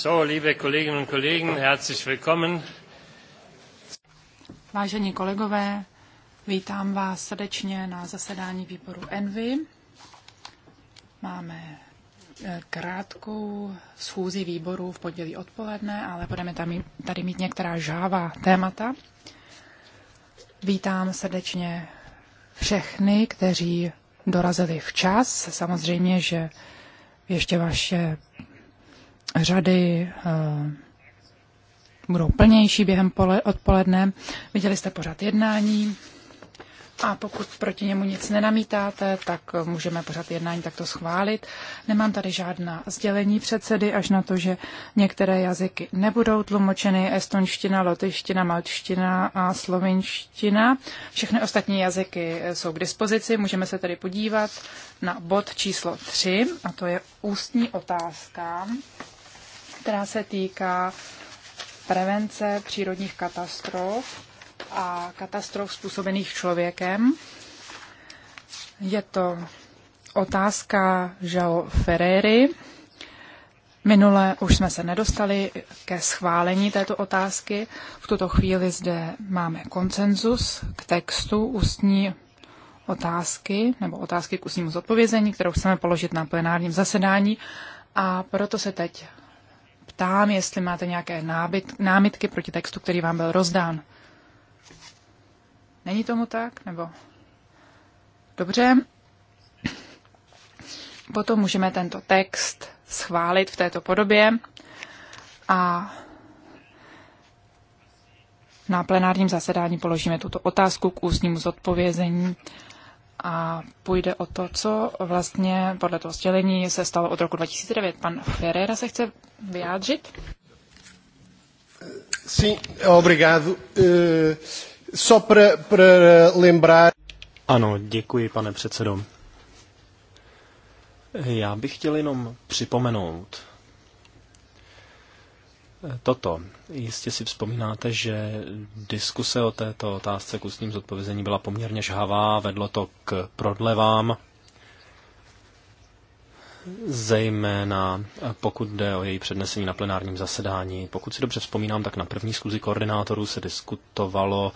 So, liebe Kolleginnen und Kollegen, herzlich willkommen. Vážení kolegové, vítám vás srdečně na zasedání výboru Envy. Máme eh, krátkou schůzi výboru v pondělí odpoledne, ale budeme tam, tady mít některá žává témata. Vítám srdečně všechny, kteří dorazili včas. Samozřejmě, že ještě vaše řady eh, budou plnější během pole, odpoledne. Viděli jste pořád jednání a pokud proti němu nic nenamítáte, tak můžeme pořád jednání takto schválit. Nemám tady žádná sdělení předsedy, až na to, že některé jazyky nebudou tlumočeny. Estonština, lotyština, malčtina a slovinština. Všechny ostatní jazyky jsou k dispozici. Můžeme se tedy podívat na bod číslo 3, a to je ústní otázka která se týká prevence přírodních katastrof a katastrof způsobených člověkem. Je to otázka Jao Ferreri. Minule už jsme se nedostali ke schválení této otázky. V tuto chvíli zde máme konsenzus k textu ústní otázky nebo otázky k ústnímu zodpovězení, kterou chceme položit na plenárním zasedání. A proto se teď ptám, jestli máte nějaké nábyt, námitky proti textu, který vám byl rozdán. Není tomu tak? Nebo? Dobře. Potom můžeme tento text schválit v této podobě a na plenárním zasedání položíme tuto otázku k ústnímu zodpovězení a půjde o to, co vlastně podle toho sdělení se stalo od roku 2009. Pan Ferreira se chce vyjádřit? Sim, obrigado. Eh, só pre, pre lembrar... Ano, děkuji, pane předsedo. Já bych chtěl jenom připomenout, toto. Jistě si vzpomínáte, že diskuse o této otázce k ústním zodpovězení byla poměrně žhavá, vedlo to k prodlevám, zejména pokud jde o její přednesení na plenárním zasedání. Pokud si dobře vzpomínám, tak na první schůzi koordinátorů se diskutovalo,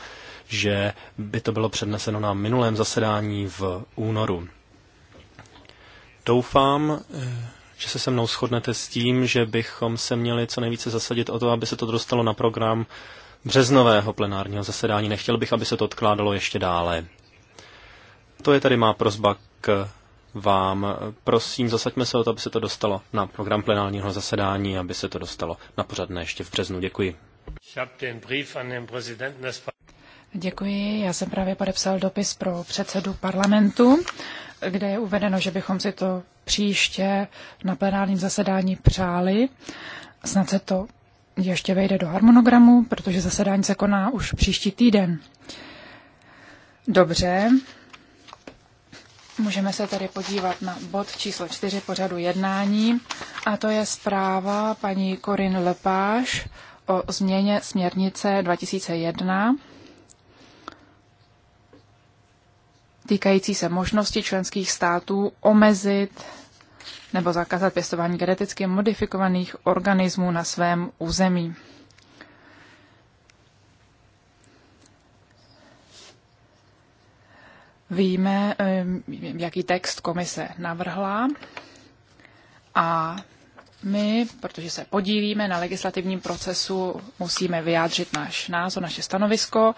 že by to bylo předneseno na minulém zasedání v únoru. Doufám, že se se mnou shodnete s tím, že bychom se měli co nejvíce zasadit o to, aby se to dostalo na program březnového plenárního zasedání. Nechtěl bych, aby se to odkládalo ještě dále. To je tady má prozba k vám. Prosím, zasaďme se o to, aby se to dostalo na program plenárního zasedání, aby se to dostalo na pořadné ještě v březnu. Děkuji. Děkuji, já jsem právě podepsal dopis pro předsedu parlamentu kde je uvedeno, že bychom si to příště na plenárním zasedání přáli. Snad se to ještě vejde do harmonogramu, protože zasedání se koná už příští týden. Dobře, Můžeme se tedy podívat na bod číslo čtyři pořadu jednání a to je zpráva paní Corinne Lepáš o změně směrnice 2001 týkající se možnosti členských států omezit nebo zakázat pěstování geneticky modifikovaných organismů na svém území. Víme, eh, jaký text komise navrhla a my, protože se podílíme na legislativním procesu, musíme vyjádřit náš názor, naše stanovisko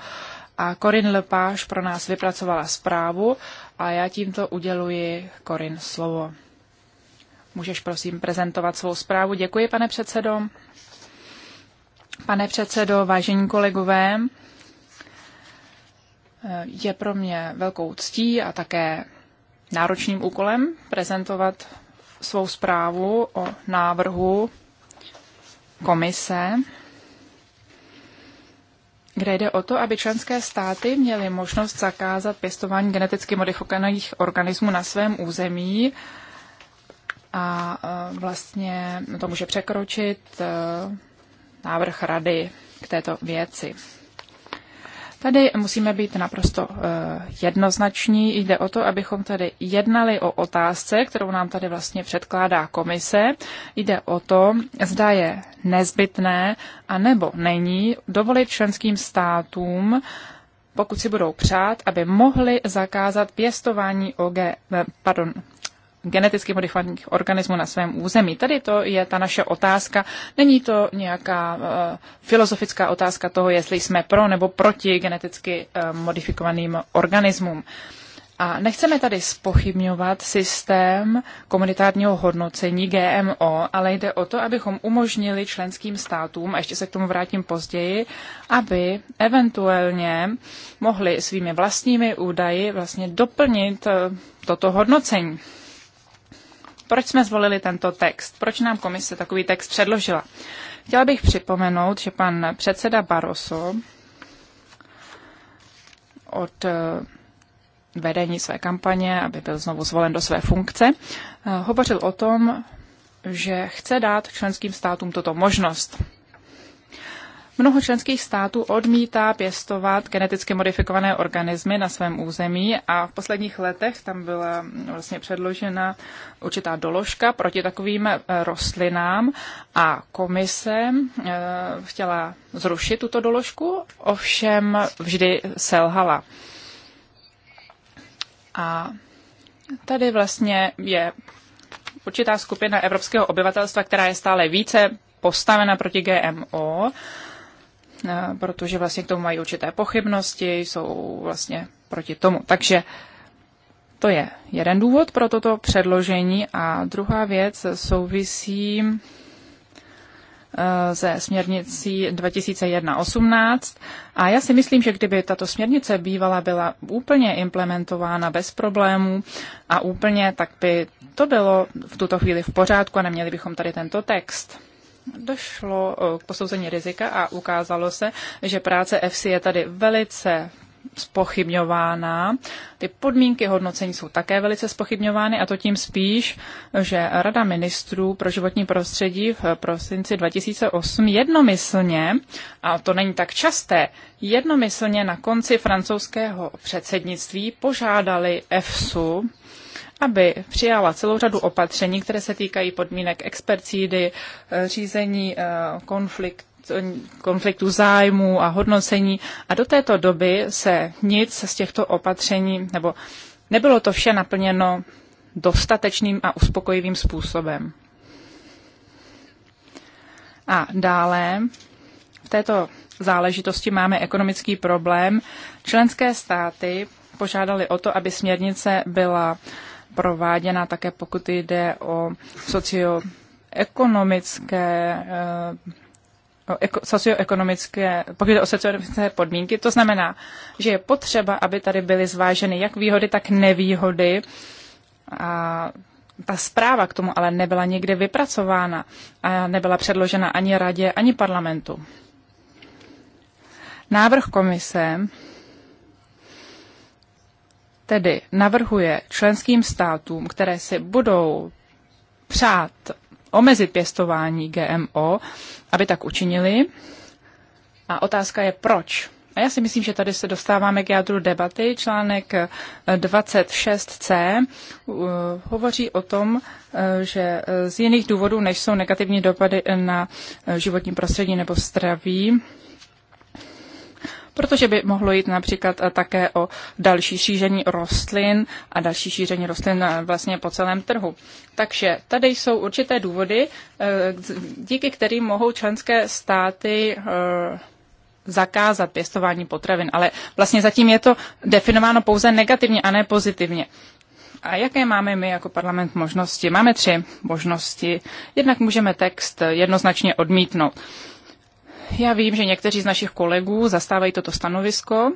a Corin Lepáš pro nás vypracovala zprávu a já tímto uděluji Corin slovo. Můžeš prosím prezentovat svou zprávu. Děkuji, pane předsedo. Pane předsedo, vážení kolegové, je pro mě velkou ctí a také náročným úkolem prezentovat svou zprávu o návrhu komise kde jde o to, aby členské státy měly možnost zakázat pěstování geneticky modifikovaných organismů na svém území a e, vlastně to může překročit e, návrh rady k této věci. Tady musíme být naprosto eh, jednoznační. Jde o to, abychom tady jednali o otázce, kterou nám tady vlastně předkládá komise. Jde o to, zda je nezbytné a nebo není dovolit členským státům pokud si budou přát, aby mohli zakázat pěstování OG, eh, pardon, geneticky modifikovaných organismů na svém území. Tady to je ta naše otázka. Není to nějaká eh, filozofická otázka toho, jestli jsme pro nebo proti geneticky eh, modifikovaným organismům. A nechceme tady spochybňovat systém komunitárního hodnocení GMO, ale jde o to, abychom umožnili členským státům, a ještě se k tomu vrátím později, aby eventuálně mohli svými vlastními údaji vlastně doplnit eh, toto hodnocení. Proč jsme zvolili tento text? Proč nám komise takový text předložila? Chtěla bych připomenout, že pan předseda Barroso od eh, vedení své kampaně, aby byl znovu zvolen do své funkce, eh, hovořil o tom, že chce dát členským státům toto možnost. Mnoho členských států odmítá pěstovat geneticky modifikované organismy na svém území a v posledních letech tam byla vlastně předložena určitá doložka proti takovým eh, rostlinám a komise eh, chtěla zrušit tuto doložku, ovšem vždy selhala. A tady vlastně je určitá skupina evropského obyvatelstva, která je stále více postavena proti GMO Eh, protože vlastně k tomu mají určité pochybnosti, jsou vlastně proti tomu. Takže to je jeden důvod pro toto předložení a druhá věc souvisí ze eh, směrnicí 2001-18 a já si myslím, že kdyby tato směrnice bývala byla úplně implementována bez problémů a úplně, tak by to bylo v tuto chvíli v pořádku a neměli bychom tady tento text došlo eh, k posouzení rizika a ukázalo se, že práce EFSI je tady velice spochybňována. Ty podmínky hodnocení jsou také velice spochybňovány a to tím spíš, že Rada ministrů pro životní prostředí v prosinci 2008 jednomyslně, a to není tak časté, jednomyslně na konci francouzského předsednictví požádali EFSU, aby přijala celou řadu opatření, které se týkají podmínek expercídy, eh, řízení eh, konflikt, konfliktu zájmů a hodnocení. A do této doby se nic z těchto opatření, nebo nebylo to vše naplněno dostatečným a uspokojivým způsobem. A dále v této záležitosti máme ekonomický problém. Členské státy požádali o to, aby směrnice byla prováděna také pokud jde o socioekonomické eh, socioekonomické, pokud jde o socioekonomické podmínky, to znamená, že je potřeba, aby tady byly zváženy jak výhody, tak nevýhody. A ta zpráva k tomu ale nebyla nikdy vypracována a nebyla předložena ani radě, ani parlamentu. Návrh komise tedy navrhuje členským státům, které si budou přát omezit pěstování GMO, aby tak učinili. A otázka je, proč? A já si myslím, že tady se dostáváme k jádru debaty. Článek 26c uh, hovoří o tom, uh, že uh, z jiných důvodů, než jsou negativní dopady na životní prostředí nebo zdraví, protože by mohlo jít například eh, také o další šíření rostlin a další šíření rostlin eh, vlastně po celém trhu. Takže tady jsou určité důvody, eh, díky kterým mohou členské státy zakázat pěstování potravin, ale vlastně zatím je to definováno pouze negativně a ne pozitivně. A jaké máme my jako parlament možnosti? Máme tři možnosti. Jednak můžeme text jednoznačně odmítnout. Já vím, že někteří z našich kolegů zastávají toto stanovisko,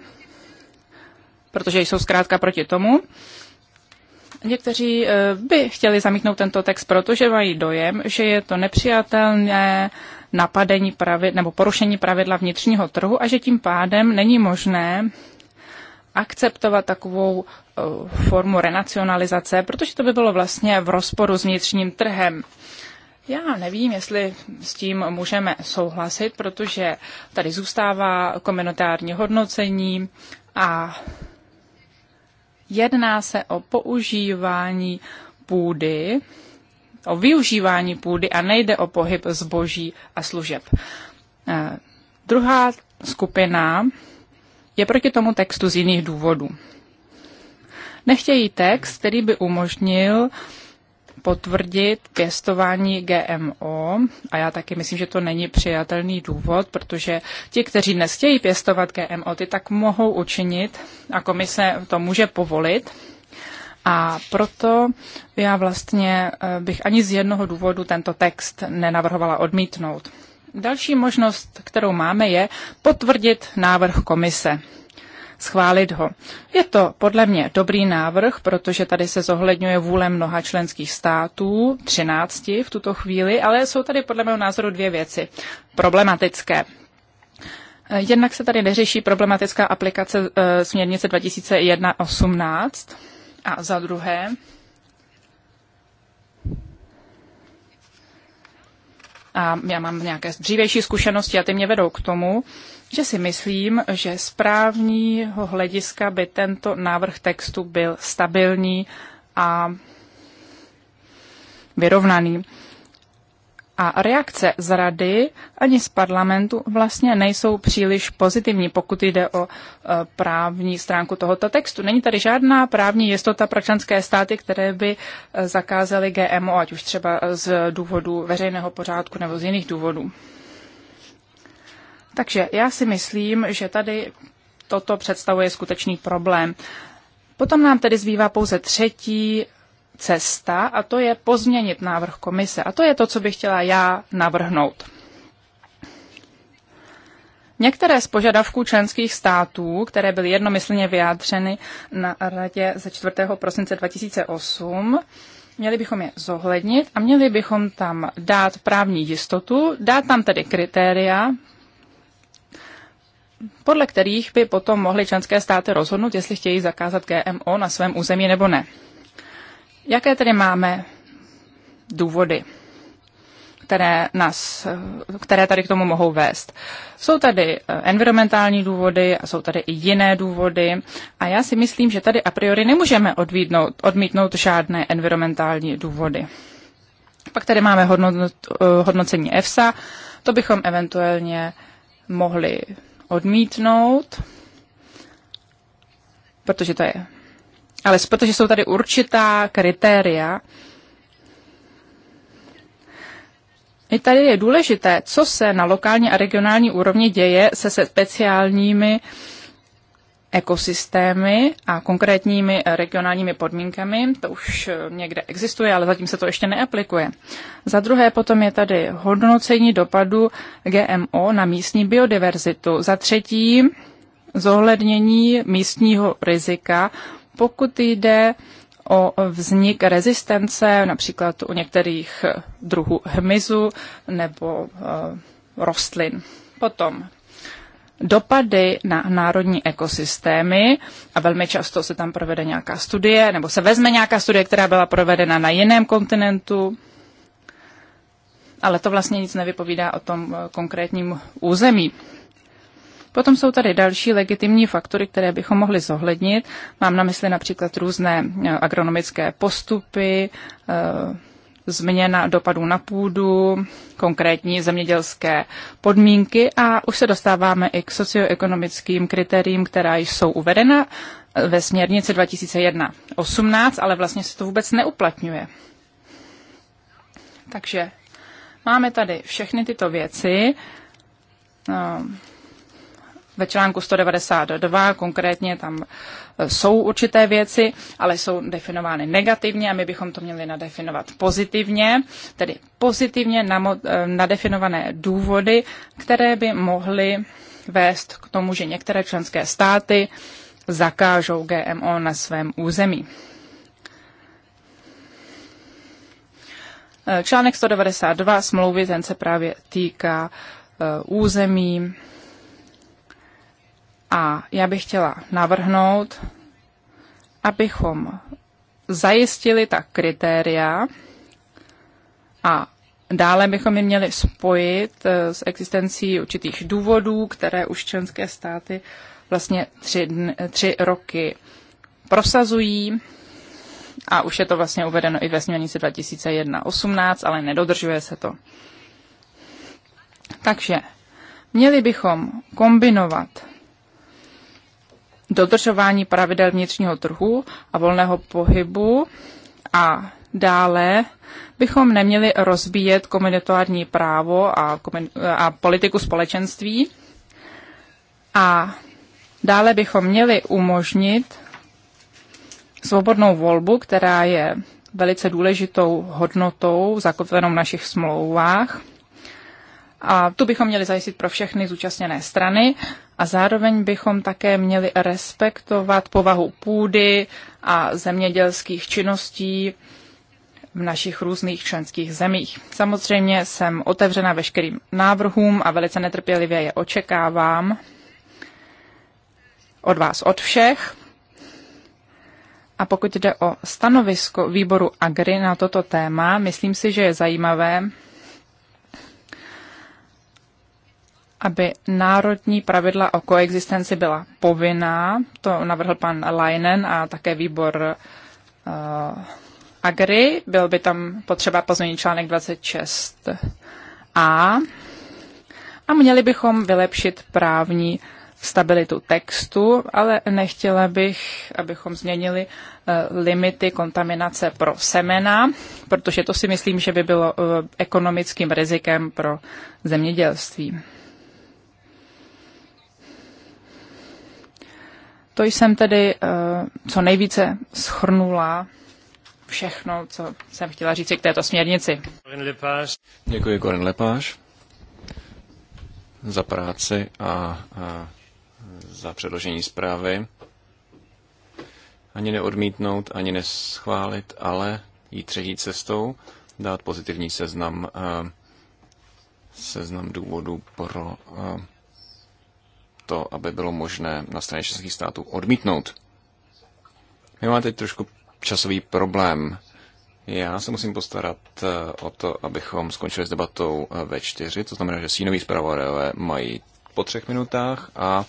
protože jsou zkrátka proti tomu. Někteří eh, by chtěli zamítnout tento text, protože mají dojem, že je to nepřijatelné napadení pravidla nebo porušení pravidla vnitřního trhu a že tím pádem není možné akceptovat takovou eh, formu renacionalizace, protože to by bylo vlastně v rozporu s vnitřním trhem. Já nevím, jestli s tím můžeme souhlasit, protože tady zůstává komentární hodnocení a jedná se o používání půdy, o využívání půdy a nejde o pohyb zboží a služeb. Eh, druhá skupina je proti tomu textu z jiných důvodů. Nechtějí text, který by umožnil eh, potvrdit pěstování GMO a já taky myslím, že to není přijatelný důvod, protože ti, kteří nestějí pěstovat GMO, ty tak mohou učinit a komise to může povolit. A proto já vlastně eh, bych ani z jednoho důvodu tento text nenavrhovala odmítnout. Další možnost, kterou máme, je potvrdit návrh komise schválit ho. Je to podle mě dobrý návrh, protože tady se zohledňuje vůle mnoha členských států, 13 v tuto chvíli, ale jsou tady podle mého názoru dvě věci problematické. Eh, jednak se tady neřeší problematická aplikace e, směrnice 2001-18 a za druhé a já mám nějaké dřívější zkušenosti a ty mě vedou k tomu, že si myslím, že správního hlediska by tento návrh textu byl stabilní a vyrovnaný. A reakce z rady ani z parlamentu vlastně nejsou příliš pozitivní, pokud jde o e, právní stránku tohoto textu. Není tady žádná právní jistota pro členské státy, které by e, zakázaly GMO, ať už třeba z důvodu veřejného pořádku nebo z jiných důvodů. Takže já si myslím, že tady toto představuje skutečný problém. Potom nám tedy zbývá pouze třetí cesta a to je pozměnit návrh komise. A to je to, co bych chtěla já navrhnout. Některé z požadavků členských států, které byly jednomyslně vyjádřeny na radě ze 4. prosince 2008, měli bychom je zohlednit a měli bychom tam dát právní jistotu, dát tam tedy kritéria podle kterých by potom mohly členské státy rozhodnout, jestli chtějí zakázat GMO na svém území nebo ne. Jaké tedy máme důvody, které, nás, které tady k tomu mohou vést? Jsou tady eh, environmentální důvody a jsou tady i jiné důvody a já si myslím, že tady a priori nemůžeme odmítnout, odmítnout žádné environmentální důvody. Pak tady máme hodnot, eh, hodnocení EFSA, to bychom eventuálně mohli odmítnout, protože to je. Ale protože jsou tady určitá kritéria, I tady je důležité, co se na lokální a regionální úrovni děje se, se speciálními uh, ekosystémy a konkrétními regionálními podmínkami. To už někde existuje, ale zatím se to ještě neaplikuje. Za druhé potom je tady hodnocení dopadu GMO na místní biodiverzitu. Za třetí zohlednění místního rizika, pokud jde o vznik rezistence, například u některých druhů hmyzu nebo eh, rostlin. Potom dopady na národní ekosystémy a velmi často se tam provede nějaká studie, nebo se vezme nějaká studie, která byla provedena na jiném kontinentu, ale to vlastně nic nevypovídá o tom eh, konkrétním území. Potom jsou tady další legitimní faktory, které bychom mohli zohlednit. Mám na mysli například různé eh, agronomické postupy, eh, změna dopadů na půdu, konkrétní zemědělské podmínky a už se dostáváme i k socioekonomickým kritériím, která jsou uvedena ve směrnici 2001-18, ale vlastně se to vůbec neuplatňuje. Takže máme tady všechny tyto věci ehm, ve článku 192, konkrétně tam jsou určité věci, ale jsou definovány negativně a my bychom to měli nadefinovat pozitivně, tedy pozitivně eh, nadefinované důvody, které by mohly vést k tomu, že některé členské státy zakážou GMO na svém území. Eh, článek 192 smlouvy, ten se právě týká eh, území a já bych chtěla navrhnout, abychom zajistili ta kritéria a dále bychom je měli spojit eh, s existencí určitých důvodů, které už členské státy vlastně tři, tři roky prosazují a už je to vlastně uvedeno i ve směrnici 2001-18, ale nedodržuje se to. Takže měli bychom kombinovat dodržování pravidel vnitřního trhu a volného pohybu a dále bychom neměli rozbíjet komunitární právo a, a politiku společenství a dále bychom měli umožnit svobodnou volbu, která je velice důležitou hodnotou zakotvenou v našich smlouvách – a tu bychom měli zajistit pro všechny zúčastněné strany a zároveň bychom také měli respektovat povahu půdy a zemědělských činností v našich různých členských zemích. Samozřejmě jsem otevřena veškerým návrhům a velice netrpělivě je očekávám od vás, od všech. A pokud jde o stanovisko výboru Agri na toto téma, myslím si, že je zajímavé, aby národní pravidla o koexistenci byla povinná. To navrhl pan Leinen a také výbor uh, Agri. Byl by tam potřeba pozměnit článek 26a. A měli bychom vylepšit právní stabilitu textu, ale nechtěla bych, abychom změnili eh, limity kontaminace pro semena, protože to si myslím, že by bylo eh, ekonomickým rizikem pro zemědělství. To jsem tedy eh, co nejvíce schrnula všechno, co jsem chtěla říct k této směrnici. Děkuji, Gorin Lepáš, za práci a, a za předložení zprávy. Ani neodmítnout, ani neschválit, ale jít třetí cestou, dát pozitivní seznam, eh, seznam důvodů pro eh, to, aby bylo možné na straně českých států odmítnout. My máme teď trošku časový problém. Já se musím postarat eh, o to, abychom skončili s debatou eh, ve čtyři, to znamená, že sínoví zpravodajové mají po třech minutách a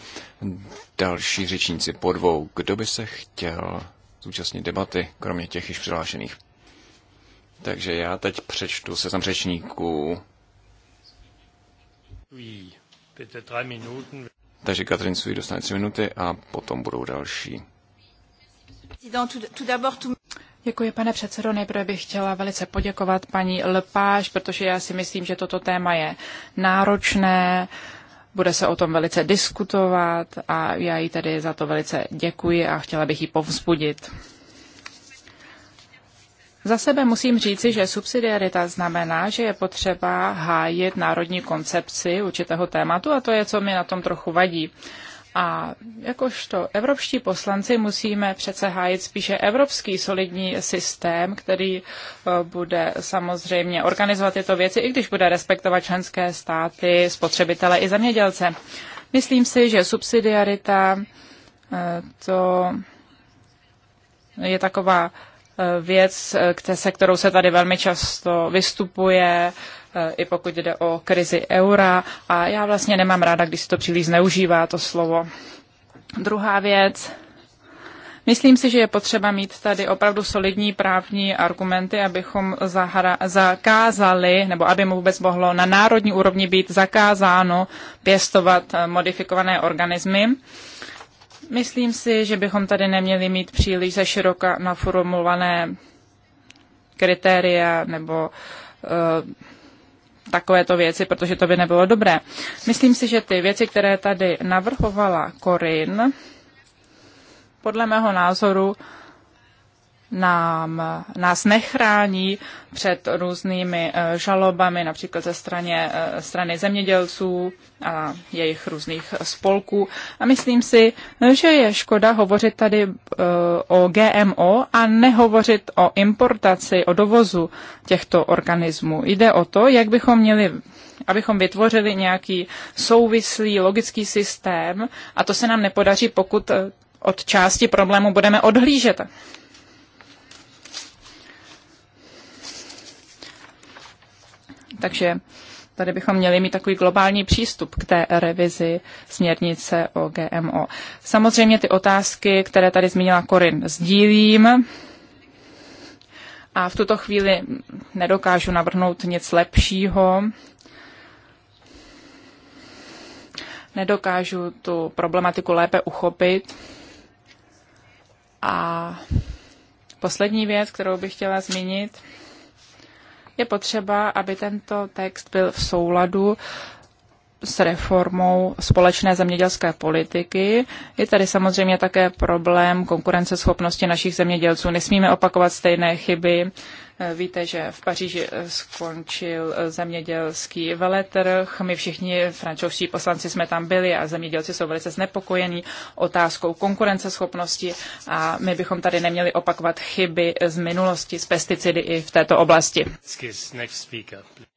další řečníci po dvou. Kdo by se chtěl zúčastnit debaty, kromě těch již přihlášených? Takže já teď přečtu se řečníků. Takže Katrin Sui dostane tři minuty a potom budou další. Děkuji, pane předsedo. Nejprve bych chtěla velice poděkovat paní Lpáš, protože já si myslím, že toto téma je náročné, bude se o tom velice diskutovat a já jí tedy za to velice děkuji a chtěla bych ji povzbudit. Za sebe musím říci, že subsidiarita znamená, že je potřeba hájit národní koncepci určitého tématu a to je, co mi na tom trochu vadí. A jakožto evropští poslanci musíme přece hájit spíše evropský solidní systém, který e, bude samozřejmě organizovat tyto věci, i když bude respektovat členské státy, spotřebitele i zemědělce. Myslím si, že subsidiarita e, to je taková Eh, věc, eh, se kterou se tady velmi často vystupuje, eh, i pokud jde o krizi eura. A já vlastně nemám ráda, když se to příliš zneužívá, to slovo. Druhá věc, Myslím si, že je potřeba mít tady opravdu solidní právní argumenty, abychom zahra- zakázali, nebo aby mu vůbec mohlo na národní úrovni být zakázáno pěstovat modifikované organismy. Myslím si, že bychom tady neměli mít příliš ze široka naformulované kritéria nebo uh, takovéto věci, protože to by nebylo dobré. Myslím si, že ty věci, které tady navrhovala Korin, podle mého názoru nám, nás nechrání před různými eh, žalobami, například ze straně, eh, strany zemědělců a jejich různých spolků. A myslím si, že je škoda hovořit tady eh, o GMO a nehovořit o importaci, o dovozu těchto organismů. Jde o to, jak bychom měli abychom vytvořili nějaký souvislý logický systém a to se nám nepodaří, pokud od části problému budeme odhlížet. Takže tady bychom měli mít takový globální přístup k té revizi směrnice o GMO. Samozřejmě ty otázky, které tady zmínila Korin, sdílím. A v tuto chvíli nedokážu navrhnout nic lepšího. Nedokážu tu problematiku lépe uchopit. A poslední věc, kterou bych chtěla zmínit, je potřeba, aby tento text byl v souladu s reformou společné zemědělské politiky. Je tady samozřejmě také problém konkurenceschopnosti našich zemědělců. Nesmíme opakovat stejné chyby, Víte, že v Paříži eh, skončil eh, zemědělský veletrh. My všichni francouzští poslanci jsme tam byli a zemědělci jsou velice znepokojení otázkou konkurenceschopnosti a my bychom tady neměli opakovat chyby z minulosti z pesticidy i v této oblasti.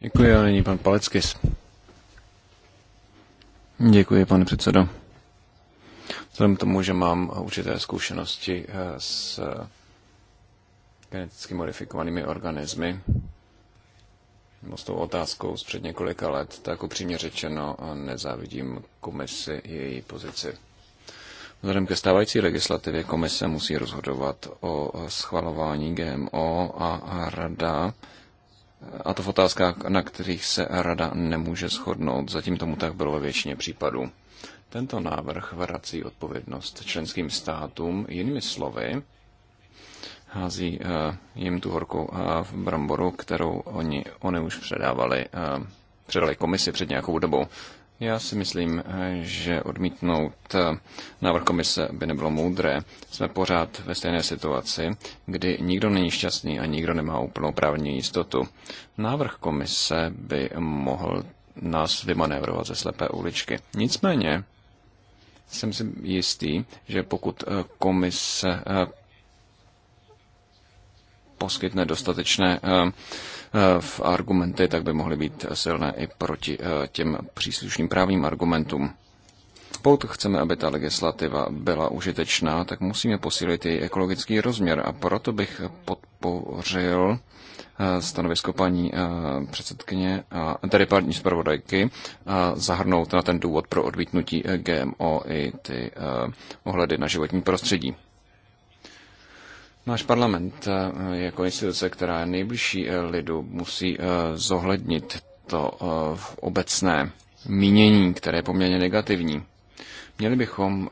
Děkuji, a nyní pan Paleckis. Děkuji, pane předsedo. Vzhledem k tomu, že mám určité zkušenosti eh, s geneticky modifikovanými organismy, nebo s tou otázkou z před několika let, tak jako upřímně řečeno nezávidím komisi její pozici. Vzhledem ke stávající legislativě komise musí rozhodovat o schvalování GMO a rada, a to v otázkách, na kterých se rada nemůže shodnout. Zatím tomu tak bylo ve většině případů. Tento návrh vrací odpovědnost členským státům, jinými slovy, hází eh, jim tu horkou eh, v bramboru, kterou oni, oni už předávali, eh, předali komisi před nějakou dobou. Já si myslím, že odmítnout návrh komise by nebylo moudré. Jsme pořád ve stejné situaci, kdy nikdo není šťastný a nikdo nemá úplnou právní jistotu. Návrh komise by mohl nás vymanévrovat ze slepé uličky. Nicméně jsem si jistý, že pokud komise poskytne dostatečné eh, eh, v argumenty, tak by mohly být silné i proti eh, těm příslušným právním argumentům. Pokud chceme, aby ta legislativa byla užitečná, tak musíme posílit její ekologický rozměr a proto bych podpořil stanovisko paní předsedkyně, tedy paní zpravodajky, zahrnout na ten důvod pro odmítnutí GMO i ty ohledy na životní prostředí. Náš parlament eh, jako instituce, která je nejbližší eh, lidu, musí eh, zohlednit to obecné mínění, které je poměrně negativní. Měli bychom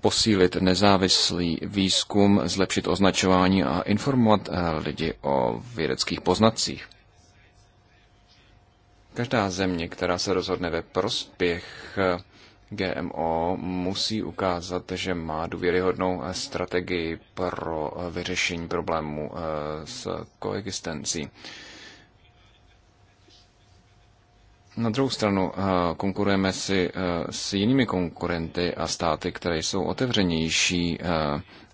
posílit nezávislý výzkum, zlepšit označování a informovat lidi o vědeckých poznacích. Každá země, která se rozhodne ve prospěch GMO musí ukázat, že má důvěryhodnou strategii pro vyřešení problému eh, s koexistencí. Na druhou stranu eh, konkurujeme si eh, s jinými konkurenty a státy, které jsou otevřenější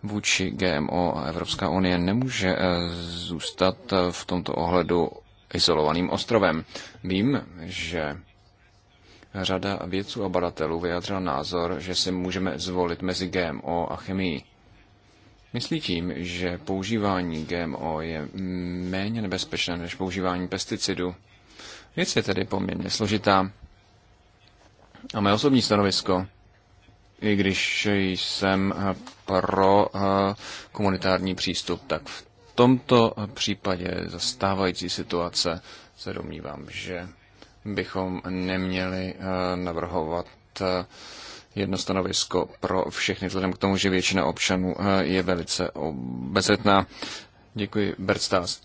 vůči GMO a Evropská unie nemůže zůstat v tomto ohledu izolovaným ostrovem. Vím, že Řada vědců a badatelů vyjadřila názor, že si můžeme zvolit mezi GMO a chemií. Myslí tím, že používání GMO je méně nebezpečné než používání pesticidu. Věc je tedy poměrně složitá. A mé osobní stanovisko, i když jsem pro eh, komunitární přístup, tak v tomto případě zastávající situace se domnívám, že bychom neměli eh, navrhovat eh, jedno stanovisko pro všechny, vzhledem k tomu, že většina občanů eh, je velice obezetná. Děkuji, Berstás.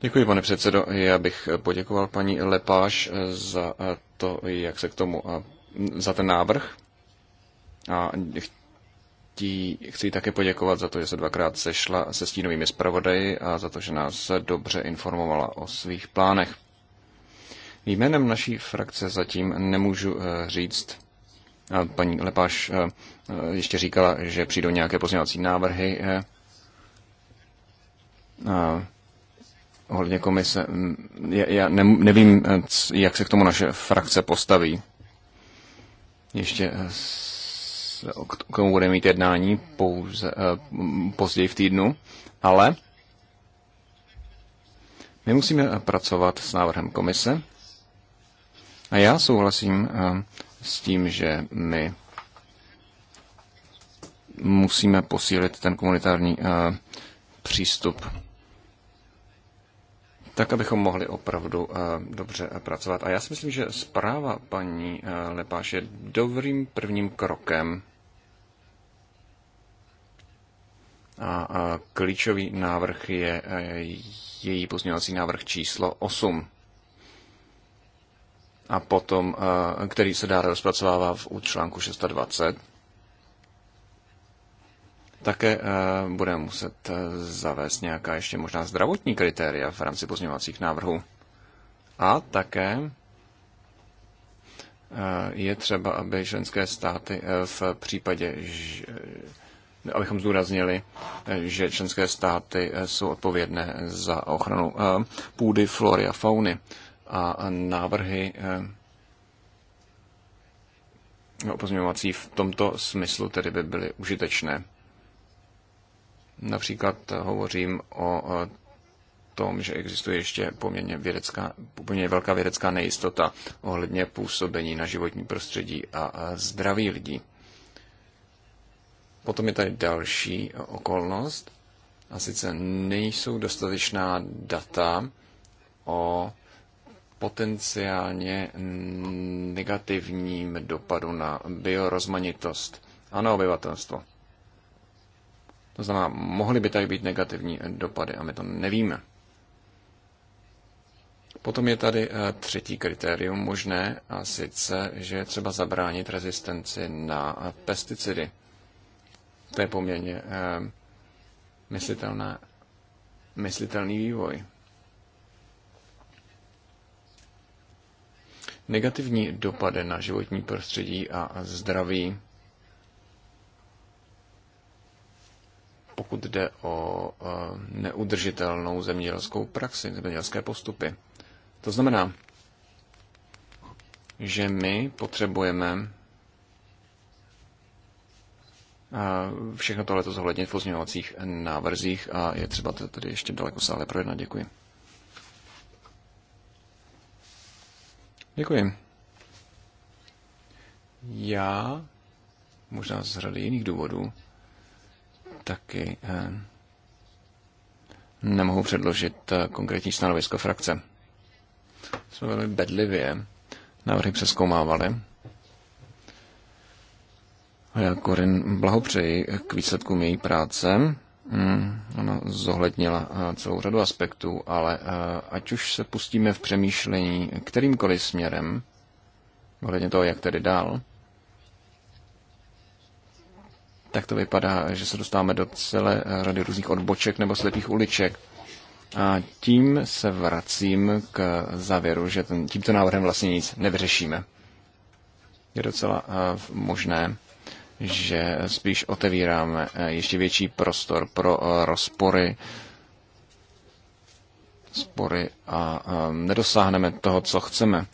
Děkuji, pane předsedo. Já bych poděkoval paní Lepáš za to, jak se k tomu, za ten návrh. A chtí, chci také poděkovat za to, že se dvakrát sešla se stínovými zpravodaji a za to, že nás dobře informovala o svých plánech. Jménem naší frakce zatím nemůžu eh, říct, a paní Lepáš eh, eh, ještě říkala, že přijdou nějaké pozměňovací návrhy ohledně komise. Mm, já nevím, jak se k tomu naše frakce postaví. Ještě k tomu bude mít jednání pouze, později v týdnu, ale my musíme pracovat s návrhem komise a já souhlasím eh, s tím, že my musíme posílit ten komunitární eh, přístup tak, abychom mohli opravdu eh, dobře pracovat. A já si myslím, že zpráva paní Lepáš je dobrým prvním krokem a klíčový návrh je její pozměňovací návrh číslo 8 a potom, eh, který se dále rozpracovává v článku 620. Také eh, budeme muset eh, zavést nějaká ještě možná zdravotní kritéria v rámci pozměňovacích návrhů. A také je třeba, aby členské státy v případě, že abychom zdůraznili, že členské státy jsou odpovědné za ochranu půdy, flory a fauny a návrhy eh, pozměňovací v tomto smyslu tedy by byly užitečné. Například hovořím o tom, že existuje ještě poměrně, vědecká, poměrně velká vědecká nejistota ohledně působení na životní prostředí a zdraví lidí. Potom je tady další okolnost, a sice nejsou dostatečná data o potenciálně negativním dopadu na biorozmanitost a na obyvatelstvo. To znamená, mohly by tady být negativní dopady a my to nevíme. Potom je tady eh, třetí kritérium možné a sice, že je třeba zabránit rezistenci na eh, pesticidy. To je poměrně eh, myslitelné, myslitelný vývoj. negativní dopady na životní prostředí a zdraví, pokud jde o e, neudržitelnou zemědělskou praxi, zemědělské postupy. To znamená, že my potřebujeme e, všechno tohle zohlednit v pozměňovacích návrzích a je třeba to tady ještě daleko sále projednat. Děkuji. Děkuji. Já, možná z řady jiných důvodů, taky eh, nemohu předložit eh, konkrétní stanovisko frakce. Jsme velmi bedlivě návrhy přeskoumávali. A já Korin blahopřeji k výsledkům její práce Mm, ona zohlednila eh, celou řadu aspektů, ale eh, ať už se pustíme v přemýšlení kterýmkoliv směrem, ohledně toho, jak tedy dál, tak to vypadá, že se dostáváme do celé eh, řady různých odboček nebo slepých uliček. A tím se vracím k závěru, že ten, tímto návrhem vlastně nic nevyřešíme. Je docela možné, že spíš otevíráme eh, ještě větší prostor pro eh, rozpory, spory a eh, nedosáhneme toho, co chceme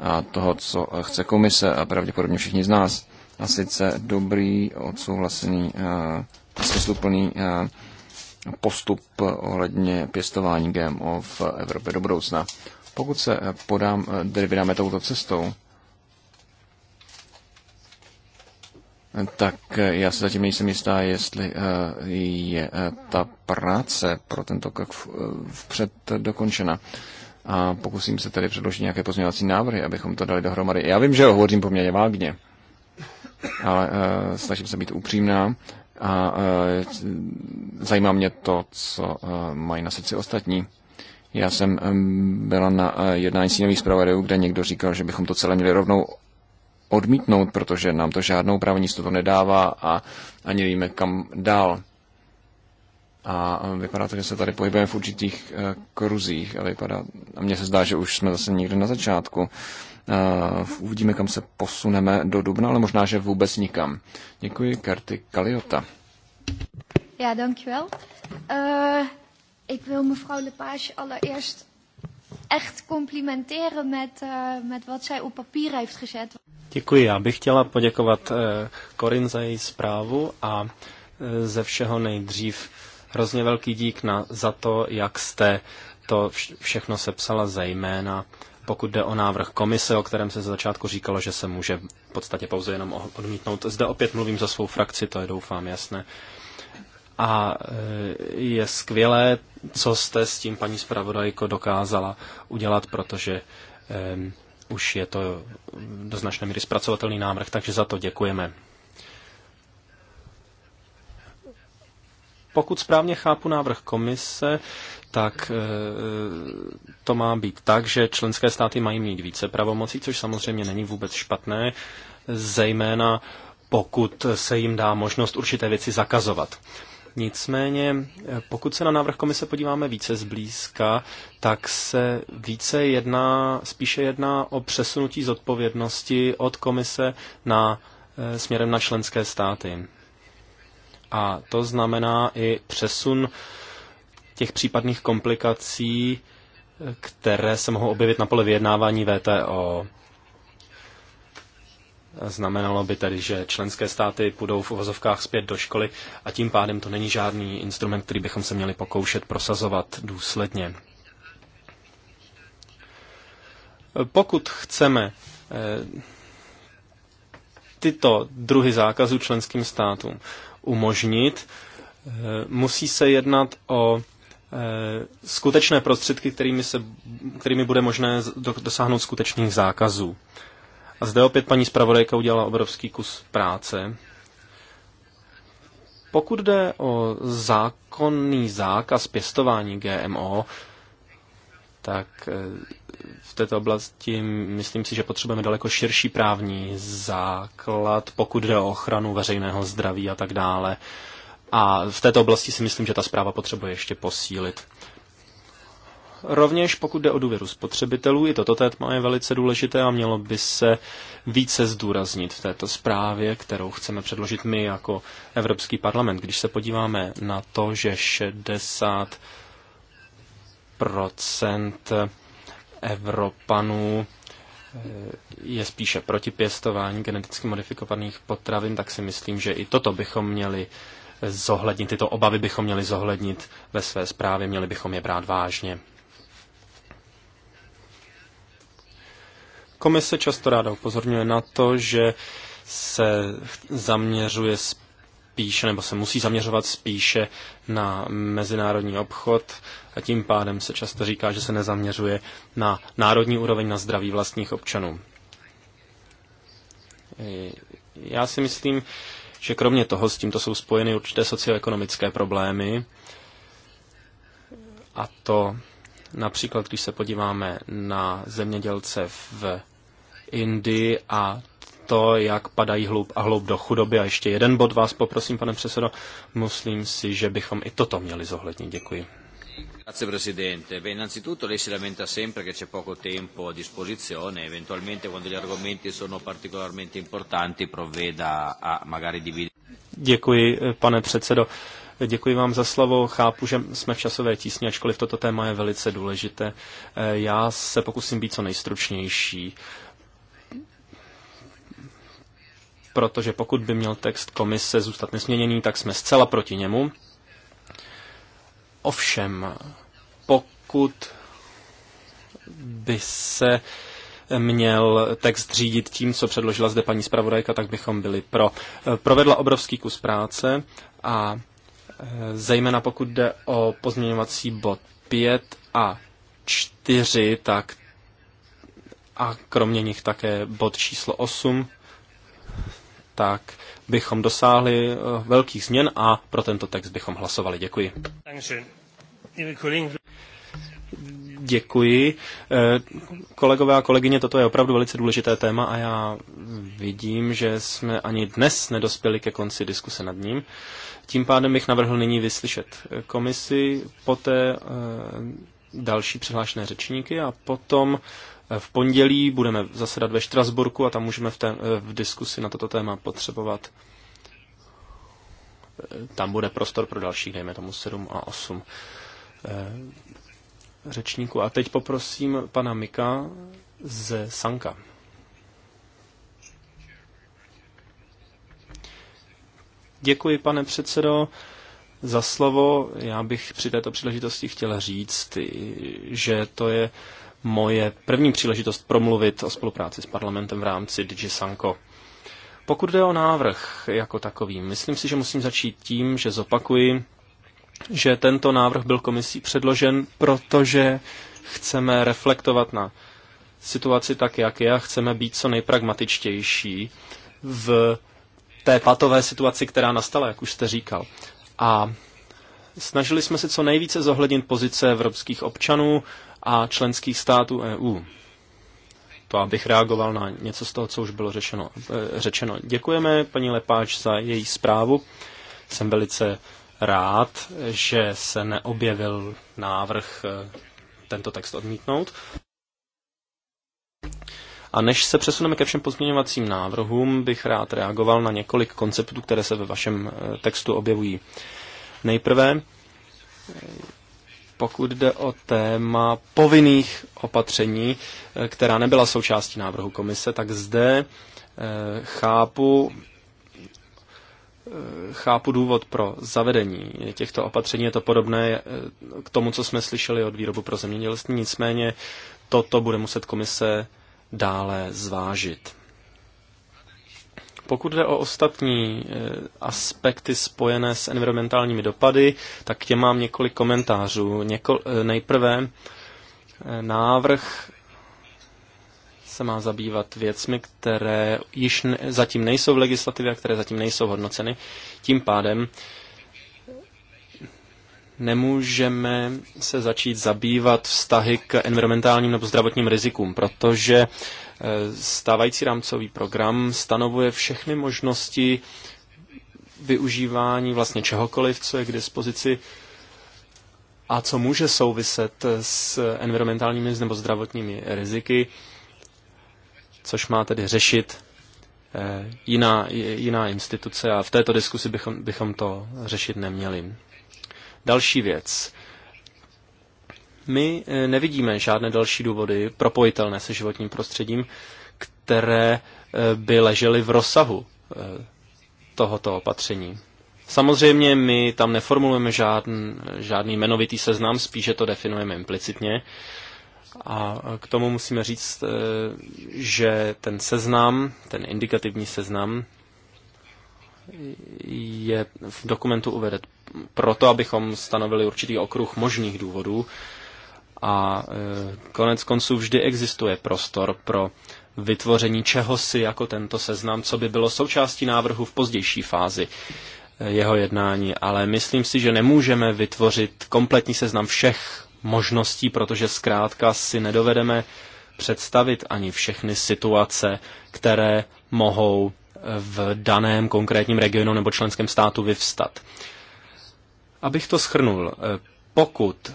a toho, co chce komise a pravděpodobně všichni z nás. A sice dobrý, odsouhlasený, smysluplný postup ohledně pěstování GMO v Evropě do budoucna. Pokud se podám, tedy vydáme touto cestou, tak eh, já se zatím nejsem jistá, jestli eh, je eh, ta práce pro tento krok vpřed dokončena. A pokusím se tedy předložit nějaké pozměňovací návrhy, abychom to dali dohromady. Já vím, že hovořím poměrně vágně, ale snažím se být upřímná a zajímá mě to, co mají na srdci ostatní. Já jsem byla na jednání sněmových zpravodajů, kde někdo říkal, že bychom to celé měli rovnou odmítnout, protože nám to žádnou právní jistotu nedává a ani víme, kam dál. A vypadá to, že se tady pohybujeme v určitých eh, kruzích a vypadá, a mně se zdá, že už jsme zase někde na začátku. Eh, uvidíme, kam se posuneme do dubna, ale možná, že vůbec nikam. Děkuji, Karty Kaliota. Ja, dankjewel. Uh, eh, ik wil mevrouw Lepage allereerst echt complimenteren met, uh, met wat zij op papier heeft gezet. Děkuji. Já bych chtěla poděkovat Korin eh, za její zprávu a eh, ze všeho nejdřív hrozně velký dík na, za to, jak jste to všechno sepsala zejména, pokud jde o návrh komise, o kterém se z začátku říkalo, že se může v podstatě pouze jenom odmítnout. Zde opět mluvím za svou frakci, to je doufám jasné. A eh, je skvělé, co jste s tím paní zpravodajko dokázala udělat, protože už je to do značné míry zpracovatelný návrh, takže za to děkujeme. Pokud správně chápu návrh komise, tak e, to má být tak, že členské státy mají mít více pravomocí, což samozřejmě není vůbec špatné, zejména pokud se jim dá možnost určité věci zakazovat. Nicméně, eh, pokud se na návrh komise podíváme více zblízka, tak se více jedná, spíše jedná o přesunutí zodpovědnosti od komise na eh, směrem na členské státy. A to znamená i přesun těch případných komplikací, eh, které se mohou objevit na poli vyjednávání VTO. Znamenalo by tedy, že členské státy půjdou v uvozovkách zpět do školy a tím pádem to není žádný instrument, který bychom se měli pokoušet prosazovat důsledně. Pokud chceme eh, tyto druhy zákazu členským státům umožnit, eh, musí se jednat o eh, skutečné prostředky, kterými, se, kterými bude možné dosáhnout skutečných zákazů. A zde opět paní zpravodajka udělala obrovský kus práce. Pokud jde o zákonný zákaz pěstování GMO, tak eh, v této oblasti myslím si, že potřebujeme daleko širší právní základ, pokud jde o ochranu veřejného zdraví a tak dále. A v této oblasti si myslím, že ta zpráva potřebuje ještě posílit. Rovněž pokud jde o důvěru spotřebitelů, i toto téma je velice důležité a mělo by se více zdůraznit v této zprávě, kterou chceme předložit my jako Evropský parlament. Když se podíváme na to, že 60 Evropanů eh, je spíše proti pěstování geneticky modifikovaných potravin, tak si myslím, že i toto bychom měli zohlednit, tyto obavy bychom měli zohlednit ve své zprávě, měli bychom je brát vážně. Komise často ráda upozorňuje na to, že se zaměřuje spíše, nebo se musí zaměřovat spíše na mezinárodní obchod a tím pádem se často říká, že se nezaměřuje na národní úroveň, na zdraví vlastních občanů. Já si myslím, že kromě toho s tímto jsou spojeny určité socioekonomické problémy a to například, když se podíváme na zemědělce v Indii a to, jak padají hloub a hloub do chudoby. A ještě jeden bod vás poprosím, pane předsedo. Myslím si, že bychom i toto měli zohlednit. Děkuji. Grazie Presidente. Beh, innanzitutto lei si lamenta sempre che c'è poco tempo a disposizione, eventualmente quando gli argomenti sono particolarmente importanti provveda a magari dividere. Děkuji, pane předsedo. Děkuji vám za slovo. Chápu, že jsme v časové tísni, ačkoliv toto téma je velice důležité. Já se pokusím být co nejstručnější. Uh, protože pokud by měl text komise zůstat nesměněný, tak jsme zcela proti němu. Ovšem, pokud by se měl text řídit tím, co předložila zde paní zpravodajka, tak bychom byli pro. Provedla obrovský kus práce a e, zejména pokud jde o pozměňovací bod 5 a 4, tak a kromě nich také bod číslo 8, tak bychom dosáhli eh, velkých změn a pro tento text bychom hlasovali. Děkuji. Děkuji. Eh, kolegové a kolegyně, toto je opravdu velice důležité téma a já vidím, že jsme ani dnes nedospěli ke konci diskuse nad ním. Tím pádem bych navrhl nyní vyslyšet komisi, poté eh, další přihlášené řečníky a potom v pondělí budeme zasedat ve Štrasburku a tam můžeme v, té, eh, v diskusi na toto téma potřebovat. Eh, tam bude prostor pro dalších, dejme tomu 7 a 8 eh, řečníků. A teď poprosím pana Mika z Sanka. Děkuji, pane předsedo, za slovo. Já bych při této příležitosti chtěl říct, že to je moje první příležitost promluvit o spolupráci s parlamentem v rámci DigiSanko. Pokud jde o návrh jako takový, myslím si, že musím začít tím, že zopakuji, že tento návrh byl komisí předložen, protože chceme reflektovat na situaci tak, jak je a chceme být co nejpragmatičtější v té patové situaci, která nastala, jak už jste říkal. A snažili jsme se co nejvíce zohlednit pozice evropských občanů, a členských států EU. To abych reagoval na něco z toho, co už bylo řešeno, eh, řečeno. Děkujeme paní Lepáč za její zprávu. Jsem velice rád, že se neobjevil návrh eh, tento text odmítnout. A než se přesuneme ke všem pozměňovacím návrhům, bych rád reagoval na několik konceptů, které se ve vašem eh, textu objevují. Nejprve pokud jde o téma povinných opatření, eh, která nebyla součástí návrhu komise, tak zde eh, chápu eh, chápu důvod pro zavedení těchto opatření. Je to podobné k tomu, co jsme slyšeli od výrobu pro zemědělství. Nicméně toto bude muset komise dále zvážit. Pokud jde o ostatní eh, aspekty spojené s environmentálními dopady, tak tě mám několik komentářů. Něko, eh, nejprve eh, návrh se má zabývat věcmi, které již zatím nejsou v legislativě a které zatím nejsou hodnoceny. Tím pádem nemůžeme se začít zabývat vztahy k environmentálním nebo zdravotním rizikům, protože eh, stávající rámcový program stanovuje všechny možnosti využívání vlastně čehokoliv, co je k dispozici a co může souviset s environmentálními nebo zdravotními riziky, což má tedy řešit eh, jiná, jiná instituce a v této diskusi bychom, bychom to řešit neměli. Další věc. My eh, nevidíme žádné další důvody propojitelné se životním prostředím, které eh, by ležely v rozsahu eh, tohoto opatření. Samozřejmě my tam neformulujeme žádný, žádný jmenovitý seznam, spíše to definujeme implicitně. A k tomu musíme říct, že ten seznam, ten indikativní seznam, je v dokumentu uveden proto, abychom stanovili určitý okruh možných důvodů. A e, konec konců vždy existuje prostor pro vytvoření čehosi jako tento seznam, co by bylo součástí návrhu v pozdější fázi e, jeho jednání, ale myslím si, že nemůžeme vytvořit kompletní seznam všech možností, protože zkrátka si nedovedeme představit ani všechny situace, které mohou v daném konkrétním regionu nebo členském státu vyvstat. Abych to schrnul, eh, pokud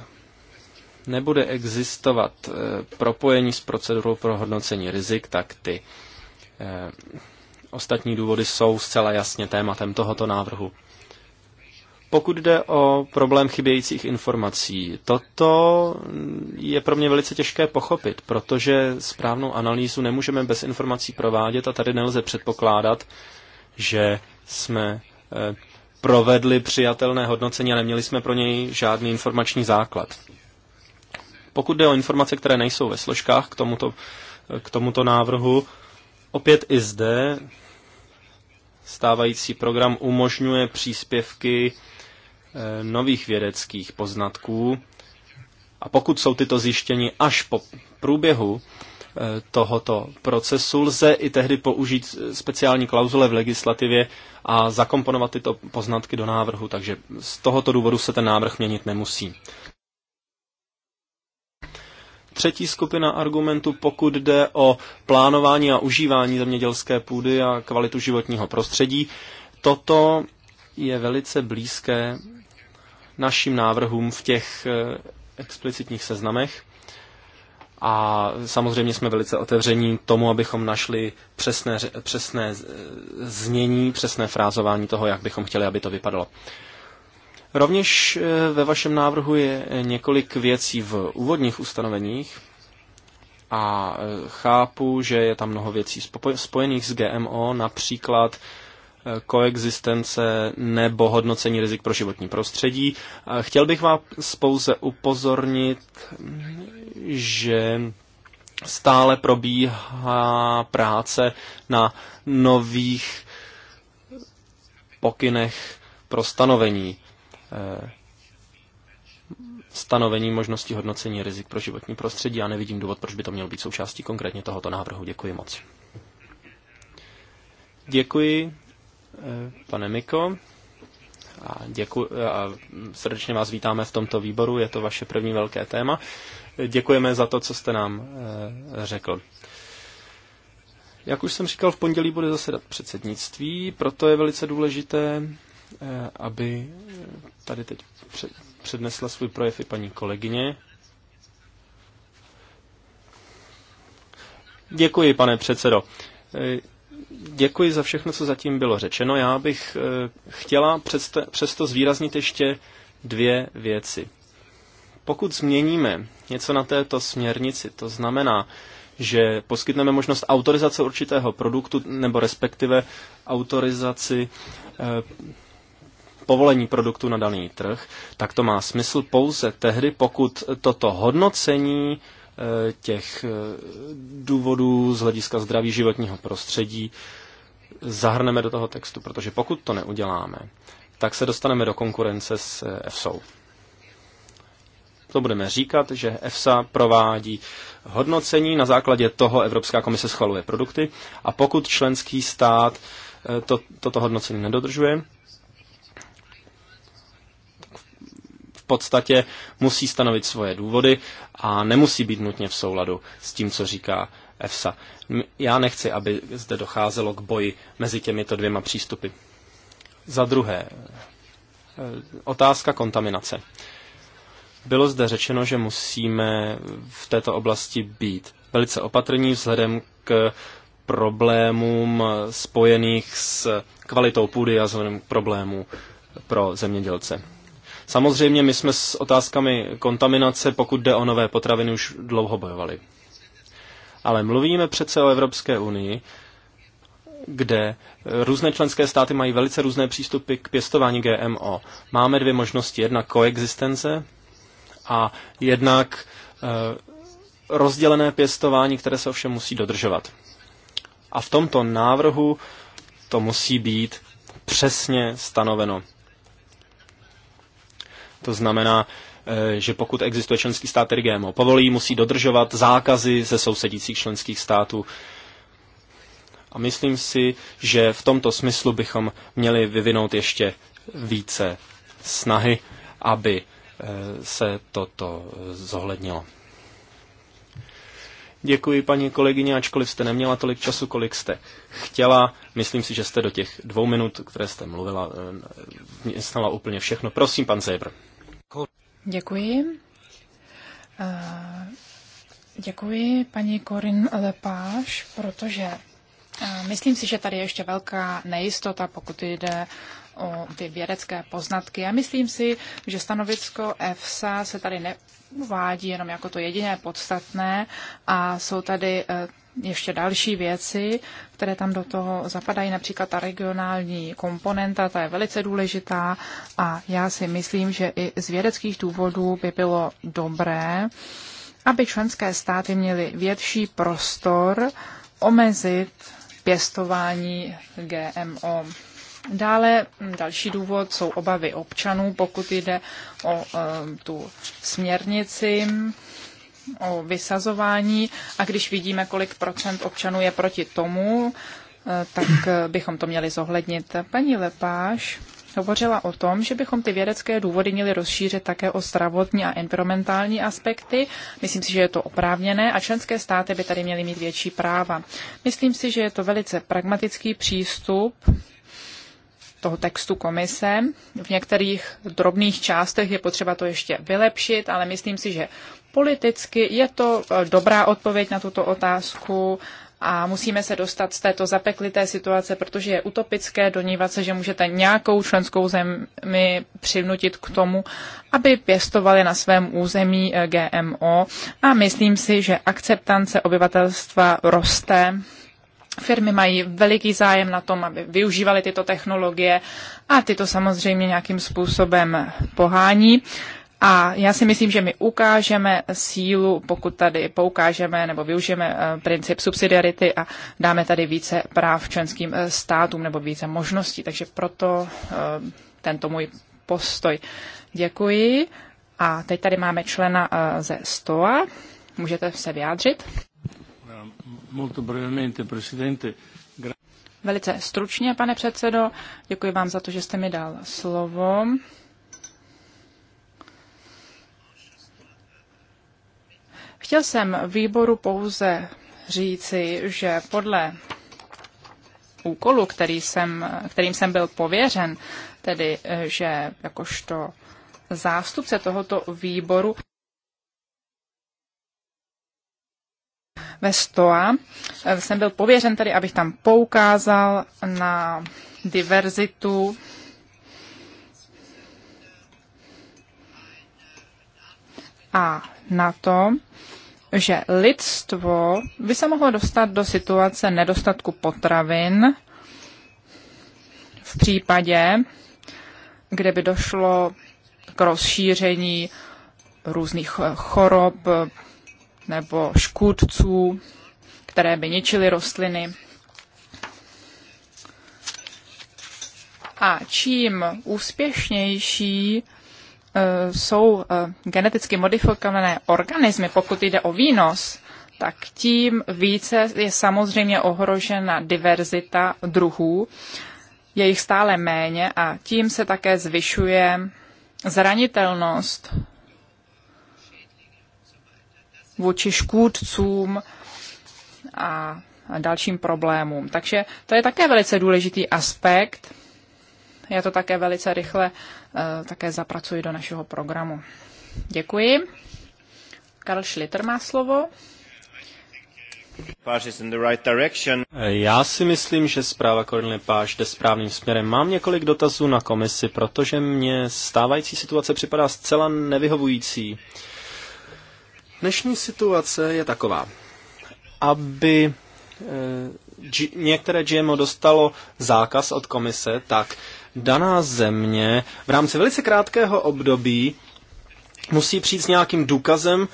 nebude existovat eh, propojení s procedurou pro hodnocení rizik, tak ty eh, ostatní důvody jsou zcela jasně tématem tohoto návrhu. Pokud jde o problém chybějících informací, toto je pro mě velice těžké pochopit, protože správnou analýzu nemůžeme bez informací provádět a tady nelze předpokládat, že jsme provedli přijatelné hodnocení a neměli jsme pro něj žádný informační základ. Pokud jde o informace, které nejsou ve složkách k tomuto, k tomuto návrhu, opět i zde stávající program umožňuje příspěvky eh, nových vědeckých poznatků a pokud jsou tyto zjištění až po průběhu Eh, tohoto procesu. Lze i tehdy použít speciální klauzule v legislativě a zakomponovat tyto poznatky do návrhu, takže z tohoto důvodu se ten návrh měnit nemusí. Třetí skupina argumentů, pokud jde o plánování a užívání zemědělské půdy a kvalitu životního prostředí, toto je velice blízké našim návrhům v těch eh, explicitních seznamech a samozřejmě jsme velice otevření tomu, abychom našli přesné, přesné znění, přesné frázování toho, jak bychom chtěli, aby to vypadalo. Rovněž e, ve vašem návrhu je několik věcí v úvodních ustanoveních a e, chápu, že je tam mnoho věcí spojených s GMO, například koexistence nebo hodnocení rizik pro životní prostředí. Chtěl bych vás pouze upozornit, že stále probíhá práce na nových pokynech pro stanovení eh, stanovení možnosti hodnocení rizik pro životní prostředí. Já nevidím důvod, proč by to mělo být součástí konkrétně tohoto návrhu. Děkuji moc. Děkuji. Eh, pane Miko. A, děku, eh, a srdečně vás vítáme v tomto výboru, je to vaše první velké téma. Eh, děkujeme za to, co jste nám řekl. Jak už jsem říkal, v pondělí bude zasedat předsednictví, proto je velice důležité, aby tady teď přednesla svůj projev i paní kolegyně. Děkuji, pane předsedo. Děkuji za všechno, co zatím bylo řečeno. Já bych eh, chtěla přesto zvýraznit ještě dvě věci. Pokud změníme něco na této směrnici, to znamená, že poskytneme možnost autorizace určitého produktu nebo respektive autorizaci eh, povolení produktu na daný trh, tak to má smysl pouze tehdy, pokud toto hodnocení Eh, těch eh, důvodů z hlediska zdraví životního prostředí zahrneme do toho textu, protože pokud to neuděláme, tak se dostaneme do konkurence s EFSou. Eh, to budeme říkat, že EFSA provádí hodnocení, na základě toho Evropská komise schvaluje produkty a pokud členský stát to, toto hodnocení nedodržuje, v podstatě musí stanovit svoje důvody a nemusí být nutně v souladu s tím, co říká EFSA. Já nechci, aby zde docházelo k boji mezi těmito dvěma přístupy. Za druhé, e, otázka kontaminace. Bylo zde řečeno, že musíme v této oblasti být velice opatrní vzhledem k problémům spojených s kvalitou půdy a vzhledem k problémů pro zemědělce. Samozřejmě my jsme s otázkami kontaminace, pokud jde o nové potraviny, už dlouho bojovali. Ale mluvíme přece o Evropské unii, kde různé členské státy mají velice různé přístupy k pěstování GMO. Máme dvě možnosti. jedna koexistence a jednak eh, rozdělené pěstování, které se ovšem musí dodržovat. A v tomto návrhu to musí být přesně stanoveno. To znamená, eh, že pokud existuje členský stát, který GMO povolí, musí dodržovat zákazy ze sousedících členských států. A myslím si, že v tomto smyslu bychom měli vyvinout ještě více snahy, aby eh, se toto zohlednilo. Děkuji, paní kolegyně, ačkoliv jste neměla tolik času, kolik jste chtěla. Myslím si, že jste do těch dvou minut, které jste mluvila, snala eh, úplně všechno. Prosím, pan Zebr. Děkuji. Eh, děkuji paní Corin Lepáš, protože eh, myslím si, že tady je ještě velká nejistota, pokud jde o ty vědecké poznatky. Já myslím si, že stanovisko EFSA se tady neuvádí jenom jako to jediné podstatné a jsou tady eh, ještě další věci, které tam do toho zapadají, například ta regionální komponenta, ta je velice důležitá a já si myslím, že i z vědeckých důvodů by bylo dobré, aby členské státy měly větší prostor omezit pěstování GMO. Dále hm, další důvod jsou obavy občanů, pokud jde o eh, tu směrnici o vysazování a když vidíme, kolik procent občanů je proti tomu, eh, tak eh, bychom to měli zohlednit. Paní Lepáš hovořila o tom, že bychom ty vědecké důvody měli rozšířit také o zdravotní a environmentální aspekty. Myslím si, že je to oprávněné a členské státy by tady měly mít větší práva. Myslím si, že je to velice pragmatický přístup toho textu komise. V některých drobných částech je potřeba to ještě vylepšit, ale myslím si, že politicky je to e, dobrá odpověď na tuto otázku a musíme se dostat z této zapeklité situace, protože je utopické donívat se, že můžete nějakou členskou zemi přivnutit k tomu, aby pěstovali na svém území e, GMO a myslím si, že akceptance obyvatelstva roste Firmy mají veliký zájem na tom, aby využívaly tyto technologie a ty to samozřejmě nějakým způsobem pohání. A já si myslím, že my ukážeme sílu, pokud tady poukážeme nebo využijeme eh, princip subsidiarity a dáme tady více práv členským eh, státům nebo více možností. Takže proto eh, tento můj postoj. Děkuji. A teď tady máme člena ze STOA. Můžete se vyjádřit? Velice stručně, pane předsedo, děkuji vám za to, že jste mi dal slovo. Chtěl jsem výboru pouze říci, že podle úkolu, který jsem, kterým jsem byl pověřen, tedy že jakožto zástupce tohoto výboru ve STOA eh, jsem byl pověřen tady, abych tam poukázal na diverzitu a na to, že lidstvo by se mohlo dostat do situace nedostatku potravin v případě, kde by došlo k rozšíření různých eh, chorob, nebo škůdců, které by ničily rostliny. A čím úspěšnější eh, jsou eh, geneticky modifikované organismy, pokud jde o výnos, tak tím více je samozřejmě ohrožena diverzita druhů, je jich stále méně a tím se také zvyšuje zranitelnost vůči škůdcům a dalším problémům. Takže to je také velice důležitý aspekt. Já to také velice rychle eh, také zapracuji do našeho programu. Děkuji. Karl Schlitter má slovo. Já si myslím, že zpráva Kornely Páš jde správným směrem. Mám několik dotazů na komisi, protože mě stávající situace připadá zcela nevyhovující. Uh, Dnešní situace je taková. Aby eh, G- některé GMO dostalo zákaz od komise, tak daná země v rámci velice krátkého období musí přijít s nějakým důkazem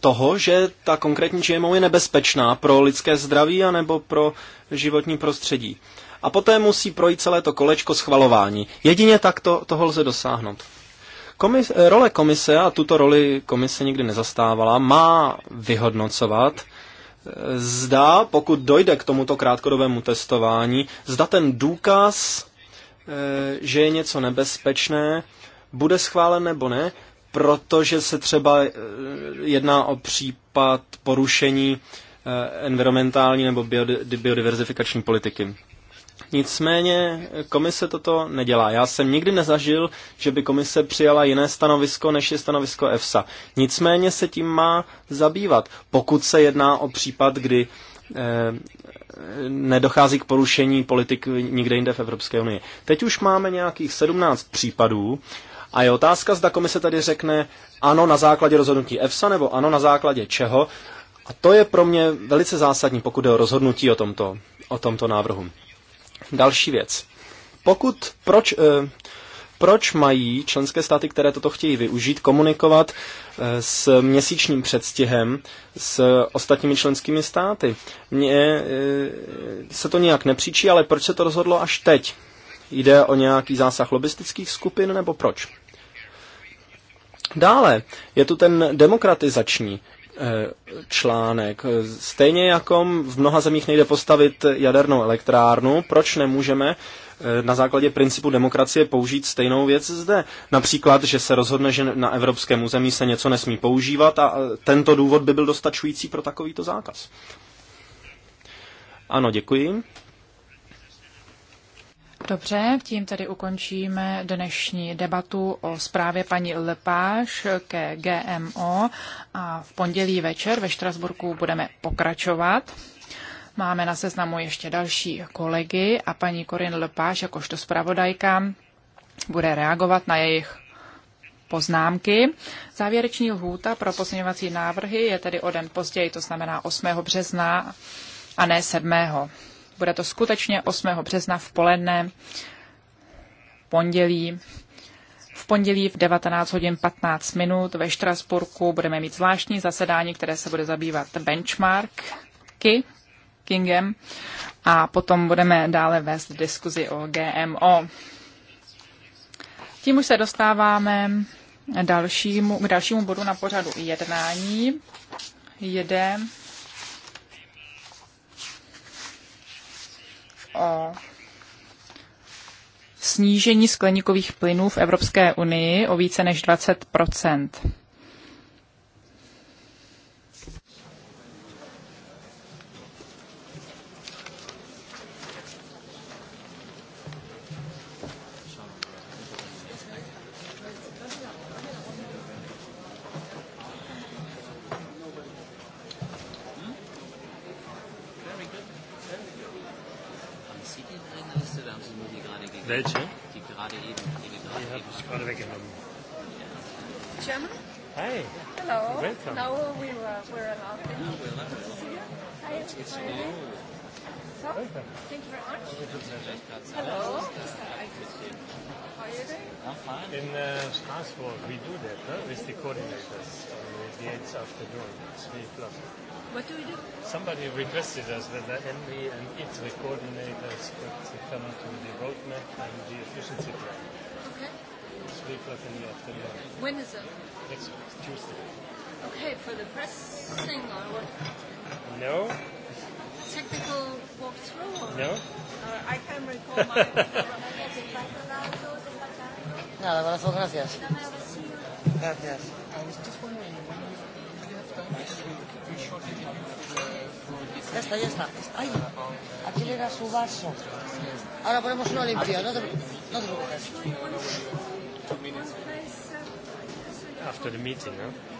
toho, že ta konkrétní GMO je nebezpečná pro lidské zdraví anebo pro životní prostředí. A poté musí projít celé to kolečko schvalování. Jedině tak to, toho lze dosáhnout. Komis, role komise, a tuto roli komise nikdy nezastávala, má vyhodnocovat, zda, pokud dojde k tomuto krátkodobému testování, zda ten důkaz, eh, že je něco nebezpečné, bude schválen nebo ne, protože se třeba eh, jedná o případ porušení eh, environmentální nebo biodiverzifikační politiky. Nicméně komise toto nedělá. Já jsem nikdy nezažil, že by komise přijala jiné stanovisko, než je stanovisko EFSA. Nicméně se tím má zabývat, pokud se jedná o případ, kdy eh, nedochází k porušení politik nikde jinde v Evropské unii. Teď už máme nějakých 17 případů a je otázka, zda komise tady řekne ano na základě rozhodnutí EFSA nebo ano na základě čeho. A to je pro mě velice zásadní, pokud je o rozhodnutí o tomto, o tomto návrhu. Další věc. Pokud, proč, eh, proč mají členské státy, které toto chtějí využít, komunikovat eh, s měsíčním předstihem s ostatními členskými státy? Mně eh, se to nějak nepříčí, ale proč se to rozhodlo až teď? Jde o nějaký zásah lobistických skupin nebo proč? Dále je tu ten demokratizační Eh, článek. Stejně jako v mnoha zemích nejde postavit jadernou elektrárnu, proč nemůžeme eh, na základě principu demokracie použít stejnou věc zde. Například, že se rozhodne, že na evropském území se něco nesmí používat a eh, tento důvod by byl dostačující pro takovýto zákaz. Ano, děkuji. Dobře, tím tedy ukončíme dnešní debatu o zprávě paní Lepáš ke GMO a v pondělí večer ve Štrasburku budeme pokračovat. Máme na seznamu ještě další kolegy a paní Korin Lepáš jakožto zpravodajka bude reagovat na jejich poznámky. Závěreční lhůta pro posměňovací návrhy je tedy o den později, to znamená 8. března a ne 7. Bude to skutečně 8. března v poledne, v pondělí. V pondělí v 19 hodin 15 minut ve Štrasburku budeme mít zvláštní zasedání, které se bude zabývat benchmarky, Kingem a potom budeme dále vést diskuzi o GMO. Tím už se dostáváme dalšímu, k dalšímu bodu na pořadu jednání. Jde o snížení skleníkových plynů v Evropské unii o více než 20 Welche? Die gerade eben. Die, die habe ich gerade weggenommen. Chairman? Hi. Hello. Welcome. Now we were, we're allowed. to see you. Hi. It's, it's you In uh, Strasbourg, we do that huh? with the coordinators on the 8th afternoon, three o'clock. What do we do? Somebody requested us that the MV and its coordinators could come to the roadmap and the efficiency plan. Okay. Three o'clock in the afternoon. When is it? Next Tuesday. Okay, for the press thing or what? No, technical walkthrough? No. Uh, I can recall my. Nada, corazón, gracias. Gracias. Ah, ya está, ya está. Ay, aquí le da su vaso. Ahora ponemos uno limpio, no te, no te preocupes. After the meeting, ¿no? ¿eh?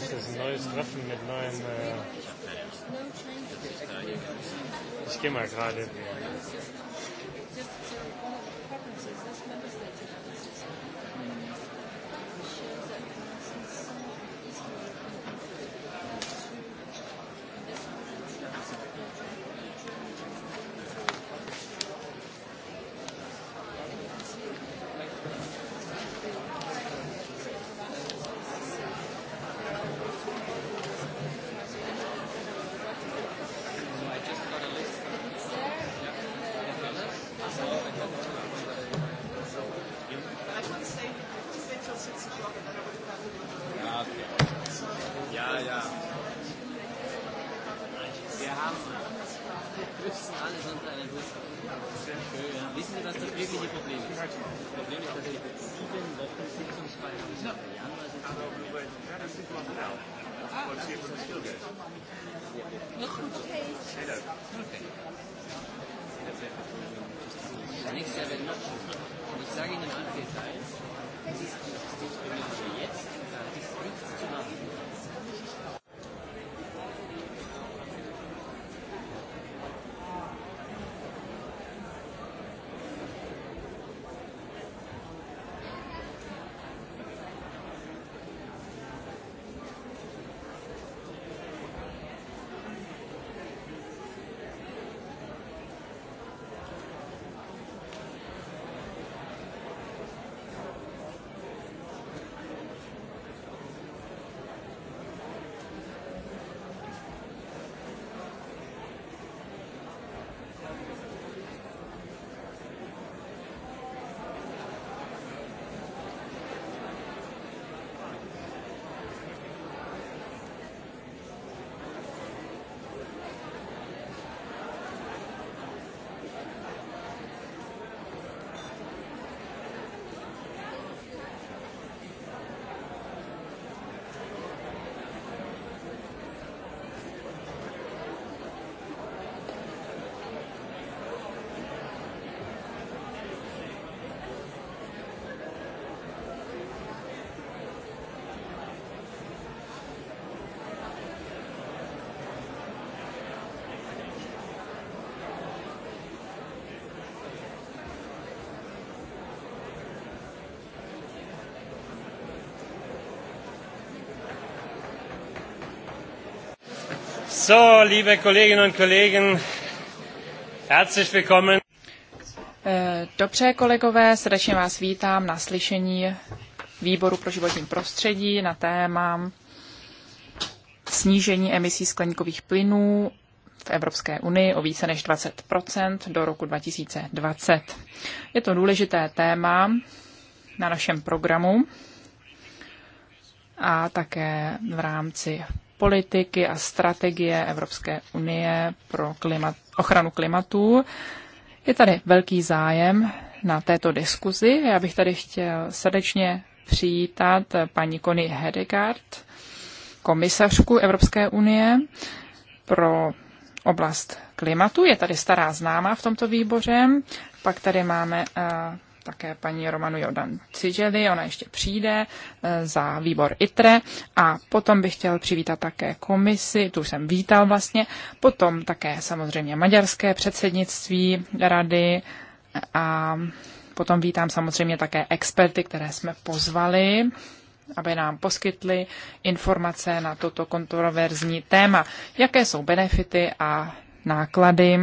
Das ist ein neues Treffen mit neuen. Äh ich gehe mal gerade. So, liebe Kolleginnen und Kollegen, herzlich willkommen. Eh, dobře, kolegové, srdečně vás vítám na slyšení Výboru pro životní prostředí na téma snížení emisí skleníkových plynů v Evropské unii o více než 20 do roku 2020. Je to důležité téma na našem programu a také v rámci politiky a strategie Evropské unie pro klimat, ochranu klimatu. Je tady velký zájem na této diskuzi. Já bych tady chtěl srdečně přijítat paní Connie Hedegaard, komisařku Evropské unie pro oblast klimatu. Je tady stará známá v tomto výboře. Pak tady máme eh, také paní Romanu Jordan Cijeli, ona ještě přijde eh, za výbor ITRE a potom bych chtěl přivítat také komisi, tu jsem vítal vlastně, potom také samozřejmě maďarské předsednictví rady a potom vítám samozřejmě také experty, které jsme pozvali aby nám poskytli informace na toto kontroverzní téma. Jaké jsou benefity a náklady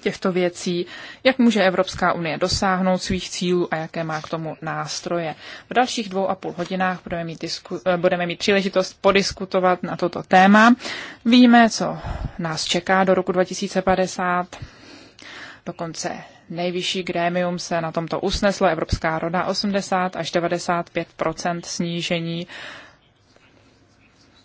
těchto věcí, jak může Evropská unie dosáhnout svých cílů a jaké má k tomu nástroje. V dalších dvou a půl hodinách budeme mít, disku, eh, budeme mít příležitost podiskutovat na toto téma. Víme, co nás čeká do roku 2050, dokonce Nejvyšší grémium se na tomto usneslo Evropská roda 80 až 95 snížení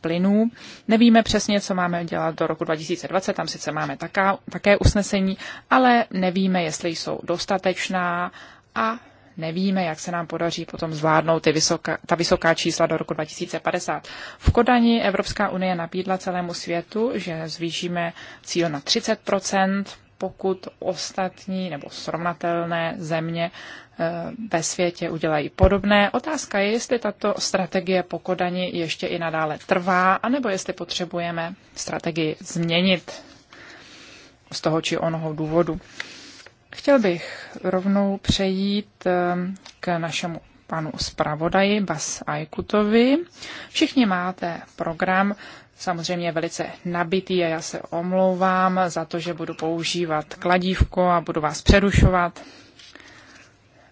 plynů. Nevíme přesně, co máme dělat do roku 2020, tam sice máme taká, také usnesení, ale nevíme, jestli jsou dostatečná a nevíme, jak se nám podaří potom zvládnout ty vysoká, ta vysoká čísla do roku 2050. V Kodani Evropská unie nabídla celému světu, že zvýšíme cíl na 30 pokud ostatní nebo srovnatelné země eh, ve světě udělají podobné. Otázka je, jestli tato strategie po Kodani ještě i nadále trvá, anebo jestli potřebujeme strategii změnit z toho či onoho důvodu. Chtěl bych rovnou přejít eh, k našemu panu zpravodaji Bas Aikutovi. Všichni máte program, samozřejmě velice nabitý a já se omlouvám za to, že budu používat kladívko a budu vás přerušovat.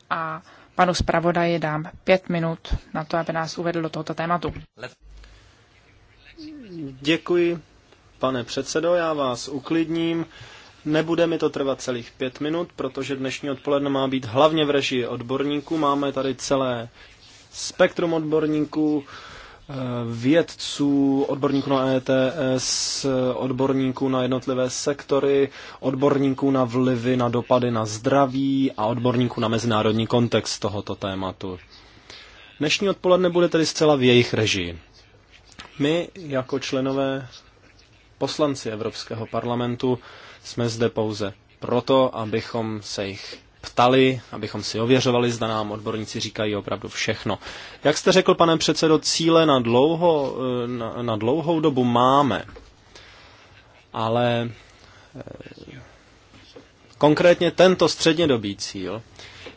A panu zpravodaji dám pět minut na to, aby nás uvedl do tohoto tématu. Děkuji, pane předsedo, já vás uklidním. Nebude mi to trvat celých pět minut, protože dnešní odpoledne má být hlavně v režii odborníků. Máme tady celé spektrum odborníků, Eh, vědců, odborníků na ETS, odborníků na jednotlivé sektory, odborníků na vlivy, na dopady na zdraví a odborníků na mezinárodní kontext tohoto tématu. Dnešní odpoledne bude tedy zcela v jejich režii. My jako členové poslanci Evropského parlamentu jsme zde pouze proto, abychom se jich ptali, abychom si ověřovali, zda nám odborníci říkají opravdu všechno. Jak jste řekl, pane předsedo, cíle na, dlouho, eh, na, na dlouhou dobu máme, ale eh, konkrétně tento střednědobý cíl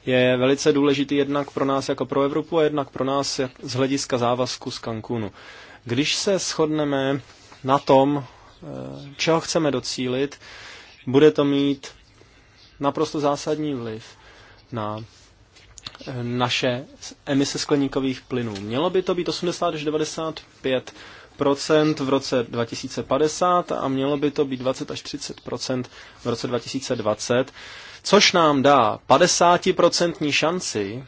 je velice důležitý jednak pro nás jako pro Evropu a jednak pro nás z hlediska závazku z Cancunu. Když se shodneme na tom, eh, čeho chceme docílit, bude to mít naprosto zásadní vliv na eh, naše emise skleníkových plynů. Mělo by to být 80 až 95 v roce 2050 a mělo by to být 20 až 30 v roce 2020, což nám dá 50% šanci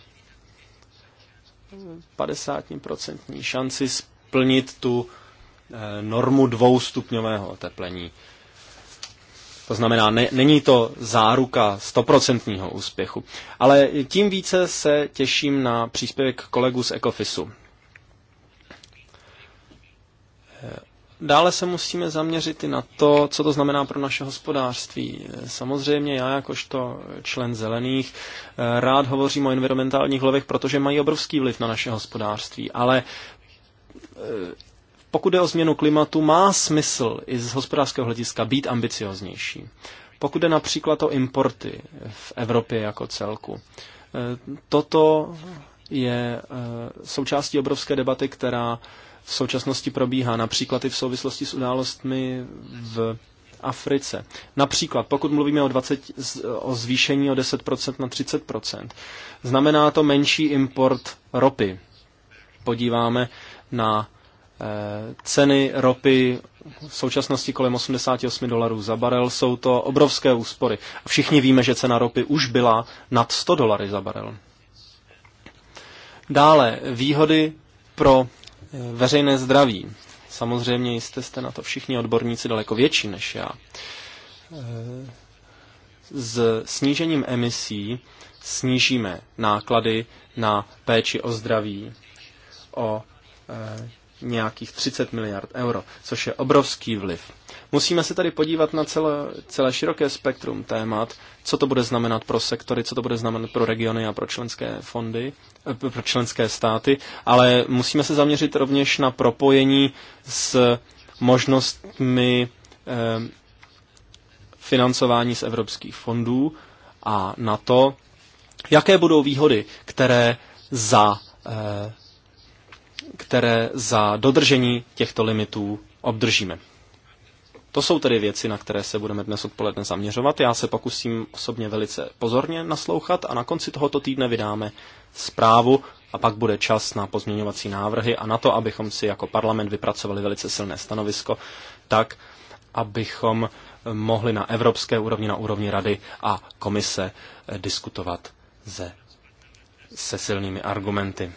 50% šanci splnit tu eh, normu dvoustupňového oteplení to znamená, ne, není to záruka stoprocentního úspěchu. Ale tím více se těším na příspěvek kolegů z Ecofisu. Dále se musíme zaměřit i na to, co to znamená pro naše hospodářství. Samozřejmě já jakožto člen zelených eh, rád hovořím o environmentálních lovech, protože mají obrovský vliv na naše hospodářství, ale eh, pokud je o změnu klimatu, má smysl i z hospodářského hlediska být ambicioznější. Pokud je například o importy v Evropě jako celku, e, toto je e, součástí obrovské debaty, která v současnosti probíhá, například i v souvislosti s událostmi v Africe. Například, pokud mluvíme o, 20, o zvýšení o 10% na 30%, znamená to menší import ropy. Podíváme na Eh, ceny ropy v současnosti kolem 88 dolarů za barel jsou to obrovské úspory. A všichni víme, že cena ropy už byla nad 100 dolary za barel. Dále výhody pro eh, veřejné zdraví. Samozřejmě jste, jste na to všichni odborníci daleko větší než já. Eh, s snížením emisí snížíme náklady na péči o zdraví, o nějakých 30 miliard euro, což je obrovský vliv. Musíme se tady podívat na celé, celé široké spektrum témat, co to bude znamenat pro sektory, co to bude znamenat pro regiony a pro členské fondy, eh, pro členské státy, ale musíme se zaměřit rovněž na propojení s možnostmi eh, financování z evropských fondů a na to, jaké budou výhody, které za eh, které za dodržení těchto limitů obdržíme. To jsou tedy věci, na které se budeme dnes odpoledne zaměřovat. Já se pokusím osobně velice pozorně naslouchat a na konci tohoto týdne vydáme zprávu a pak bude čas na pozměňovací návrhy a na to, abychom si jako parlament vypracovali velice silné stanovisko, tak abychom mohli na evropské úrovni, na úrovni rady a komise diskutovat se, se silnými argumenty.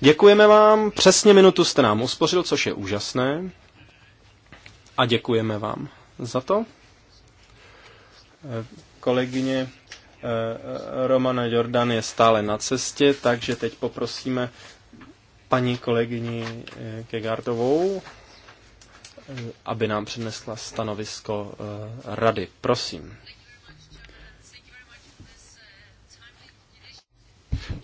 Děkujeme vám, přesně minutu jste nám uspořil, což je úžasné. A děkujeme vám za to. Eh, kolegyně eh, Romana Jordan je stále na cestě, takže teď poprosíme paní kolegyni eh, Kegardovou, aby nám přednesla stanovisko rady. Prosím.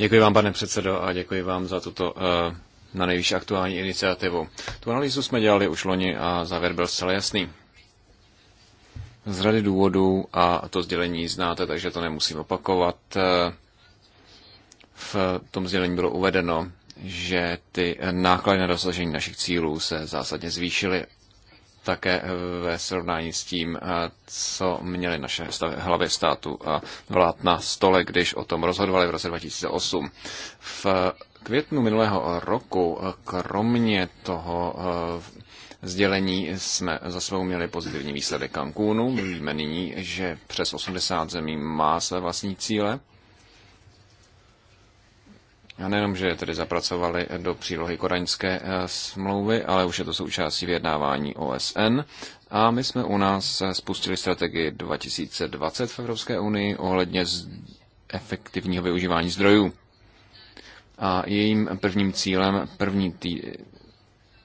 Děkuji vám, pane předsedo, a děkuji vám za tuto eh, na nejvyšší aktuální iniciativu. Tu analýzu jsme dělali už loni a závěr byl zcela jasný. Z řady důvodů, a to sdělení znáte, takže to nemusím opakovat, eh, v tom sdělení bylo uvedeno, že ty náklady na dosažení našich cílů se zásadně zvýšily také eh, ve srovnání s tím, eh, co měly naše hlavy státu a vlád na stole, když o tom rozhodovali v roce 2008. V květnu minulého roku, eh, kromě toho sdělení jsme za svou měli pozitivní výsledek Cancúnu. Víme nyní, že přes 80 zemí má své vlastní cíle a nejenom, že je tedy zapracovali do přílohy koraňské eh, smlouvy, ale už je to součástí vyjednávání OSN. A my jsme u nás eh, spustili strategii 2020 v Evropské unii ohledně efektivního využívání zdrojů. A jejím prvním cílem první tý,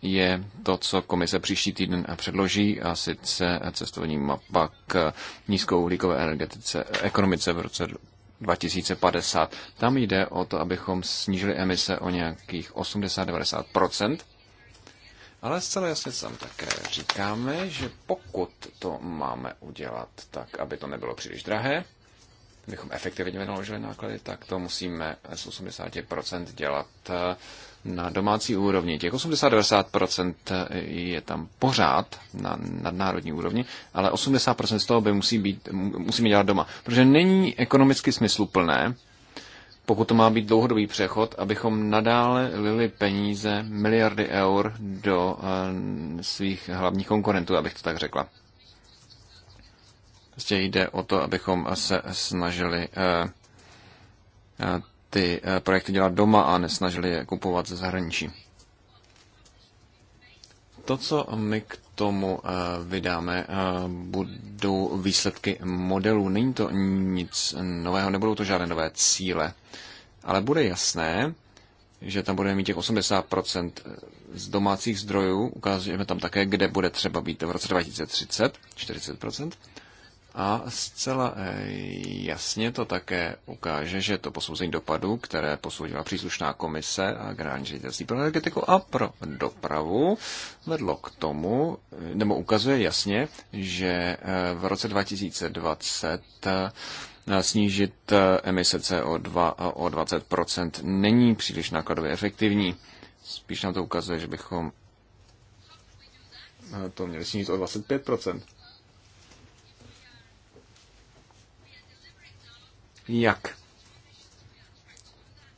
je to, co komise příští týden předloží, a sice cestovní mapa k nízkouhlíkové energetice, ekonomice v roce 2050. Tam jde o to, abychom snížili emise o nějakých 80-90%. Ale zcela jasně tam také říkáme, že pokud to máme udělat tak, aby to nebylo příliš drahé, abychom efektivně vynaložili náklady, tak to musíme z 80% dělat eh, na domácí úrovni. Těch 80-90% je tam pořád na nadnárodní úrovni, ale 80% z toho by musí být, musíme dělat doma. Protože není ekonomicky smysluplné, pokud to má být dlouhodobý přechod, abychom nadále lili peníze, miliardy eur do eh, svých hlavních konkurentů, abych to tak řekla. Prostě jde o to, abychom se snažili eh, eh, ty eh, projekty dělat doma a nesnažili je kupovat ze zahraničí. To, co my k tomu eh, vydáme, eh, budou výsledky modelů. Není to nic nového, nebudou to žádné nové cíle, ale bude jasné, že tam budeme mít těch 80% z domácích zdrojů. Ukážeme tam také, kde bude třeba být v roce 2030, 40%. A zcela eh, jasně to také ukáže, že to posouzení dopadu, které posoudila příslušná komise a generální ředitelství pro energetiku a pro dopravu, vedlo k tomu, eh, nebo ukazuje jasně, že eh, v roce 2020 snížit emise CO2 o 20% není příliš nákladově efektivní. Spíš nám to ukazuje, že bychom to měli snížit o 25%. jak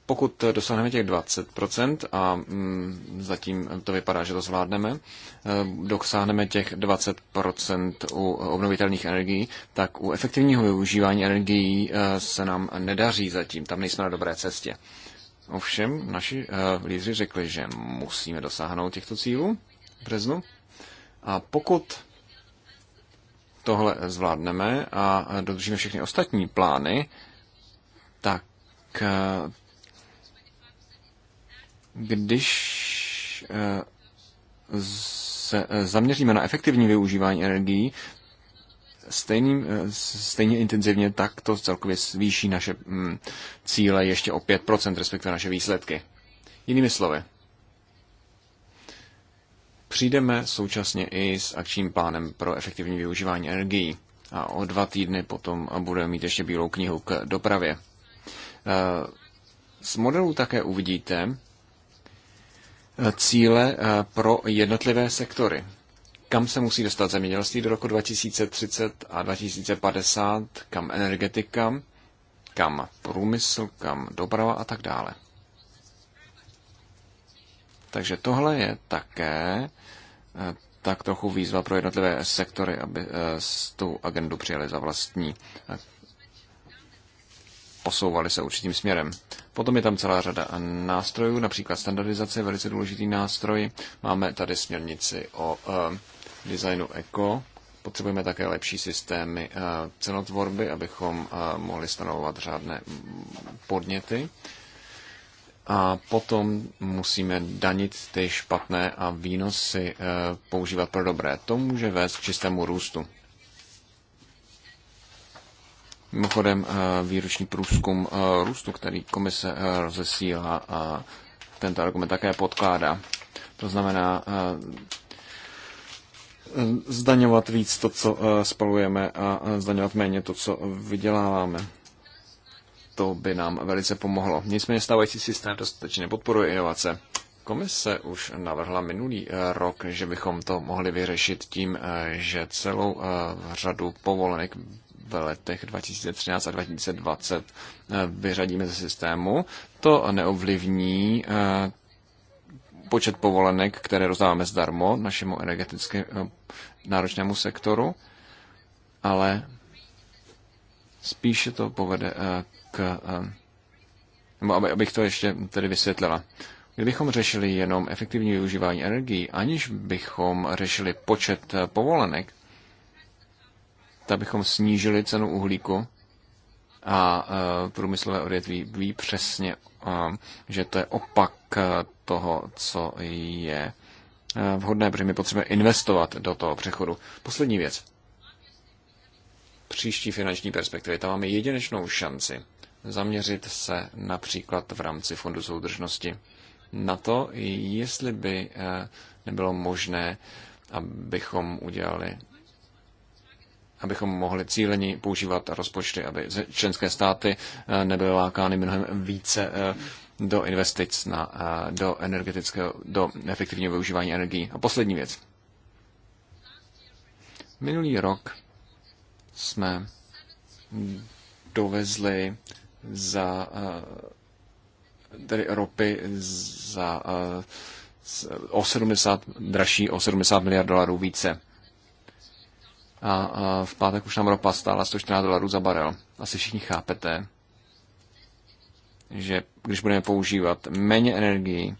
pokud dosáhneme těch 20%, a mm, zatím to vypadá, že to zvládneme, eh, dosáhneme těch 20% u obnovitelných energií, tak u efektivního využívání energií eh, se nám nedaří zatím, tam nejsme na dobré cestě. Ovšem, naši eh, lídři řekli, že musíme dosáhnout těchto cílů v březnu. A pokud tohle zvládneme a dodržíme všechny ostatní plány, tak eh, když eh, se eh, zaměříme na efektivní využívání energií, stejným, stejně intenzivně, tak to celkově zvýší naše mm, cíle ještě o 5%, respektive naše výsledky. Jinými slovy, přijdeme současně i s akčním plánem pro efektivní využívání energií a o dva týdny potom budeme mít ještě bílou knihu k dopravě. Z modelu také uvidíte eh, cíle eh, pro jednotlivé sektory. Kam se musí dostat zemědělství do roku 2030 a 2050, kam energetika, kam průmysl, kam doprava a tak dále. Takže tohle je také eh, tak trochu výzva pro jednotlivé sektory, aby s tou agendu přijeli za vlastní posouvaly se určitým směrem. Potom je tam celá řada nástrojů, například standardizace velice důležitý nástroj. Máme tady směrnici o e, designu eco. Potřebujeme také lepší systémy e, cenotvorby, abychom e, mohli stanovovat řádné podněty. A potom musíme danit ty špatné a výnosy e, používat pro dobré. To může vést k čistému růstu. Mimochodem eh, výroční průzkum eh, růstu, který komise eh, rozesílá tento argument také podkládá. To znamená zdaňovat víc to, co spalujeme a zdaňovat méně to, co vyděláváme. To by nám velice pomohlo. Nicméně stávající systém dostatečně podporuje inovace. Komise už navrhla minulý rok, že bychom to mohli vyřešit tím, že celou řadu povolenek v letech 2013 a 2020 eh, vyřadíme ze systému, to neovlivní eh, počet povolenek, které rozdáváme zdarmo našemu energeticky eh, náročnému sektoru, ale spíše to povede k. Nebo abych to ještě tedy vysvětlila. Kdybychom řešili jenom efektivní využívání energií, aniž bychom řešili počet povolenek, abychom snížili cenu uhlíku a e, průmyslové odvětví ví přesně, e, že to je opak e, toho, co je vhodné, protože my potřebujeme investovat do toho přechodu. Poslední věc. Příští finanční perspektivy. Tam máme jedinečnou šanci zaměřit se například v rámci Fondu soudržnosti na to, jestli by nebylo možné, abychom udělali abychom mohli cíleně používat rozpočty, aby členské státy eh, nebyly lákány mnohem více eh, do investic na, eh, do energetického, do efektivního využívání energií. A poslední věc. Minulý rok jsme dovezli za tedy ropy za o 70, dražší o 70 miliard dolarů více a, a v pátek už nám ropa stála 114 dolarů za barel. Asi všichni chápete, že když budeme používat méně energii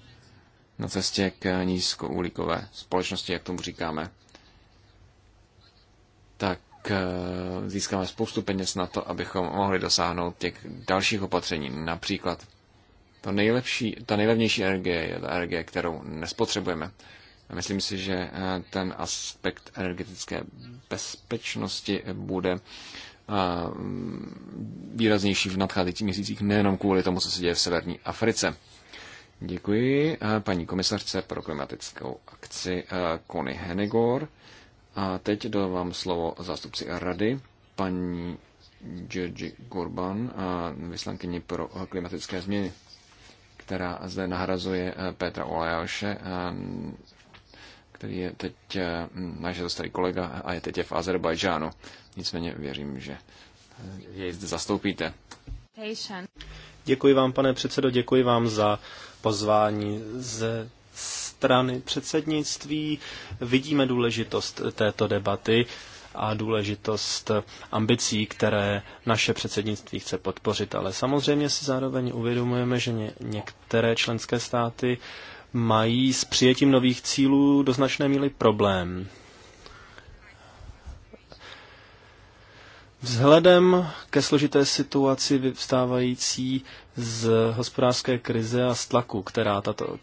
na cestě k nízkouhlíkové společnosti, jak tomu říkáme, tak e, získáme spoustu peněz na to, abychom mohli dosáhnout těch dalších opatření. Například to nejlepší, ta nejlevnější energie je ta energie, kterou nespotřebujeme. Myslím si, že eh, ten aspekt energetické bezpečnosti bude eh, výraznější v nadcházejících měsících, nejenom kvůli tomu, co se děje v severní Africe. Děkuji eh, paní komisařce pro klimatickou akci Kony Henegor. A teď dávám slovo zástupci rady, paní Georgi Gorban, vyslankyni pro klimatické změny, která zde nahrazuje Petra Olajalše, který je teď eh, náš starý kolega a je teď je v Azerbajdžánu. Nicméně věřím, že eh, jej zde zastoupíte. Děkuji vám, pane předsedo, děkuji vám za pozvání ze strany předsednictví. Vidíme důležitost této debaty a důležitost ambicí, které naše předsednictví chce podpořit. Ale samozřejmě si zároveň uvědomujeme, že některé členské státy uh, mají s přijetím nových cílů do značné míry problém. Vzhledem ke složité situaci vyvstávající z hospodářské krize a z tlaku, která tato,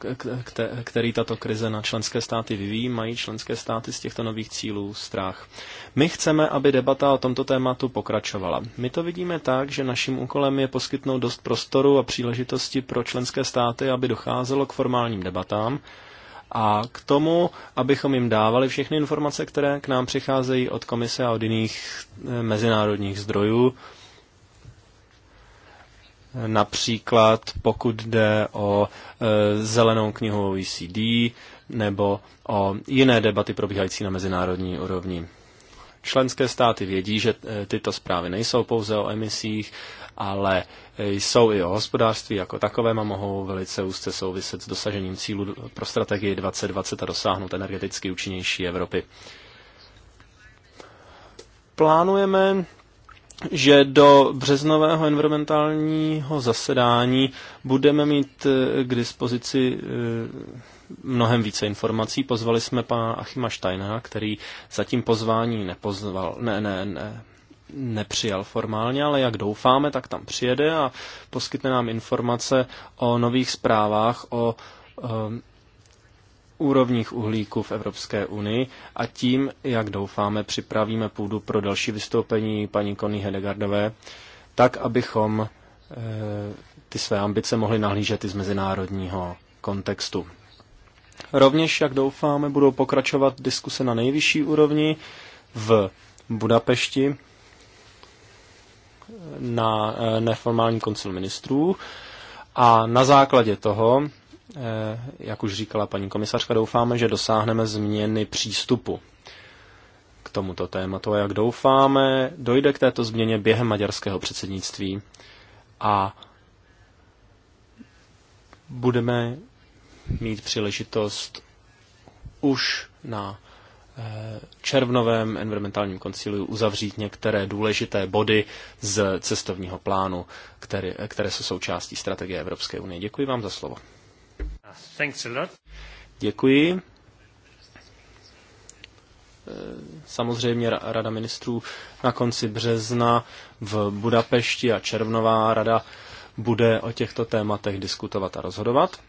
který tato krize na členské státy vyvíjí, mají členské státy z těchto nových cílů strach. My chceme, aby debata o tomto tématu pokračovala. My to vidíme tak, že naším úkolem je poskytnout dost prostoru a příležitosti pro členské státy, aby docházelo k formálním debatám a k tomu, abychom jim dávali všechny informace, které k nám přicházejí od komise a od jiných eh, mezinárodních zdrojů. Například pokud jde o eh, zelenou knihu OECD nebo o jiné debaty probíhající na mezinárodní úrovni. Členské státy vědí, že e, tyto zprávy nejsou pouze o emisích, ale e, jsou i o hospodářství jako takovém a mohou velice úzce souviset s dosažením cílu pro strategii 2020 a dosáhnout energeticky účinnější Evropy. Plánujeme že do březnového environmentálního zasedání budeme mít e, k dispozici mnohem více informací. Pozvali jsme pana Achima Steina, který zatím pozvání nepozval, ne, ne, ne, nepřijal formálně, ale jak doufáme, tak tam přijede a poskytne nám informace o nových zprávách o um, úrovních uhlíku v Evropské unii a tím, jak doufáme, připravíme půdu pro další vystoupení paní Kony Hedegardové, tak, abychom e, ty své ambice mohli nahlížet i z mezinárodního kontextu. Rovněž, jak doufáme, budou pokračovat diskuse na nejvyšší úrovni v Budapešti na eh, neformální koncil ministrů a na základě toho, eh, jak už říkala paní komisařka, doufáme, že dosáhneme změny přístupu k tomuto tématu a jak doufáme, dojde k této změně během maďarského předsednictví a budeme mít příležitost už na eh, červnovém environmentálním konciliu uzavřít některé důležité body z cestovního plánu, které, které jsou součástí strategie Evropské unie. Děkuji vám za slovo. Děkuji. Eh, samozřejmě Rada ministrů na konci března v Budapešti a červnová rada bude o těchto tématech diskutovat a rozhodovat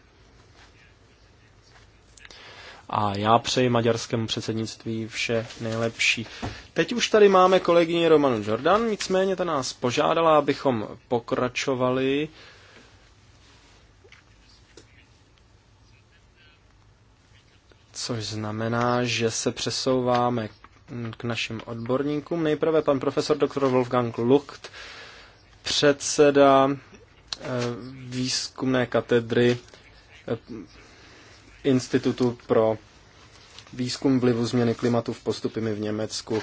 a já přeji maďarskému předsednictví vše nejlepší. Teď už tady máme kolegyně Romanu Jordan, nicméně ta nás požádala, abychom pokračovali. Což znamená, že se přesouváme k našim odborníkům. Nejprve pan profesor dr. Wolfgang Lucht, předseda eh, výzkumné katedry eh, Institutu pro výzkum vlivu změny klimatu v postupy v Německu. Eh,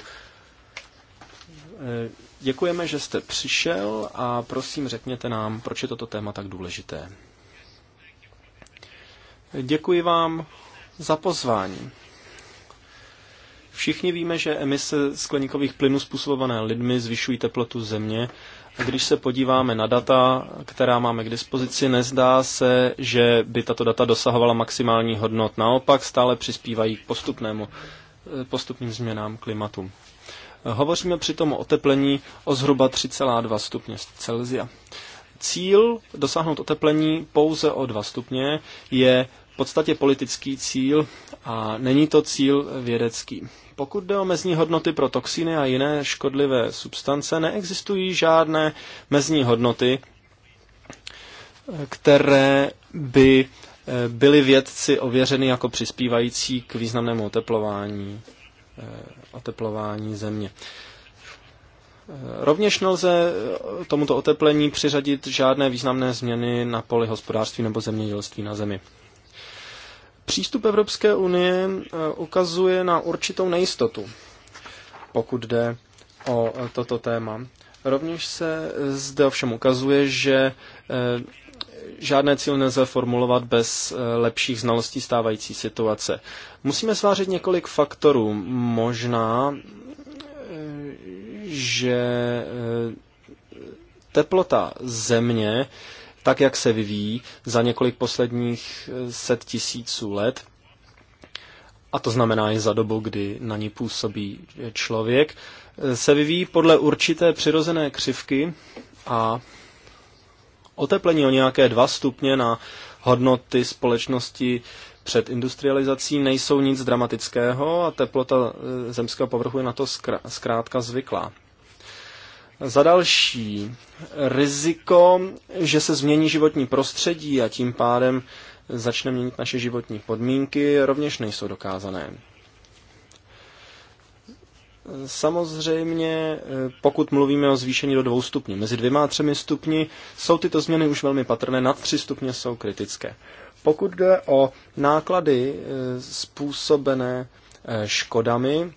děkujeme, že jste přišel a prosím řekněte nám, proč je toto téma tak důležité. Děkuji vám za pozvání. Všichni víme, že emise skleníkových plynů způsobované lidmi zvyšují teplotu země když se podíváme na data, která máme k dispozici, nezdá se, že by tato data dosahovala maximální hodnot. Naopak stále přispívají k postupnému, eh, postupným změnám klimatu. Hovoříme přitom o oteplení o zhruba 3,2 stupně Celsia. Cíl dosáhnout oteplení pouze o 2 stupně je v podstatě politický cíl a není to cíl vědecký. Pokud jde o mezní hodnoty pro toxiny a jiné škodlivé substance, neexistují žádné mezní hodnoty, které by eh, byly vědci ověřeny jako přispívající k významnému oteplování, eh, oteplování země. Eh, rovněž nelze tomuto oteplení přiřadit žádné významné změny na poli hospodářství nebo zemědělství na zemi. Přístup Evropské unie e, ukazuje na určitou nejistotu, pokud jde o e, toto téma. Rovněž se e, zde ovšem ukazuje, že žádné cíl nelze formulovat bez lepších znalostí stávající situace. Musíme svářit několik faktorů. Možná, že teplota země tak jak se vyvíjí za několik posledních eh, set tisíců let, a to znamená i za dobu, kdy na ní působí eh, člověk, eh, se vyvíjí podle určité přirozené křivky a oteplení o nějaké dva stupně na hodnoty společnosti před industrializací nejsou nic dramatického a teplota zemského povrchu je na to zkrátka zvyklá. Za další, riziko, že se změní životní prostředí a tím pádem začne měnit naše životní podmínky, rovněž nejsou dokázané. Samozřejmě, pokud mluvíme o zvýšení do dvou stupňů, mezi dvěma a třemi stupni jsou tyto změny už velmi patrné, nad tři stupně jsou kritické. Pokud jde o náklady eh, způsobené eh, škodami,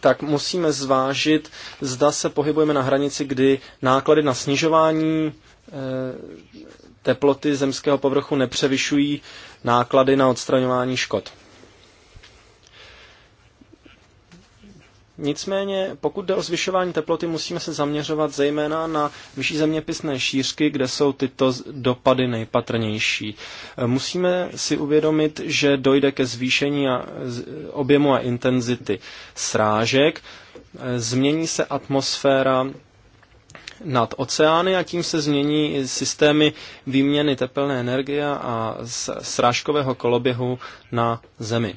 tak musíme zvážit, zda se pohybujeme na hranici, kdy náklady na snižování eh, teploty zemského povrchu nepřevyšují náklady na odstraňování škod. Nicméně, pokud jde o zvyšování teploty, musíme se zaměřovat zejména na vyšší zeměpisné šířky, kde jsou tyto dopady nejpatrnější. E, musíme si uvědomit, že dojde ke zvýšení objemu a intenzity srážek, e, změní se atmosféra nad oceány a tím se změní systémy výměny tepelné energie a srážkového koloběhu na Zemi.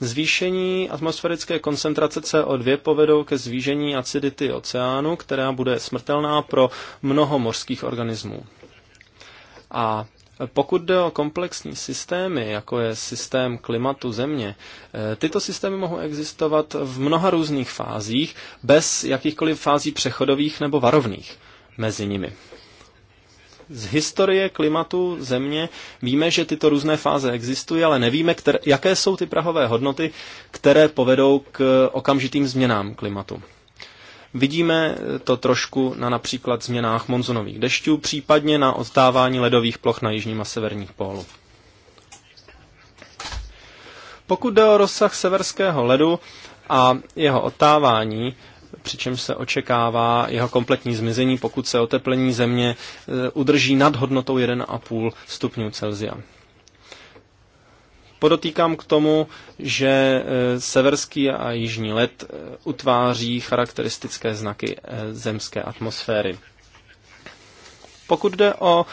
Zvýšení atmosférické koncentrace CO2 povedou ke zvýšení acidity oceánu, která bude smrtelná pro mnoho mořských organismů. A pokud jde o komplexní systémy, jako je systém klimatu země, eh, tyto systémy mohou existovat v mnoha různých fázích, bez jakýchkoliv fází přechodových nebo varovných mezi nimi z historie klimatu země víme, že tyto různé fáze existují, ale nevíme, které, jaké jsou ty prahové hodnoty, které povedou k okamžitým změnám klimatu. Vidíme to trošku na například změnách monzunových dešťů, případně na odstávání ledových ploch na jižním a severních pólu. Pokud jde o rozsah severského ledu a jeho odtávání, přičemž se očekává jeho kompletní zmizení, pokud se oteplení země e, udrží nad hodnotou 1,5 stupňů Celsia. Podotýkám k tomu, že e, severský a jižní led e, utváří charakteristické znaky zemské atmosféry. Pokud jde o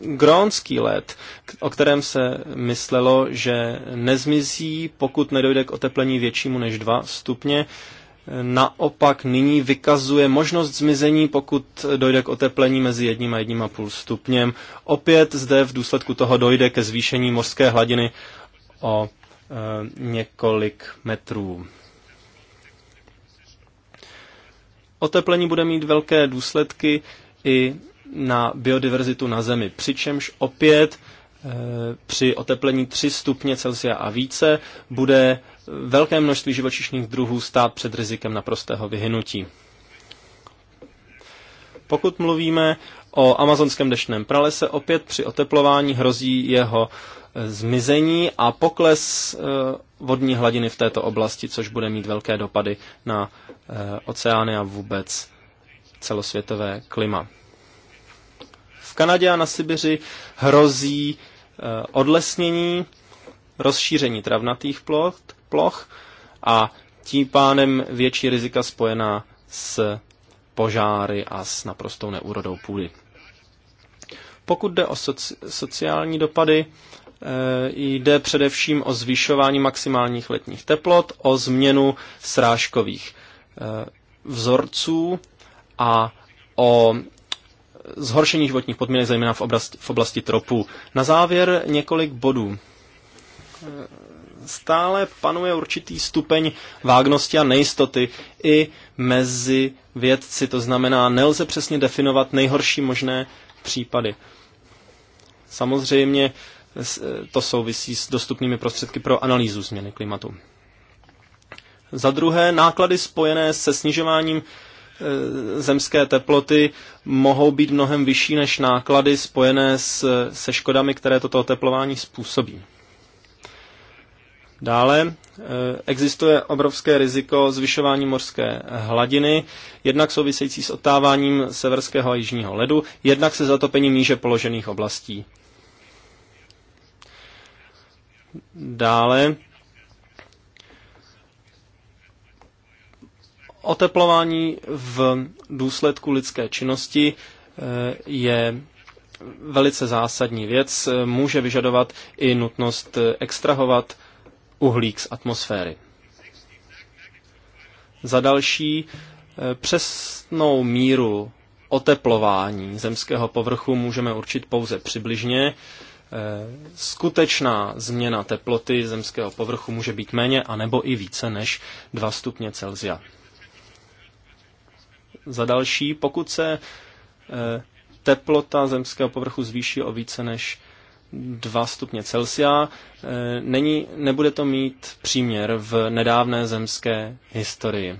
grónský led, o kterém se myslelo, že nezmizí, pokud nedojde k oteplení většímu než 2 stupně, naopak nyní vykazuje možnost zmizení, pokud dojde k oteplení mezi jedním a jedním a půl stupněm. Opět zde v důsledku toho dojde ke zvýšení mořské hladiny o e, několik metrů. Oteplení bude mít velké důsledky i na biodiverzitu na Zemi, přičemž opět Eh, při oteplení 3 stupně Celsia a více bude velké množství živočišných druhů stát před rizikem naprostého vyhynutí. Pokud mluvíme o amazonském deštném pralese, opět při oteplování hrozí jeho eh, zmizení a pokles eh, vodní hladiny v této oblasti, což bude mít velké dopady na oceány a vůbec celosvětové klima. V Kanadě a na Sibiři hrozí Eh, odlesnění, rozšíření travnatých ploch, ploch a tím pánem větší rizika spojená s požáry a s naprostou neúrodou půdy. Pokud jde o soci, sociální dopady, eh, jde především o zvyšování maximálních letních teplot, o změnu srážkových eh, vzorců a o zhoršení životních podmínek, zejména v oblasti, v oblasti tropů. Na závěr několik bodů. Stále panuje určitý stupeň vágnosti a nejistoty i mezi vědci, to znamená, nelze přesně definovat nejhorší možné případy. Samozřejmě to souvisí s dostupnými prostředky pro analýzu změny klimatu. Za druhé, náklady spojené se snižováním E, zemské teploty mohou být mnohem vyšší než náklady spojené s, se škodami, které toto oteplování způsobí. Dále e, existuje obrovské riziko zvyšování morské hladiny, jednak související s otáváním severského a jižního ledu, jednak se zatopením níže položených oblastí. Dále Oteplování v důsledku lidské činnosti eh, je velice zásadní věc. Může vyžadovat i nutnost eh, extrahovat uhlík z atmosféry. Za další, eh, přesnou míru oteplování zemského povrchu můžeme určit pouze přibližně. Skutečná změna teploty zemského povrchu může být méně a nebo i více než 2 stupně Celsia. Za další, pokud se eh, teplota zemského povrchu zvýší o více než 2 stupně Celsia. Eh, není, nebude to mít příměr v nedávné zemské historii.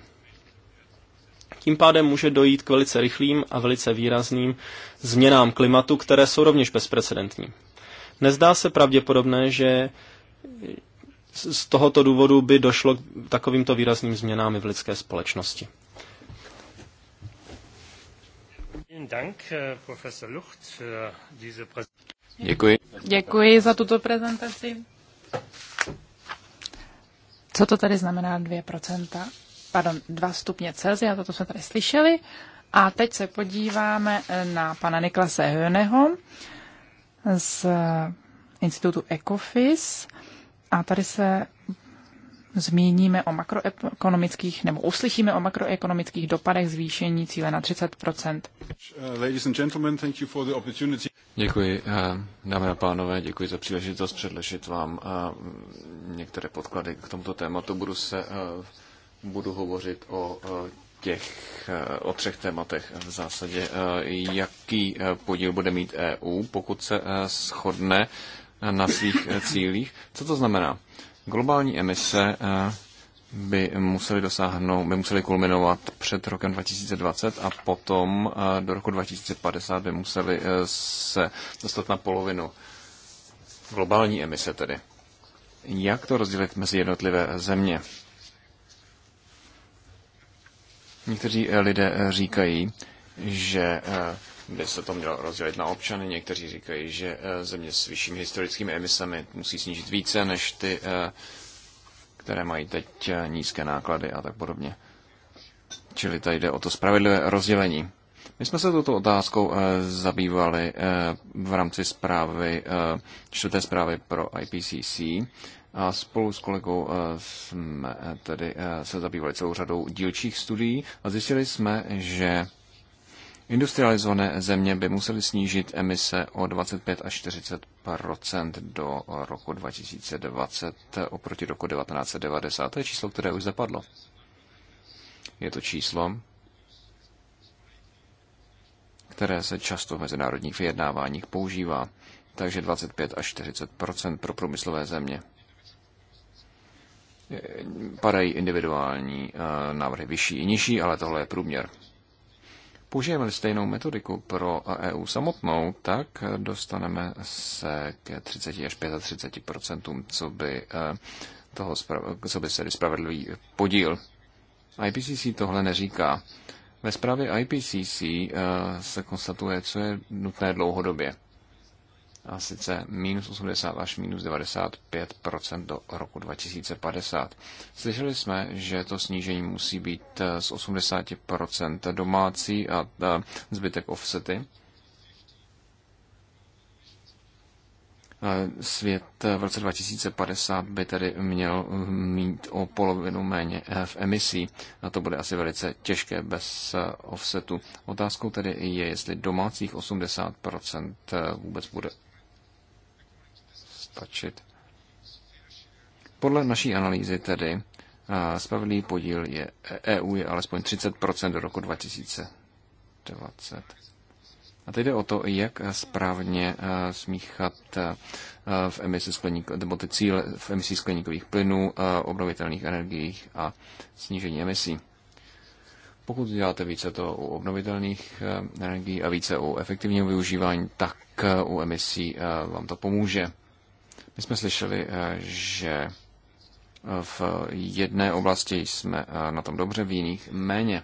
Tím pádem může dojít k velice rychlým a velice výrazným změnám klimatu, které jsou rovněž bezprecedentní. Nezdá se pravděpodobné, že z tohoto důvodu by došlo k takovýmto výrazným změnám v lidské společnosti. Děkuji. Děkuji za tuto prezentaci. Co to tady znamená 2%? Pardon, 2 stupně Celsia, toto jsme tady slyšeli. A teď se podíváme eh, na pana Niklase Höneho z eh, institutu Ecofis. A tady se zmíníme o makroekonomických nebo uslyšíme o makroekonomických dopadech zvýšení cíle na 30 Děkuji, eh, dámy a pánové, děkuji za příležitost předložit vám eh, některé podklady k tomuto tématu. Budu se eh, budu hovořit o těch, o třech tématech v zásadě. Jaký podíl bude mít EU, pokud se shodne na svých cílích? Co to znamená? Globální emise eh, by museli dosáhnout, by museli kulminovat před rokem 2020 a potom eh, do roku 2050 by museli eh, se dostat na polovinu globální emise tedy. Jak to rozdělit mezi jednotlivé země? Někteří lidé říkají, že by se to mělo rozdělit na občany. Někteří říkají, že eh, země s vyššími historickými emisemi musí snížit více než ty, eh, které mají teď eh, nízké náklady a tak podobně. Čili tady jde o to spravedlivé rozdělení. My jsme se touto otázkou zabývali v rámci zprávy, čtvrté zprávy pro IPCC a spolu s kolegou jsme tedy se zabývali celou řadou dílčích studií a zjistili jsme, že Industrializované země by musely snížit emise o 25 až 40 do roku 2020 oproti roku 1990. To je číslo, které už zapadlo. Je to číslo, které se často v mezinárodních vyjednáváních používá, takže 25 až 40 pro průmyslové země. Padají individuální eh, návrhy vyšší i nižší, ale tohle je průměr. Použijeme stejnou metodiku pro EU samotnou, tak dostaneme se ke 30 až 35 co by, eh, toho, co by se spravedlivý podíl. IPCC tohle neříká. Ve zprávě IPCC eh, se konstatuje, co je nutné dlouhodobě a sice minus 80 až minus 95 do roku 2050. Slyšeli jsme, že to snížení musí být eh, z 80 domácí a zbytek offsety. Eh, svět eh, v roce 2050 by tedy měl hm, mít o polovinu méně v emisí a to bude asi velice těžké bez offsetu. Otázkou tedy je, jestli domácích 80% vůbec bude stačit. Podle naší analýzy tedy eh, spravedlivý podíl je, EU e je alespoň 30% do roku 2020. A teď jde o to, jak správně eh, smíchat eh, v emisi skleník, nebo ty cíle v emisí skleníkových plynů, obnovitelných energiích a snížení emisí. Pokud děláte více to u obnovitelných energií a více u efektivního využívání, tak u emisí vám to pomůže. My jsme slyšeli, eh, že eh, v jedné oblasti jsme eh, na tom dobře, v jiných méně.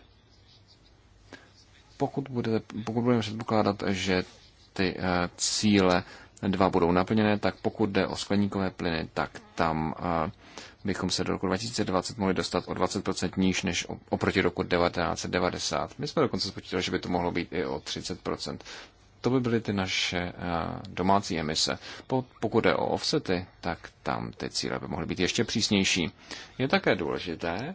Pokud, budete, pokud budeme předpokládat, že ty cíle dva budou naplněné, tak pokud jde o skleníkové plyny, tak tam bychom se do roku 2020 mohli dostat o 20% níž než oproti roku 1990. My jsme dokonce spočítali, že by to mohlo být i o 30%. To by byly ty naše eh, domácí emise. Pokud jde o offsety, tak tam ty cíle by mohly být ještě přísnější. Je také důležité,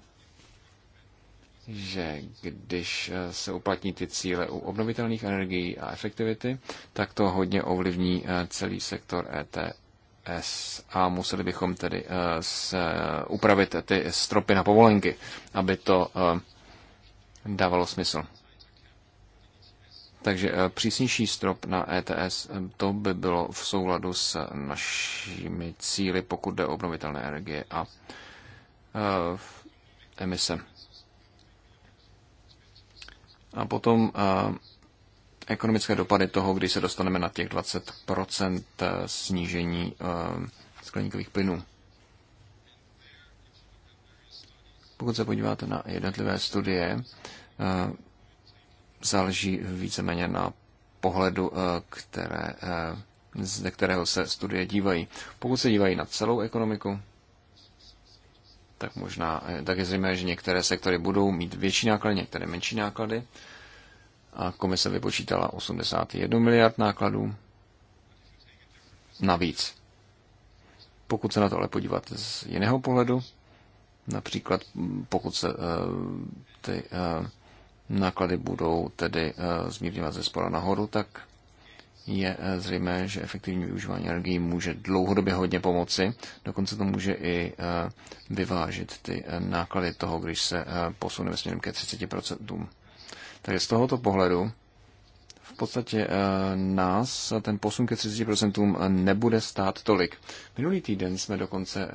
že když eh, se uplatní ty cíle u obnovitelných energií a efektivity, tak to hodně ovlivní eh, celý sektor ETS a museli bychom tedy upravit ty stropy na povolenky, aby to dávalo smysl. Takže eh, přísnější strop na ETS, eh, to by bylo v souladu s našimi cíly, pokud jde o obnovitelné energie a eh, emise. A potom ekonomické dopady toho, když se dostaneme na těch 20% snížení skleníkových plynů. Pokud se podíváte na jednotlivé studie, záleží víceméně na pohledu, eh, které, eh, ze kterého se studie dívají. Pokud se dívají na celou ekonomiku, tak možná, eh, tak je zřejmé, že některé sektory budou mít větší náklady, některé menší náklady. A komise vypočítala 81 miliard nákladů navíc. Pokud se na to ale podívat z jiného pohledu, například mm, pokud se ty náklady budou tedy eh, zmírňovat ze spora nahoru, tak je eh, zřejmé, že efektivní využívání energií může dlouhodobě hodně pomoci. Dokonce to může i eh, vyvážit ty náklady toho, když se posuneme směrem ke 30%. Takže z tohoto pohledu v podstatě nás ten posun ke 30% nebude stát tolik. Minulý týden jsme dokonce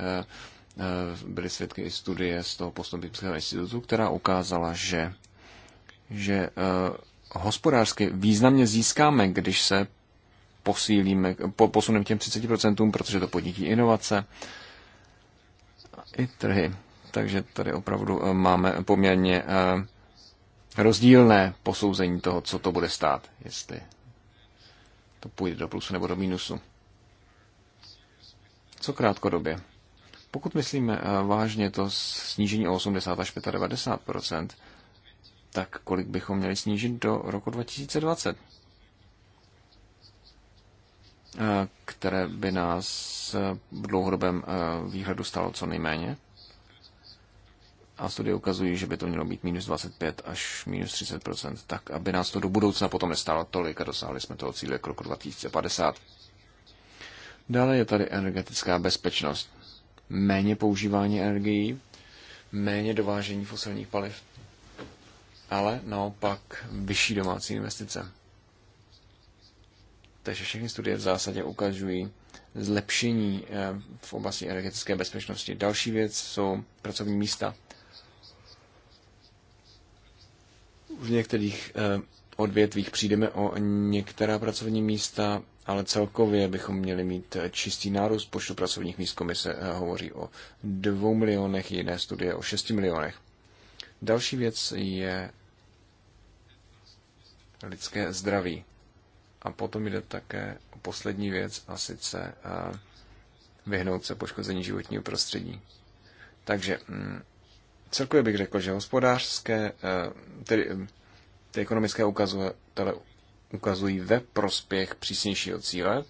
byli svědky i studie z toho postupického institutu, která ukázala, že že eh, hospodářsky významně získáme, když se posílíme, po, posuneme těm 30%, protože to podnítí inovace i trhy. Takže tady opravdu eh, máme poměrně eh, rozdílné posouzení toho, co to bude stát, jestli to půjde do plusu nebo do mínusu. Co krátkodobě? Pokud myslíme vážně to snížení o 80 až 95 tak kolik bychom měli snížit do roku 2020, eh, které by nás eh, v dlouhodobém eh, výhledu stalo co nejméně. A studie ukazují, že by to mělo být minus 25 až minus 30 tak aby nás to do budoucna potom nestálo tolik a dosáhli jsme toho cíle k roku 2050. Dále je tady energetická bezpečnost. Méně používání energií, méně dovážení fosilních paliv ale naopak vyšší domácí investice. Takže všechny studie v zásadě ukazují zlepšení eh, v oblasti energetické bezpečnosti. Další věc jsou pracovní místa. V některých eh, odvětvích přijdeme o některá pracovní místa, ale celkově bychom měli mít eh, čistý nárůst počtu pracovních míst. Komise hovoří o dvou milionech, jiné studie o šesti milionech. Další věc je lidské zdraví. A potom jde také o poslední věc, a sice eh, vyhnout se poškození životního prostředí. Takže mm, celkově bych řekl, že hospodářské, eh, tedy eh, ty ekonomické ukazatele ukazují ve prospěch přísnějšího cíle.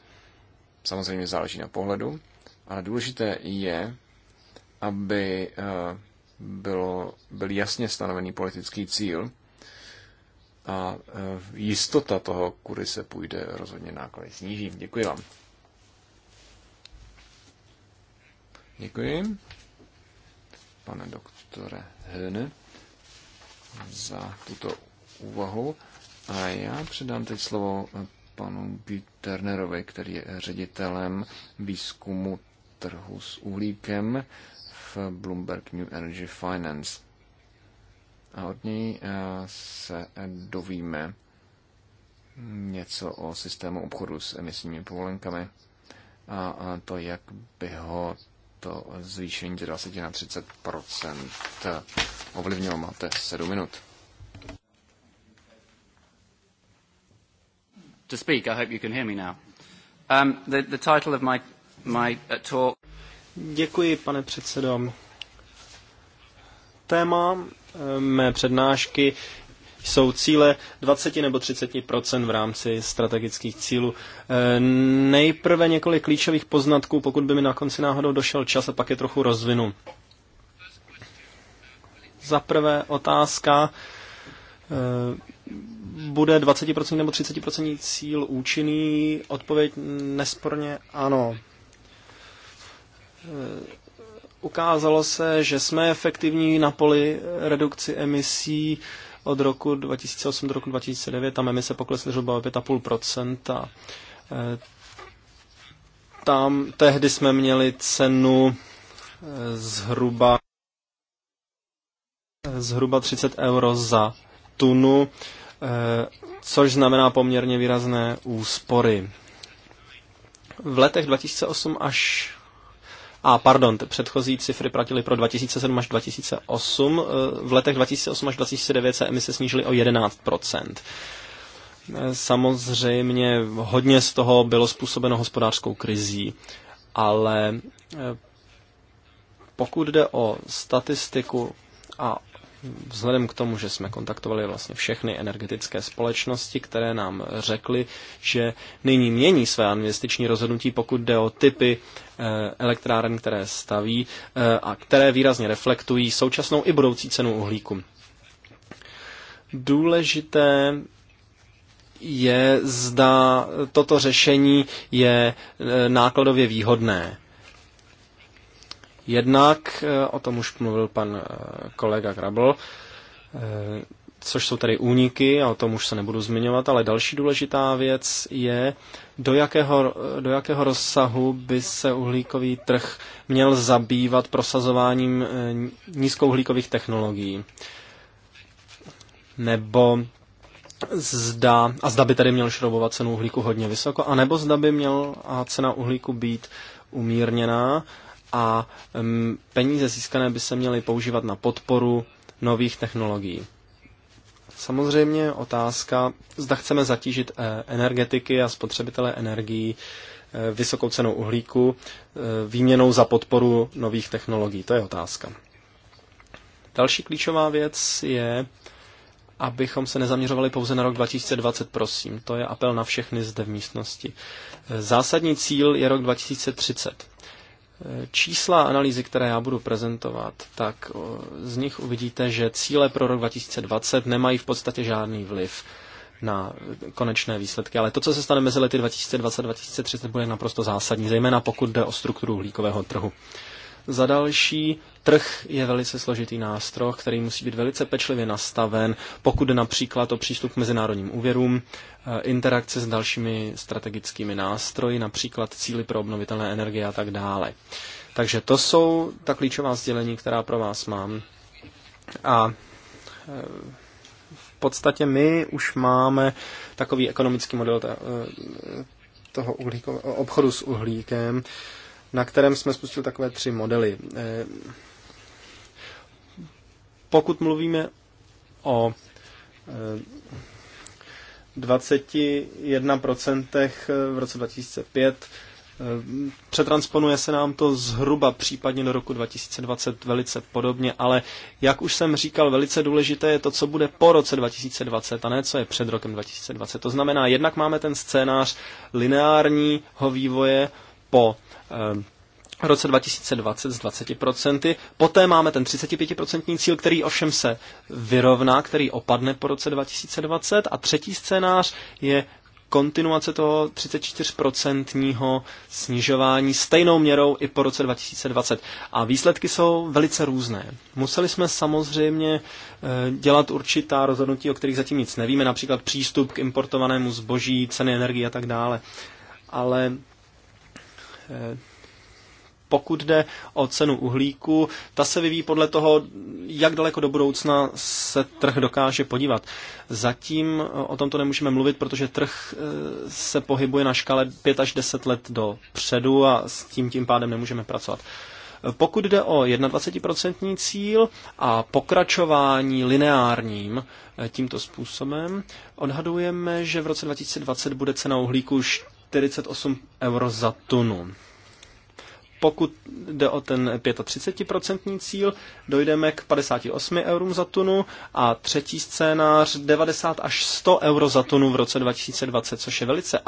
Samozřejmě záleží na pohledu, ale důležité je, aby bylo, byl jasně stanovený politický cíl a e, jistota toho, kudy se půjde, rozhodně náklady sníží. Děkuji vám. Děkuji, pane doktore Hene, za tuto úvahu. A já předám teď slovo panu Büternerovi, který je ředitelem výzkumu trhu s uhlíkem v Bloomberg New Energy Finance. A od něj eh, se dovíme něco o systému obchodu s emisními povolenkami a to, jak by ho to zvýšení z 20 na 30 ovlivnilo. Máte 7 minut. To speak, I hope you can hear me now. Um, the, the title of my, my uh, talk Děkuji, pane předsedo. Téma eh, mé přednášky jsou cíle 20 nebo 30 v rámci strategických cílů. Eh, nejprve několik klíčových poznatků, pokud by mi na konci náhodou došel čas a pak je trochu rozvinu. Za prvé otázka, eh, bude 20% nebo 30% cíl účinný? Odpověď nesporně ano ukázalo se, že jsme efektivní na poli redukci emisí od roku 2008 do roku 2009. Tam emise poklesly zhruba o 5,5%. A e, tam tehdy jsme měli cenu e, zhruba e, zhruba 30 euro za tunu, což znamená poměrně výrazné úspory. V letech 2008 až a pardon, předchozí cifry platily pro 2007 až 2008. E, v letech 2008 až 2009 se emise snížily o 11 e, Samozřejmě hodně z toho bylo způsobeno hospodářskou krizí, ale e, pokud jde o statistiku a vzhledem k tomu, že jsme kontaktovali vlastně všechny energetické společnosti, které nám řekly, že nyní mění své investiční rozhodnutí, pokud jde o typy eh, elektráren, které staví eh, a které výrazně reflektují současnou i budoucí cenu uhlíku. Důležité je, zda toto řešení je eh, nákladově výhodné Jednak, eh, o tom už mluvil pan eh, kolega Grabl, eh, což jsou tady úniky, a o tom už se nebudu zmiňovat, ale další důležitá věc je, do jakého, do jakého rozsahu by se uhlíkový trh měl zabývat prosazováním nízkouhlíkových technologií. Nebo zda, a zda by tedy měl šroubovat cenu uhlíku hodně vysoko, anebo zda by měl a cena uhlíku být umírněná a peníze získané by se měly používat na podporu nových technologií. Samozřejmě otázka, zda chceme zatížit eh, energetiky a spotřebitele energií eh, vysokou cenou uhlíku eh, výměnou za podporu nových technologií. To je otázka. Další klíčová věc je, abychom se nezaměřovali pouze na rok 2020, prosím. To je apel na všechny zde v místnosti. Zásadní cíl je rok 2030 čísla analýzy, které já budu prezentovat, tak z nich uvidíte, že cíle pro rok 2020 nemají v podstatě žádný vliv na konečné výsledky. Ale to, co se stane mezi lety 2020 a 2030, bude naprosto zásadní, zejména pokud jde o strukturu uhlíkového trhu. Za další, trh je velice složitý nástroj, který musí být velice pečlivě nastaven, pokud například o přístup k mezinárodním úvěrům, eh, interakce s dalšími strategickými nástroji, například cíly pro obnovitelné energie a tak dále. Takže to jsou ta klíčová sdělení, která pro vás mám. A eh, v podstatě my už máme takový ekonomický model eh, toho uhlíko, obchodu s uhlíkem, na kterém jsme spustili takové tři modely. Eh, pokud mluvíme o 21% eh, eh, v roce 2005, Přetransponuje se nám to zhruba případně do roku 2020 velice podobně, ale jak už jsem říkal, velice důležité je to, co bude po roce 2020 a ne co je před rokem 2020. To znamená, jednak máme ten scénář lineárního vývoje po roce 2020 z 20%. Poté máme ten 35% cíl, který ovšem se vyrovná, který opadne po roce 2020. A třetí scénář je kontinuace toho 34% snižování stejnou měrou i po roce 2020. A výsledky jsou velice různé. Museli jsme samozřejmě eh, dělat určitá rozhodnutí, o kterých zatím nic nevíme, například přístup k importovanému zboží, ceny energie a tak dále. Ale pokud jde o cenu uhlíku, ta se vyvíjí podle toho, jak daleko do budoucna se trh dokáže podívat. Zatím eh, o tomto nemůžeme mluvit, protože trh eh, se pohybuje na škále 5 až 10 let dopředu a s tím tím pádem nemůžeme pracovat. Eh, pokud jde o 21% cíl a pokračování lineárním tímto způsobem, odhadujeme, že v roce 2020 bude cena uhlíku 48 euro za tunu. Pokud jde o ten 35% cíl, dojdeme k 58 eurům za tunu a třetí scénář 90 až 100 euro za tunu v roce 2020, což je velice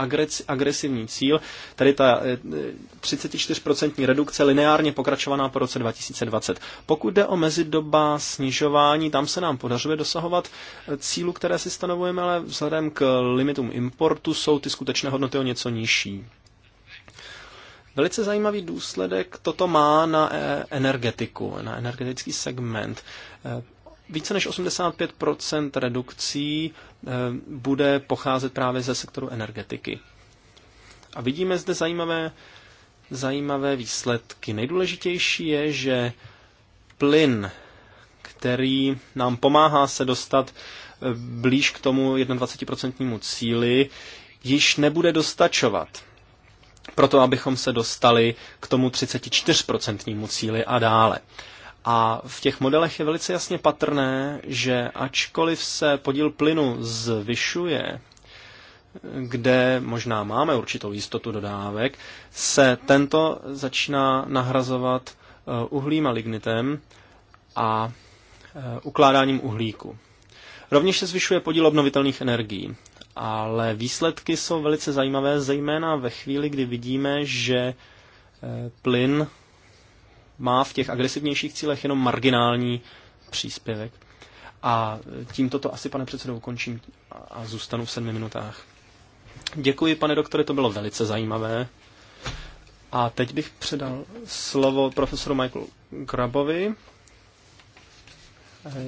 agresivní cíl. Tady ta 34% eh, redukce lineárně pokračovaná po roce 2020. Pokud jde o mezidoba snižování, tam se nám podařuje dosahovat eh, cílu, které si stanovujeme, ale vzhledem k limitům importu jsou ty skutečné hodnoty o něco nižší. Velice zajímavý důsledek toto má na eh, energetiku, na energetický segment. Eh, více než 85 redukcí eh, bude pocházet právě ze sektoru energetiky. A vidíme zde zajímavé, zajímavé výsledky. Nejdůležitější je, že plyn, který nám pomáhá se dostat blíž k tomu 21% cíli, již nebude dostačovat proto abychom se dostali k tomu 34% cíli a dále. A v těch modelech je velice jasně patrné, že ačkoliv se podíl plynu zvyšuje, kde možná máme určitou jistotu dodávek, se tento začíná nahrazovat eh, uhlím a lignitem a eh, ukládáním uhlíku. Rovněž se zvyšuje podíl obnovitelných energií ale výsledky jsou velice zajímavé, zejména ve chvíli, kdy vidíme, že eh, plyn má v těch agresivnějších cílech jenom marginální příspěvek. A eh, tímto to asi, pane předsedo, ukončím a zůstanu v sedmi minutách. Děkuji, pane doktore, to bylo velice zajímavé. A teď bych předal slovo profesoru Michaelu Krabovi,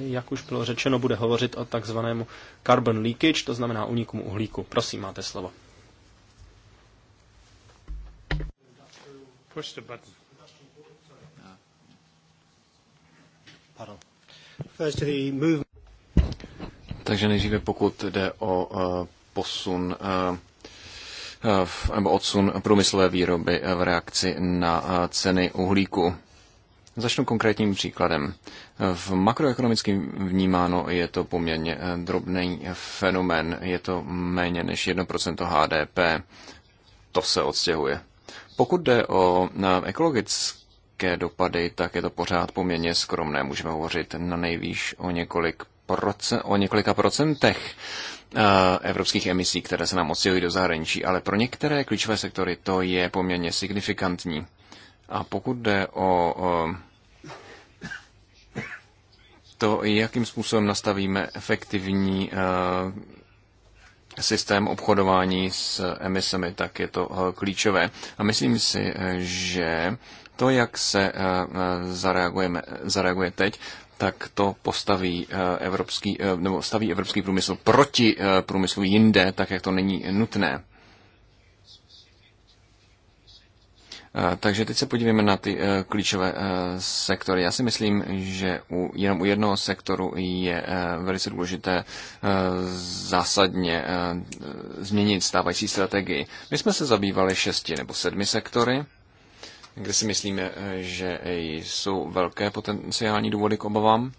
jak už bylo řečeno, bude hovořit o takzvanému carbon leakage, to znamená uniku uhlíku. Prosím, máte slovo. Push the button. First the Takže nejdříve pokud jde o uh, posun uh, nebo odsun průmyslové výroby v reakci na ceny uhlíku. Začnu konkrétním příkladem. V makroekonomickém vnímáno je to poměrně eh, drobný fenomén, je to méně než 1% HDP. To se odstěhuje. Pokud jde o ekologické dopady, tak je to pořád poměrně skromné. Můžeme hovořit na nejvýš o, několik proce- o několika procentech eh, evropských emisí, které se nám odstěhují do zahraničí, ale pro některé klíčové sektory to je poměrně signifikantní. A pokud jde o to, jakým způsobem nastavíme efektivní e, systém obchodování s emisemi, tak je to e, klíčové. A myslím si, e, že to, jak se zareagujeme, zareaguje teď, tak to postaví evropský, nebo staví evropský průmysl proti průmyslu jinde, tak jak to není nutné. Takže teď se podívejme na ty eh, klíčové eh, sektory. Já si myslím, že u, jenom u jednoho sektoru je eh, velice důležité zásadně změnit stávající strategii. My jsme se zabývali šesti nebo sedmi sektory, kde si myslíme, že jsou velké potenciální důvody k obavám.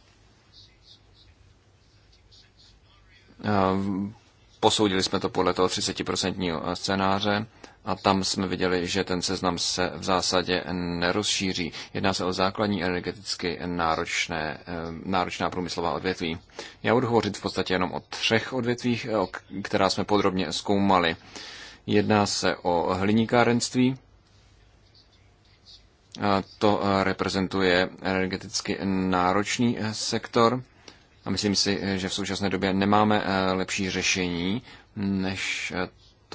Posoudili jsme to podle toho 30% scénáře a tam jsme viděli, že ten seznam se v zásadě nerozšíří. Jedná se o základní energeticky náročné, eh, náročná průmyslová odvětví. Já budu hovořit v podstatě jenom o třech odvětvích, eh, která jsme podrobně zkoumali. Jedná se o hliníkárenství, to eh, reprezentuje energeticky náročný sektor a myslím si, že v současné době nemáme lepší řešení než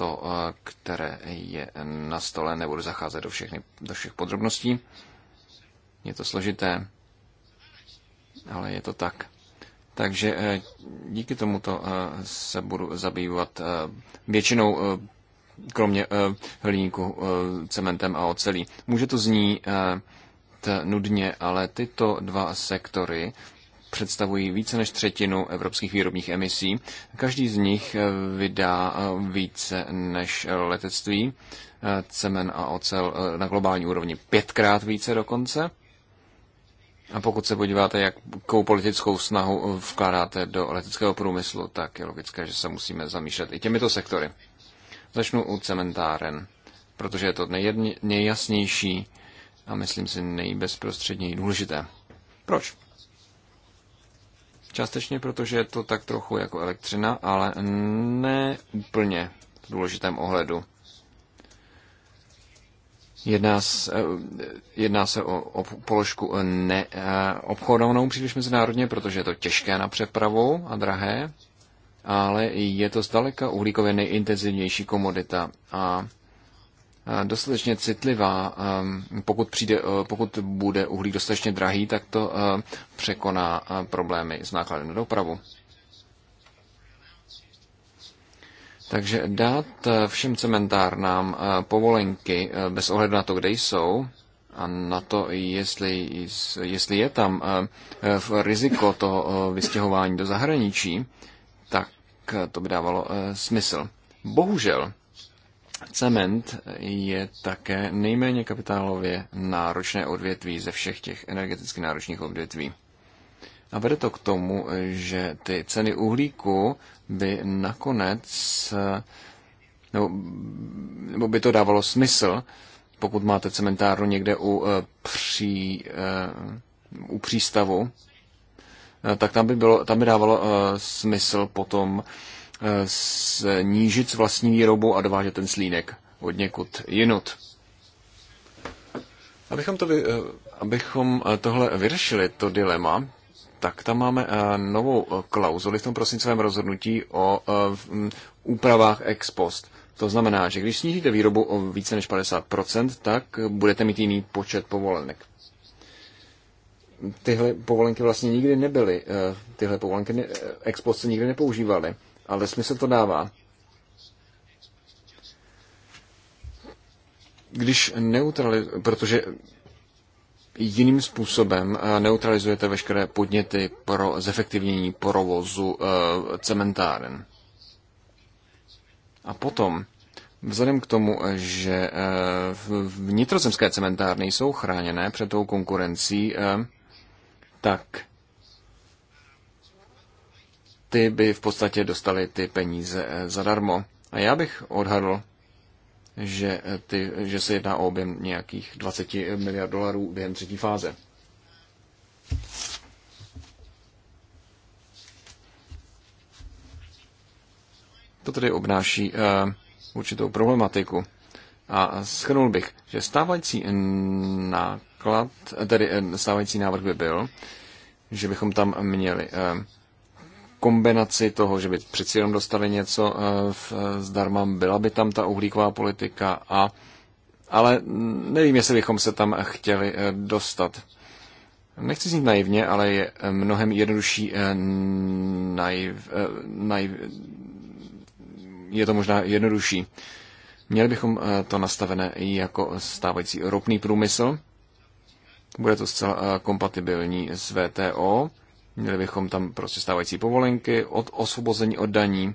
to, eh, které je na stole. Nebudu zacházet do, všechny, do všech podrobností. Je to složité, ale je to tak. Takže eh, díky tomuto eh, se budu zabývat většinou kromě hliníku, cementem a ocelí. Může to znít nudně, ale tyto dva sektory představují více než třetinu evropských výrobních emisí. Každý z nich eh, vydá eh, více než letectví, eh, cemen a ocel na globální úrovni pětkrát více dokonce. A pokud se podíváte, jakou politickou snahu vkládáte do leteckého průmyslu, tak je logické, že se musíme zamýšlet i těmito sektory. Začnu u cementáren, protože je to nejjasnější a myslím si nejbezprostředněji důležité. Proč? Částečně protože je to tak trochu jako elektřina, ale ne úplně v důležitém ohledu. Jedná se, eh, jedná se o, o položku neobchodovanou příliš mezinárodně, protože je to těžké na přepravu a drahé, ale je to zdaleka uhlíkově nejintenzivnější komodita a dostatečně citlivá, pokud, přijde, pokud bude uhlík dostatečně drahý, tak to překoná problémy s náklady na dopravu. Takže dát všem cementárnám povolenky bez ohledu na to, kde jsou, a na to, jestli, jestli je tam v riziko toho vystěhování do zahraničí, tak to by dávalo smysl. Bohužel, Cement je také nejméně kapitálově náročné odvětví ze všech těch energeticky náročných odvětví. A vede to k tomu, že ty ceny uhlíku by nakonec, nebo, nebo by to dávalo smysl, pokud máte cementárnu někde u, eh, při, eh, u přístavu, eh, tak tam by, bylo, tam by dávalo smysl potom snížit vlastní výrobu a dovážet ten slínek od někud jinut. Abychom, to vy, eh, abychom eh, tohle vyřešili, to dilema, tak tam máme eh, novou klauzuli v tom prosincovém rozhodnutí o úpravách ex post. To znamená, že když snížíte výrobu o více než 50%, tak budete mít jiný počet povolenek. Tyhle povolenky vlastně nikdy nebyly, tyhle povolenky ex post se nikdy nepoužívaly ale smysl to dává. Když neutraliz... protože jiným způsobem eh, neutralizujete veškeré podněty pro zefektivnění provozu eh, cementáren. A potom, vzhledem k tomu, že eh, vnitrozemské cementárny jsou chráněné před tou konkurencí, tak ty by v podstatě dostali ty peníze eh, zadarmo. A já bych odhadl, že, eh, ty, že se jedná o objem nějakých 20 eh, miliard dolarů během třetí fáze. To tedy obnáší uh, určitou problematiku. A schrnul bych, že stávající náklad, tedy stávající návrh by byl, že bychom tam měli uh, kombinaci toho, že by přeci jenom dostali něco eh, eh, zdarma, byla by tam ta uhlíková politika a ale nevím, jestli bychom se tam chtěli eh, dostat. Nechci znít naivně, ale je mnohem jednodušší naiv, naiv, je to možná jednodušší. Měli bychom to nastavené i jako stávající ropný průmysl. Bude to zcela kompatibilní s VTO Měli bychom tam prostě stávající povolenky od osvobození od daní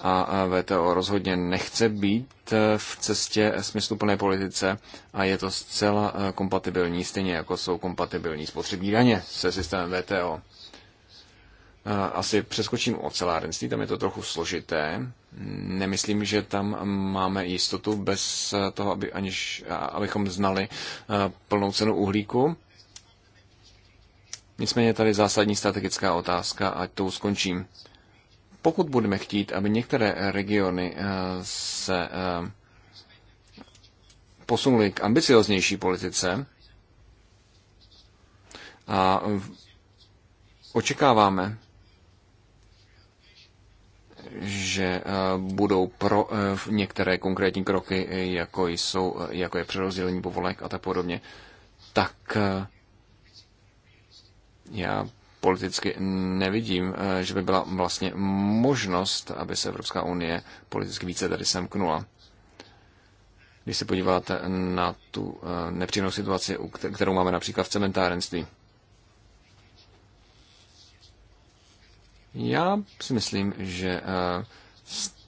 a VTO rozhodně nechce být eh, v cestě eh, smysluplné politice a je to zcela eh, kompatibilní, stejně jako jsou kompatibilní spotřební daně se systémem VTO. Asi přeskočím o celárenství, tam je to trochu složité. Nemyslím, že tam máme jistotu bez toho, aby, aniž, abychom znali plnou cenu uhlíku. Nicméně tady zásadní strategická otázka, ať tou skončím. Pokud budeme chtít, aby některé regiony eh, se eh, posunuly k ambicioznější politice, a očekáváme, že eh, budou pro některé konkrétní kroky, jako, jsou, jako je přerozdělení povolek a tak podobně, tak já politicky nevidím, eh, že by byla vlastně možnost, aby se Evropská unie politicky více tady semknula. Když se podíváte na tu eh, nepříjemnou situaci, kterou máme například v cementárenství. Já si myslím, že eh,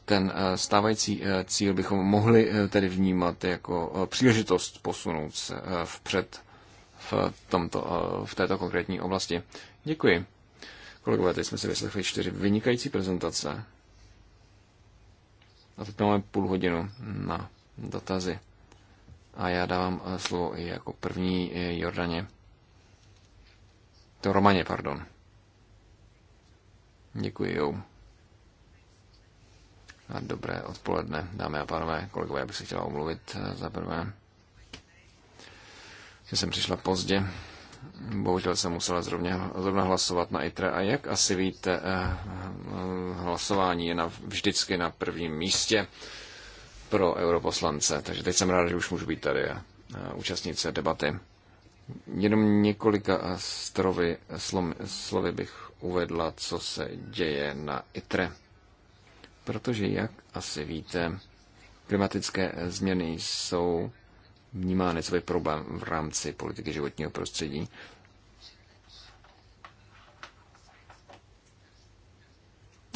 ten stávající cíl bychom mohli tedy vnímat jako příležitost posunout se vpřed v, tomto, eh, v této konkrétní oblasti. Děkuji. Kolegové, teď jsme si vyslechli čtyři vynikající prezentace. A teď máme půl hodinu na dotazy. A já dávám eh, slovo i jako první eh, Jordaně. To Romaně, pardon. Děkuji, jo. A dobré odpoledne, dámy a pánové, kolegové, já bych se chtěla omluvit za prvé že jsem přišla pozdě. Bohužel jsem musela zrovna, zrovna hlasovat na ITRE. A jak asi víte, eh, eh, hlasování je na, vždycky na prvním místě pro europoslance. Takže teď jsem rád, že už můžu být tady a účastnit se debaty. Jenom několika eh, strovy, slom, slovy bych uvedla, co se děje na ITRE. Protože, jak asi víte, klimatické změny jsou vnímá svůj jako problém v rámci politiky životního prostředí.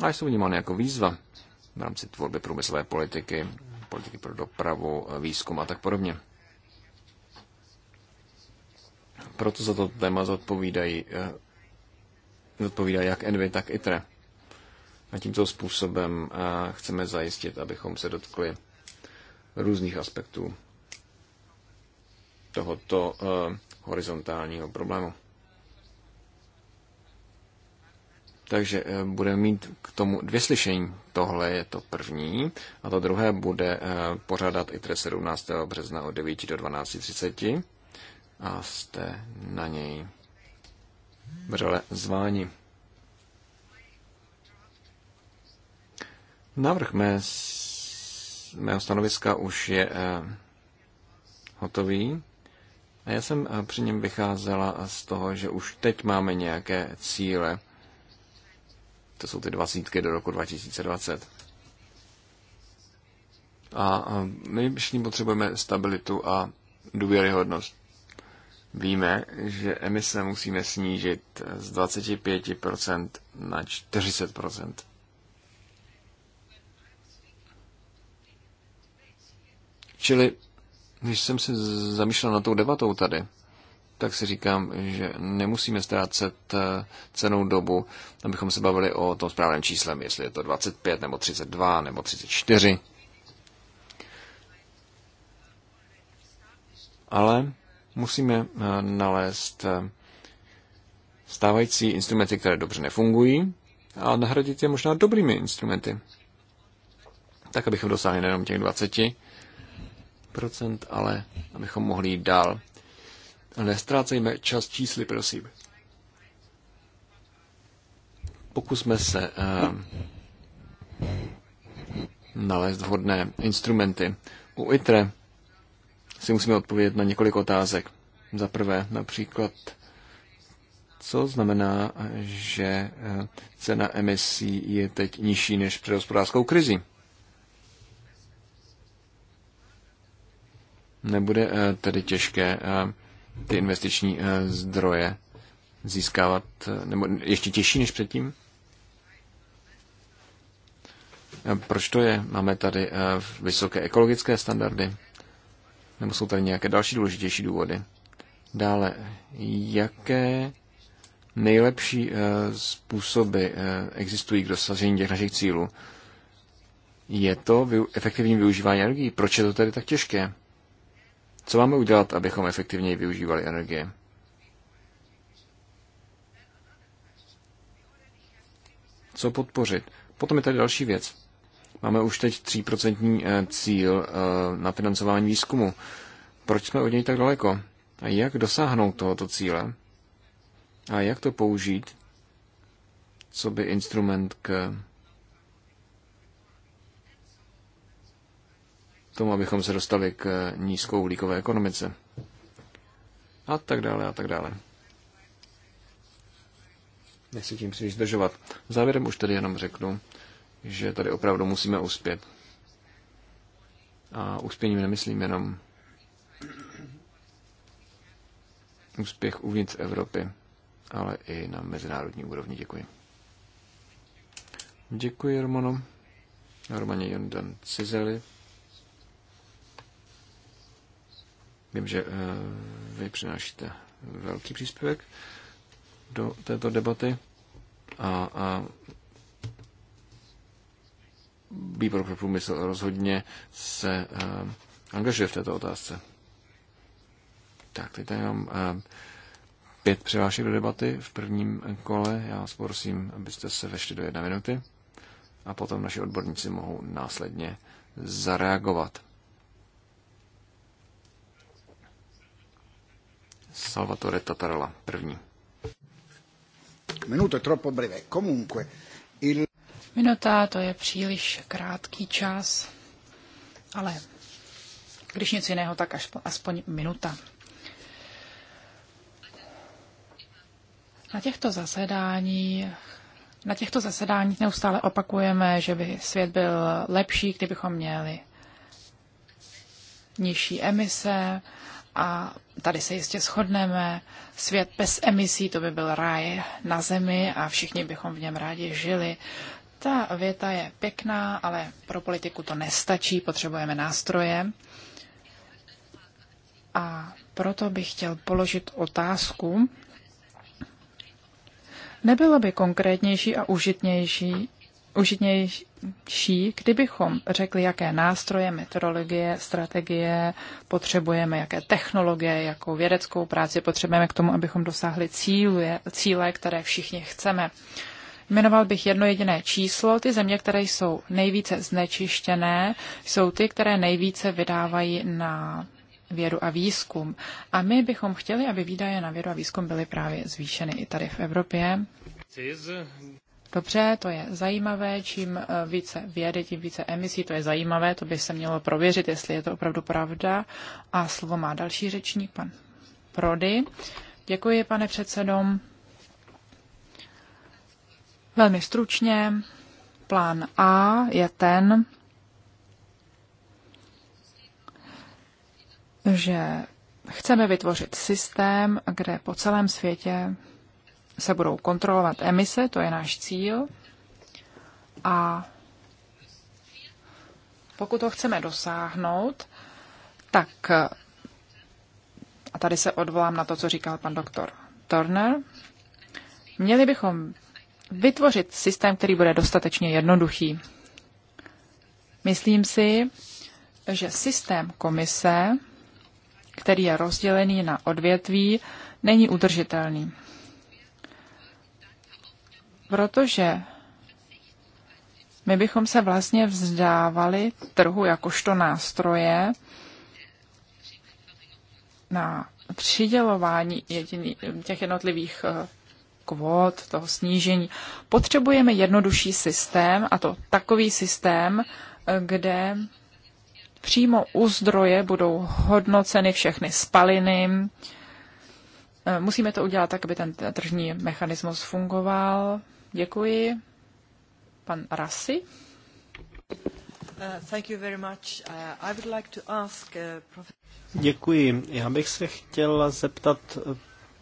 A jsou vnímány jako výzva v rámci tvorby průmyslové politiky, politiky pro dopravu, výzkum a tak podobně. Proto za to téma zodpovídají, eh, zodpovídají jak Envy, tak ITRE. A tímto způsobem eh, chceme zajistit, abychom se dotkli různých aspektů tohoto eh, horizontálního problému. Takže eh, budeme mít k tomu dvě slyšení. Tohle je to první a to druhé bude eh, pořádat i 17. března od 9 do 12.30 a jste na něj vřele zváni. Návrh mé, mého stanoviska už je eh, hotový. A já jsem eh, při něm vycházela z toho, že už teď máme nějaké cíle. To jsou ty dvacítky do roku 2020. A eh, my všichni potřebujeme stabilitu a důvěryhodnost. Víme, že emise musíme snížit eh, z 25% na 40%. Čili když jsem se zamýšlel na tou debatou tady, tak si říkám, že nemusíme ztrácet eh, cenou dobu, abychom se bavili o tom správném číslem, jestli je to 25 nebo 32 nebo 34. Ale musíme eh, nalézt eh, stávající instrumenty, které dobře nefungují, a nahradit je možná dobrými instrumenty. Tak, abychom dosáhli nejenom těch 20, ale abychom mohli jít dál. Nestrácejme čas čísly, prosím. Pokusme se uh, nalézt vhodné instrumenty. U ITRE si musíme odpovědět na několik otázek. Za prvé, například, co znamená, že eh, cena emisí je teď nižší než před hospodářskou krizi? Nebude eh, tedy těžké eh, ty investiční eh, zdroje získávat, nebo ještě těžší než předtím? Proč to je? Máme tady vysoké ekologické standardy? Nebo jsou tady nějaké další důležitější důvody? Dále, jaké nejlepší způsoby existují k dosažení těch našich cílů? Je to efektivní využívání energií? Proč je to tady tak těžké? Co máme udělat, abychom efektivněji využívali energie? Co podpořit? Potom je tady další věc. Máme už teď 3% eh, cíl eh, na financování výzkumu. Proč jsme od něj tak daleko? A jak dosáhnout tohoto cíle? A jak to použít? Co by instrument k tomu, abychom se dostali k nízkou uhlíkové ekonomice. A tak dále, a tak dále. Nechci tím příliš zdržovat. Závěrem už tedy jenom řeknu, že tady opravdu musíme uspět. A uspěním nemyslím jenom úspěch uvnitř Evropy, ale i na mezinárodní úrovni. Děkuji. Děkuji, Romano. Romani Jondan Cizeli. Vím, že eh, vy přinášíte velký příspěvek do této debaty a, a výbor pro průmysl rozhodně se eh, angažuje v této otázce. Tak, teď tady mám eh, pět přihlášek do debaty v prvním kole. Já vás prosím, abyste se vešli do jedné minuty a potom naši odborníci mohou následně zareagovat. Salvatore Tatarella první. Minuta troppo breve. Comunque, il... Minuta to je příliš krátký čas, ale když nic jiného, tak až, aspoň minuta. Na těchto zasedání na těchto zasedáních neustále opakujeme, že by svět byl lepší, kdybychom měli nižší emise, a tady se jistě shodneme, svět bez emisí, to by byl ráj na zemi a všichni bychom v něm rádi žili. Ta věta je pěkná, ale pro politiku to nestačí, potřebujeme nástroje. A proto bych chtěl položit otázku. Nebylo by konkrétnější a užitnější, užitnější, kdybychom řekli, jaké nástroje, metodologie, strategie potřebujeme, jaké technologie, jakou vědeckou práci potřebujeme k tomu, abychom dosáhli cíle, cíle které všichni chceme. Jmenoval bych jedno jediné číslo. Ty země, které jsou nejvíce znečištěné, jsou ty, které nejvíce vydávají na vědu a výzkum. A my bychom chtěli, aby výdaje na vědu a výzkum byly právě zvýšeny i tady v Evropě. Dobře, to je zajímavé, čím eh, více vědy, tím více emisí, to je zajímavé, to by se mělo prověřit, jestli je to opravdu pravda. A slovo má další řečník, pan Prody. Děkuji, pane předsedom. Velmi stručně, plán A je ten, že chceme vytvořit systém, kde po celém světě se budou kontrolovat emise, to je náš cíl. A pokud ho chceme dosáhnout, tak, a tady se odvolám na to, co říkal pan doktor Turner, měli bychom vytvořit systém, který bude dostatečně jednoduchý. Myslím si, že systém komise, který je rozdělený na odvětví, není udržitelný protože my bychom se vlastně vzdávali trhu jakožto nástroje na přidělování jediný, těch jednotlivých eh, kvót, toho snížení. Potřebujeme jednodušší systém, a to takový systém, eh, kde přímo u zdroje budou hodnoceny všechny spaliny. Eh, musíme to udělat tak, aby ten tržní mechanismus fungoval Děkuji. Pan Rasi. Uh, uh, uh, Děkuji. Já bych se chtěla zeptat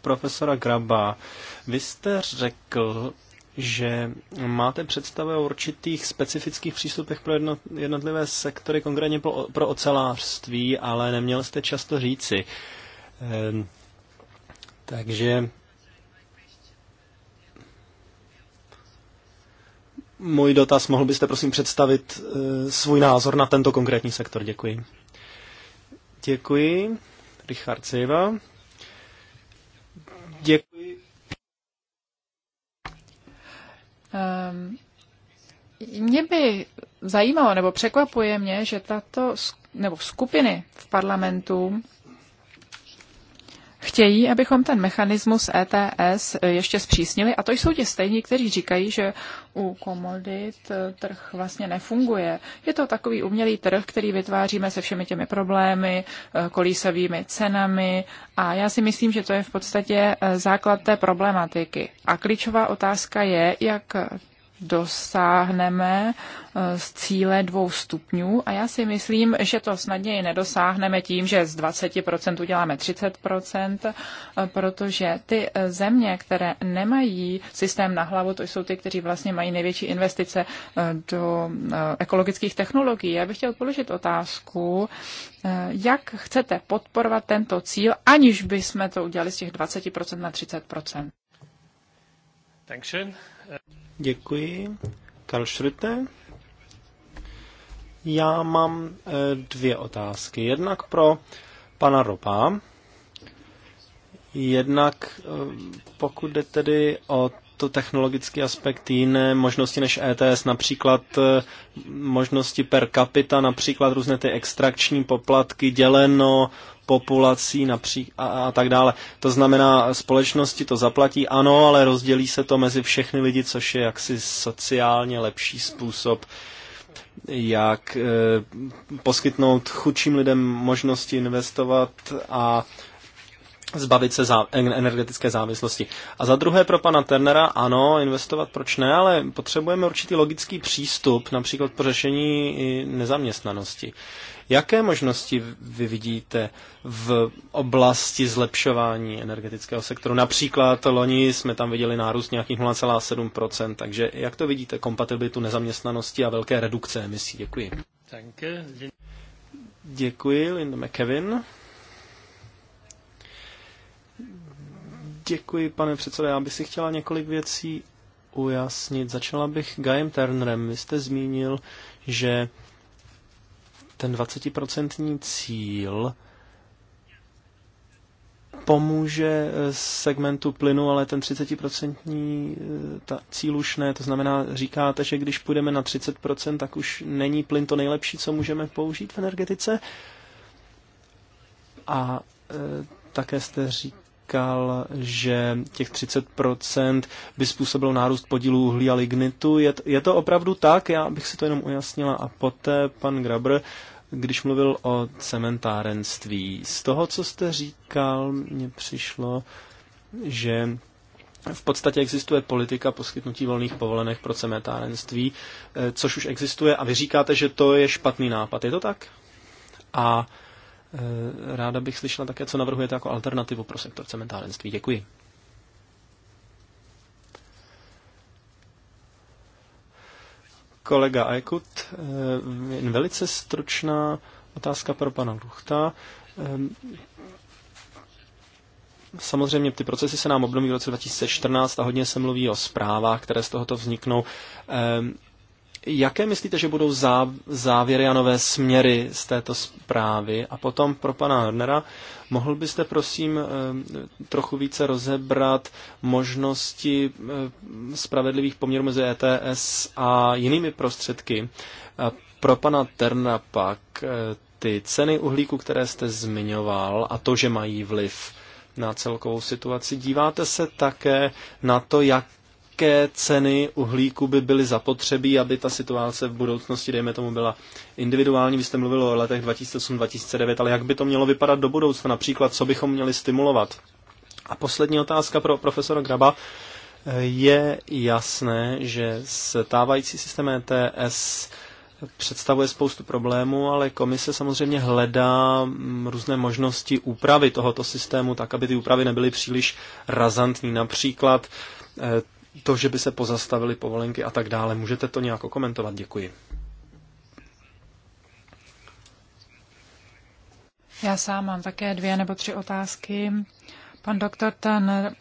profesora Graba. Vy jste řekl, že máte představu o určitých specifických přístupech pro jednotlivé sektory, konkrétně pro, pro ocelářství, ale neměl jste často říci. Ehm, takže můj dotaz. Mohl byste prosím představit eh, svůj názor na tento konkrétní sektor? Děkuji. Děkuji. Richard Sejva. Děkuji. Um, mě by zajímalo, nebo překvapuje mě, že tato, nebo skupiny v parlamentu Chtějí, abychom ten mechanismus ETS ještě zpřísnili a to jsou ti stejní, kteří říkají, že u komodit eh, trh vlastně nefunguje. Je to takový umělý trh, který vytváříme se všemi těmi problémy, eh, kolísavými cenami a já si myslím, že to je v podstatě eh, základ té problematiky. A klíčová otázka je, jak dosáhneme eh, z cíle dvou stupňů a já si myslím, že to snadněji nedosáhneme tím, že z 20% uděláme 30%, eh, protože ty eh, země, které nemají systém na hlavu, to jsou ty, kteří vlastně mají největší investice do ekologických technologií. Já bych chtěl položit otázku, jak chcete podporovat tento cíl, aniž bychom to udělali z těch 20% na 30%. Dankeschön. Děkuji. Karl Schröte. Já mám eh, dvě otázky. Jednak pro pana Ropa. Jednak eh, pokud jde tedy o to technologický aspekt, jiné možnosti než ETS, například eh, možnosti per capita, například různé ty extrakční poplatky děleno populací napří- a, a tak dále. To znamená, společnosti to zaplatí, ano, ale rozdělí se to mezi všechny lidi, což je jaksi sociálně lepší způsob jak eh, poskytnout chudším lidem možnosti investovat a zbavit se zá, energetické závislosti. A za druhé pro pana Turnera, ano, investovat proč ne, ale potřebujeme určitý logický přístup, například pro řešení nezaměstnanosti. Jaké možnosti vy vidíte v oblasti zlepšování energetického sektoru? Například loni jsme tam viděli nárůst nějakých 0,7%, takže jak to vidíte, kompatibilitu nezaměstnanosti a velké redukce emisí? Děkuji. Děkuji, Linda McKevin. Děkuji, pane předsedo. Já bych si chtěla několik věcí ujasnit. Začala bych Gajem Turnerem. Vy jste zmínil, že ten 20% cíl pomůže eh, segmentu plynu, ale ten 30% eh, ta cíl už ne. To znamená, říkáte, že když půjdeme na 30%, tak už není plyn to nejlepší, co můžeme použít v energetice. A e, také jste říkal, říkal, že těch 30% by způsobilo nárůst podílu uhlí a lignitu. Je to, je to opravdu tak? Já bych si to jenom ujasnila. A poté pan Grabr, když mluvil o cementárenství, z toho, co jste říkal, mně přišlo, že v podstatě existuje politika poskytnutí volných povolenek pro cementárenství, eh, což už existuje a vy říkáte, že to je špatný nápad. Je to tak? A Eh, ráda bych slyšela také, co navrhujete jako alternativu pro sektor cementárenství. Děkuji. Kolega Aikut, eh, jen velice stručná otázka pro pana Luchta. Ehm, samozřejmě ty procesy se nám obnoví v roce 2014 a hodně se mluví o zprávách, které z tohoto vzniknou. Ehm, Jaké myslíte, že budou závěry a nové směry z této zprávy? A potom pro pana Hornera, mohl byste prosím eh, trochu více rozebrat možnosti eh, spravedlivých poměrů mezi ETS a jinými prostředky? Pro pana Terna pak eh, ty ceny uhlíku, které jste zmiňoval a to, že mají vliv na celkovou situaci. Díváte se také na to, jak jaké ceny uhlíku by byly zapotřebí, aby ta situace v budoucnosti, dejme tomu, byla individuální. Vy jste mluvil o letech 2008-2009, ale jak by to mělo vypadat do budoucna? Například, co bychom měli stimulovat? A poslední otázka pro profesora Graba. Je jasné, že stávající systém ETS představuje spoustu problémů, ale komise samozřejmě hledá mm, různé možnosti úpravy tohoto systému tak, aby ty úpravy nebyly příliš razantní. Například eh, to, že by se pozastavily povolenky a tak dále. Můžete to nějak komentovat? Děkuji. Já sám mám také dvě nebo tři otázky. Pan doktor Tanner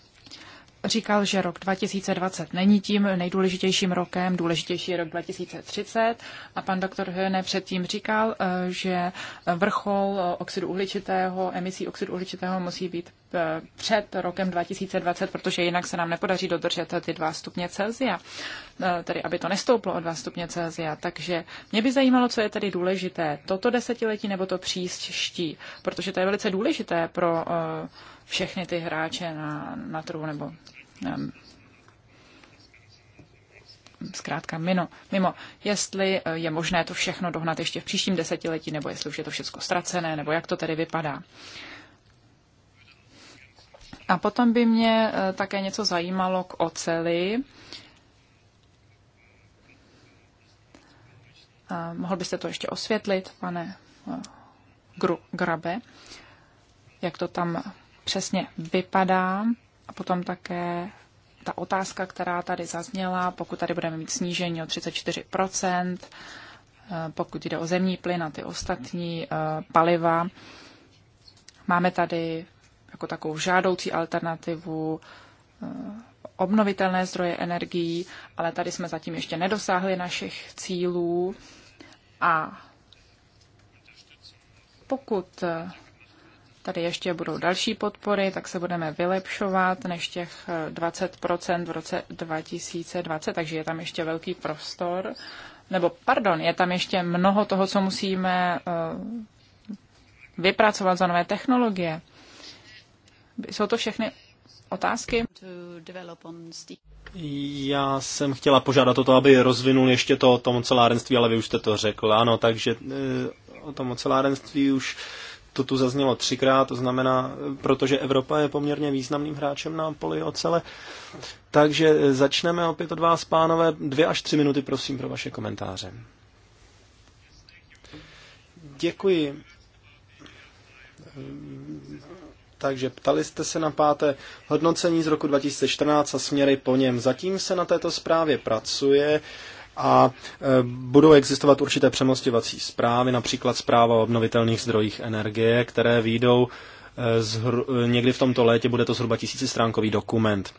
říkal, že rok 2020 není tím nejdůležitějším rokem, důležitější je rok 2030 a pan doktor Höne předtím říkal, eh, že vrchol eh, oxidu uhličitého, emisí oxidu uhličitého musí být eh, před rokem 2020, protože jinak se nám nepodaří dodržet ty 2 stupně Celsia, tedy aby to nestouplo o 2 stupně Celsia. Takže mě by zajímalo, co je tedy důležité, toto desetiletí nebo to příští, protože to je velice důležité pro všechny ty hráče na, na trhu nebo um, zkrátka mimo, mimo, jestli eh, je možné to všechno dohnat ještě v příštím desetiletí, nebo jestli už je to všechno ztracené, nebo jak to tedy vypadá. A potom by mě eh, také něco zajímalo k oceli. Eh, mohl byste to ještě osvětlit, pane Grabe, jak to tam přesně vypadá a potom také ta otázka, která tady zazněla, pokud tady budeme mít snížení o 34%, eh, pokud jde o zemní plyn a ty ostatní eh, paliva, máme tady jako takovou žádoucí alternativu eh, obnovitelné zdroje energií, ale tady jsme zatím ještě nedosáhli našich cílů a pokud tady ještě budou další podpory, tak se budeme vylepšovat než těch 20% eh, v roce 2020, takže je tam ještě velký prostor. Nebo, pardon, je tam ještě mnoho toho, co musíme eh, vypracovat za nové technologie. Jsou to všechny otázky. Já jsem chtěla požádat o to, aby rozvinul ještě to, tom ocelárenství, ale vy už jste to řekl. Ano, takže eh, o tom ocelárenství už to tu zaznělo třikrát, to znamená, protože Evropa je poměrně významným hráčem na poli ocele. Takže začneme opět od vás, pánové. Dvě až tři minuty, prosím, pro vaše komentáře. Děkuji. Takže ptali jste se na páté hodnocení z roku 2014 a směry po něm. Zatím se na této zprávě pracuje a e, budou existovat určité přemostěvací zprávy, například zpráva o obnovitelných zdrojích energie, které výjdou e, zhr- e, někdy v tomto létě, bude to zhruba tisícistránkový dokument.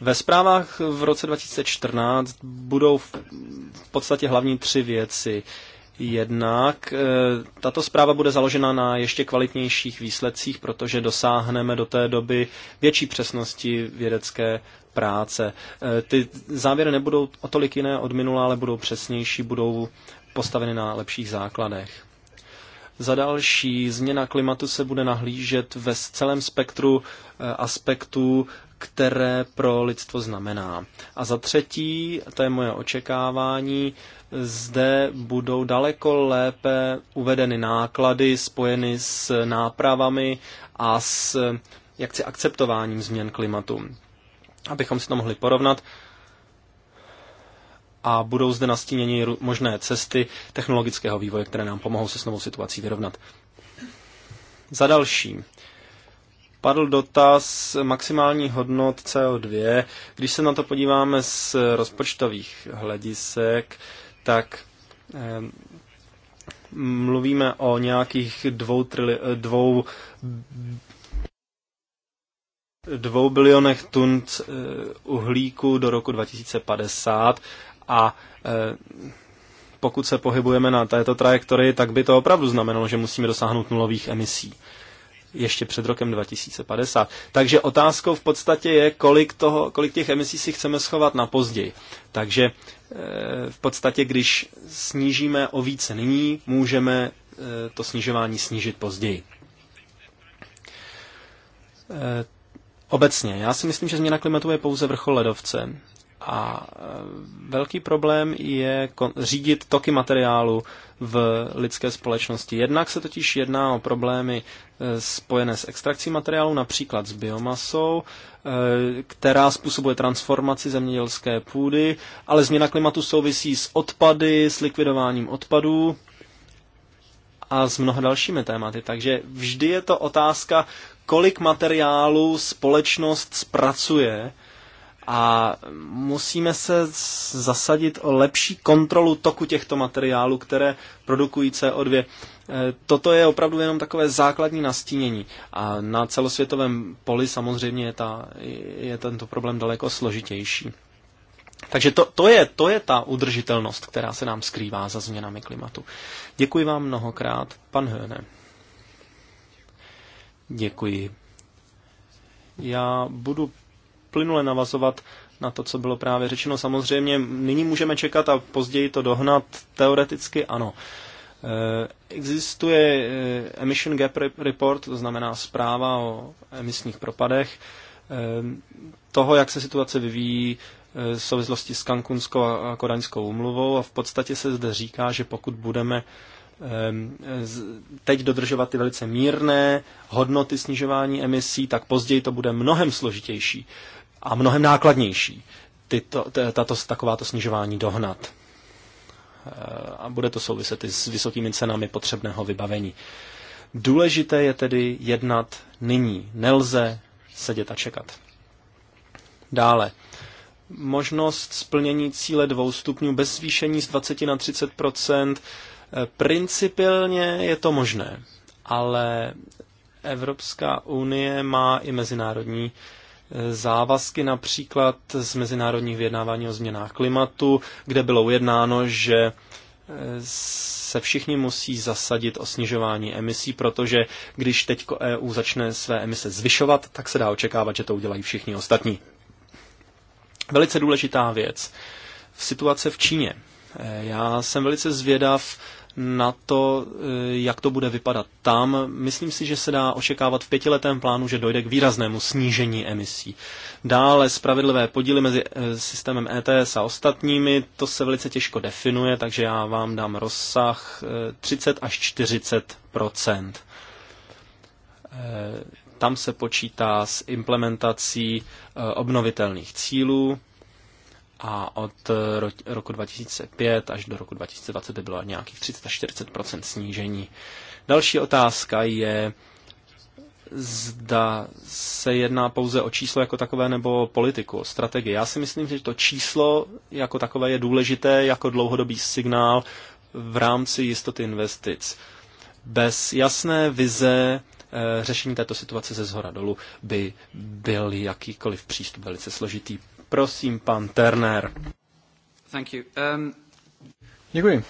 Ve zprávách v roce 2014 budou v podstatě hlavní tři věci. Jednak eh, tato zpráva bude založena na ještě kvalitnějších výsledcích, protože dosáhneme do té doby větší přesnosti vědecké práce. Eh, ty závěry nebudou o tolik jiné od minula, ale budou přesnější, budou postaveny na lepších základech. Za další, změna klimatu se bude nahlížet ve celém spektru eh, aspektů které pro lidstvo znamená. A za třetí, to je moje očekávání, zde budou daleko lépe uvedeny náklady spojeny s nápravami a s jakci akceptováním změn klimatu. Abychom si to mohli porovnat, a budou zde nastíněny možné cesty technologického vývoje, které nám pomohou se s novou situací vyrovnat. Za další, Padl dotaz maximální hodnot CO2. Když se na to podíváme z rozpočtových hledisek, tak eh, mluvíme o nějakých dvou, trili, dvou, dvou bilionech tun eh, uhlíku do roku 2050 a eh, pokud se pohybujeme na této trajektorii, tak by to opravdu znamenalo, že musíme dosáhnout nulových emisí ještě před rokem 2050. Takže otázkou v podstatě je, kolik, toho, kolik těch emisí si chceme schovat na později. Takže eh, v podstatě, když snížíme o více nyní, můžeme eh, to snižování snížit později. Eh, obecně, já si myslím, že změna klimatu je pouze vrchol ledovce a e, velký problém je řídit toky materiálu v lidské společnosti. Jednak se totiž jedná o problémy e, spojené s extrakcí materiálu, například s biomasou, e, která způsobuje transformaci zemědělské půdy, ale změna klimatu souvisí s odpady, s likvidováním odpadů a s mnoha dalšími tématy. Takže vždy je to otázka, kolik materiálu společnost zpracuje a musíme se zasadit o lepší kontrolu toku těchto materiálů, které produkují CO2. E, toto je opravdu jenom takové základní nastínění a na celosvětovém poli samozřejmě je, ta, je tento problém daleko složitější. Takže to, to, je, to je ta udržitelnost, která se nám skrývá za změnami klimatu. Děkuji vám mnohokrát, pan Höne. Děkuji. Já budu plynule navazovat na to, co bylo právě řečeno. Samozřejmě nyní můžeme čekat a později to dohnat. Teoreticky ano. Eh, existuje eh, Emission Gap Report, to znamená zpráva o emisních propadech, eh, toho, jak se situace vyvíjí v souvislosti s Kankunskou a Kodaňskou umluvou a v podstatě se zde říká, že pokud budeme teď dodržovat ty velice mírné hodnoty snižování emisí, tak později to bude mnohem složitější a mnohem nákladnější tyto, tato, takováto snižování dohnat. E, a bude to souviset i s vysokými cenami potřebného vybavení. Důležité je tedy jednat nyní. Nelze sedět a čekat. Dále. Možnost splnění cíle dvou stupňů bez zvýšení z 20 na 30 e, Principiálně je to možné, ale Evropská unie má i mezinárodní závazky například z mezinárodních vyjednávání o změnách klimatu, kde bylo ujednáno, že e, se všichni musí zasadit o snižování emisí, protože když teď EU začne své emise zvyšovat, tak se dá očekávat, že to udělají všichni ostatní. Velice důležitá věc. v Situace v Číně. E, já jsem velice zvědav, na to, eh, jak to bude vypadat tam. Myslím si, že se dá očekávat v pětiletém plánu, že dojde k výraznému snížení emisí. Dále spravedlivé podíly mezi eh, systémem ETS a ostatními, to se velice těžko definuje, takže já vám dám rozsah 30 eh, až 40 Tam se počítá s implementací obnovitelných cílů, a od eh, roku 2005 až do roku 2020 by bylo nějakých 30 30-40% snížení. Další otázka je, zda se jedná pouze o číslo jako takové nebo o politiku, o strategii. Já si myslím, že to číslo jako takové je důležité jako dlouhodobý signál v rámci jistoty investic. Bez jasné vize eh, řešení této situace ze zhora dolů by byl jakýkoliv přístup velice složitý. Prosím, pan Turner. Thank you. Um... Děkuji.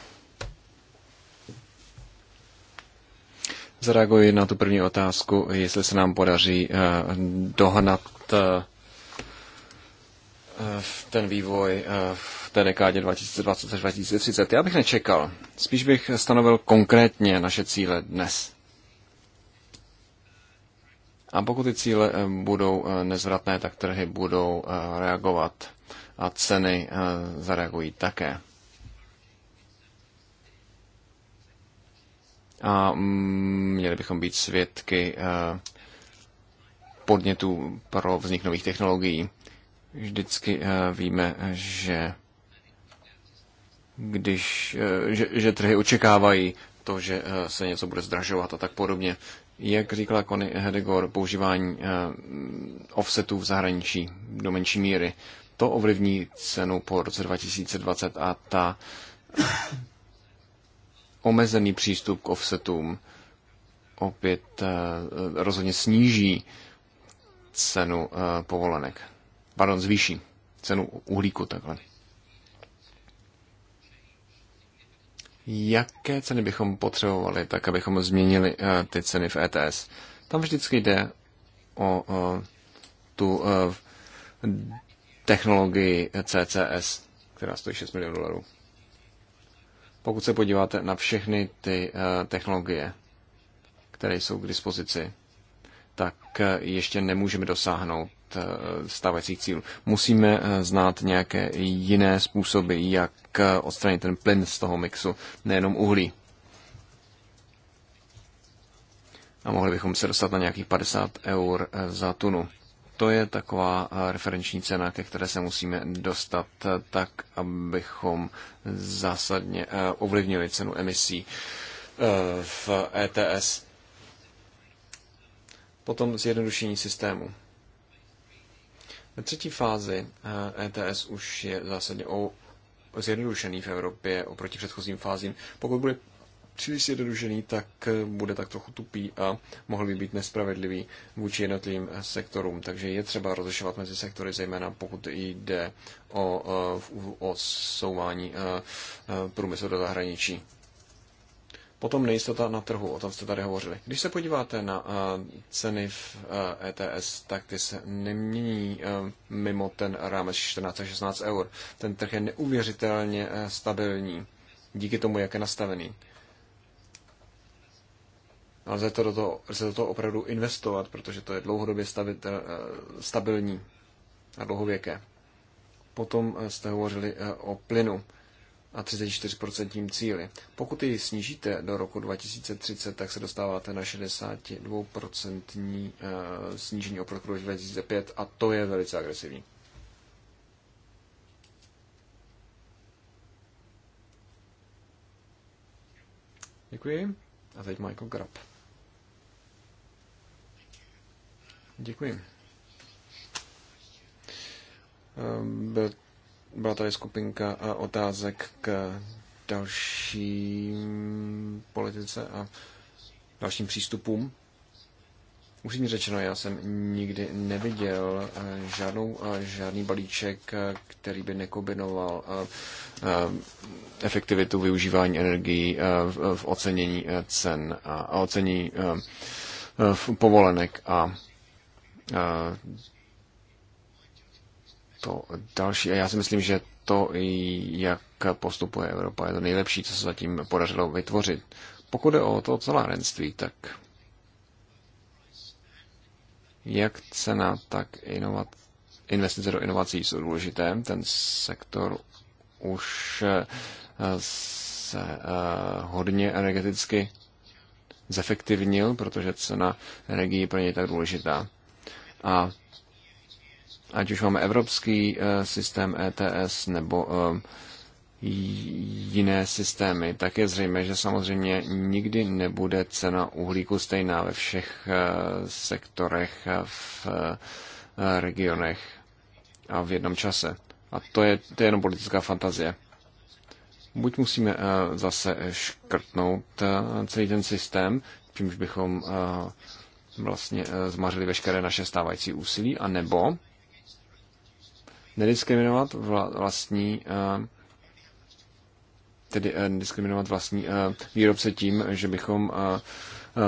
Zareaguji na tu první otázku, jestli se nám podaří uh, dohnat uh, ten vývoj eh, v té dekádě 2020 až 2030. Já bych nečekal. Spíš bych stanovil konkrétně naše cíle dnes. A pokud ty cíle eh, budou eh, nezvratné, tak trhy budou eh, reagovat a ceny zareagují také. A mm, měli bychom být svědky podnětů pro vznik nových technologií. Vždycky víme, že když, že, že trhy očekávají to, že se něco bude zdražovat a tak podobně. Jak říkala Kony Hedegor, používání eh, offsetů v zahraničí do menší míry, to ovlivní cenu po roce 2020 a ta omezený přístup k offsetům opět eh, rozhodně sníží cenu eh, povolenek. Pardon, zvýší cenu uhlíku takhle. jaké ceny bychom potřebovali, tak abychom změnili eh, ty ceny v ETS. Tam vždycky jde o eh, tu eh, technologii CCS, která stojí 6 milionů dolarů. Pokud se podíváte na všechny ty technologie, které jsou k dispozici, tak ještě nemůžeme dosáhnout stávajících cílů. Musíme znát nějaké jiné způsoby, jak odstranit ten plyn z toho mixu, nejenom uhlí. A mohli bychom se dostat na nějakých 50 eur eh, za tunu. To je taková eh, referenční cena, ke které se musíme dostat eh, tak, abychom zásadně ovlivnili cenu emisí v ETS. Potom zjednodušení systému. Ve třetí fázi ETS e už je zásadně zjednodušený v Evropě oproti předchozím fázím. Pokud bude příliš zjednodušený, tak eh, bude tak trochu tupý a mohl by být nespravedlivý vůči jednotlivým eh, sektorům. Takže je třeba rozlišovat mezi sektory, zejména pokud jde o, o, eh, o souvání průmyslu do zahraničí. Potom nejistota na trhu, o tom jste tady hovořili. Když se podíváte na eh, ceny v ETS, eh, e tak ty se nemění eh, mimo ten rámec 14 až 16 eur. Ten trh je neuvěřitelně stabilní díky tomu, jak je nastavený. Ale lze to do toho, lze do toho opravdu investovat, protože to je dlouhodobě uh, stabilní a dlouhověké. Potom jste hovořili o plynu a 34% cíli. Pokud ji snížíte do roku 2030, tak se dostáváte na 62% eh, snížení oproti roku 2005 a to je velice agresivní. Děkuji. A teď Michael Grab. Děkuji. Ehm, but... Byla tady skupinka otázek k dalším politice a dalším přístupům. Musím řečeno, já jsem nikdy neviděl eh, žádnou, eh, žádný balíček, eh, který by nekombinoval efektivitu využívání energií v ocenění cen a ocenění povolenek a to další. A já si myslím, že to, jak postupuje Evropa, je to nejlepší, co se zatím podařilo vytvořit. Pokud je o to ocelárenství, tak jak cena, tak inovat, investice do inovací jsou důležité. Ten sektor už eh, se eh, hodně energeticky zefektivnil, protože cena energii pro ně je tak důležitá. A ať už máme evropský eh, systém ETS nebo eh, jiné systémy, tak je zřejmé, že samozřejmě nikdy nebude cena uhlíku stejná ve všech eh, sektorech, v regionech a v jednom čase. A to je, to je jenom politická fantazie. Buď musíme zase škrtnout celý ten systém, čímž bychom vlastně zmařili veškeré naše stávající úsilí, anebo Eh, eh, nediskriminovat vlastní tedy eh, diskriminovat vlastní výrobce tím, že bychom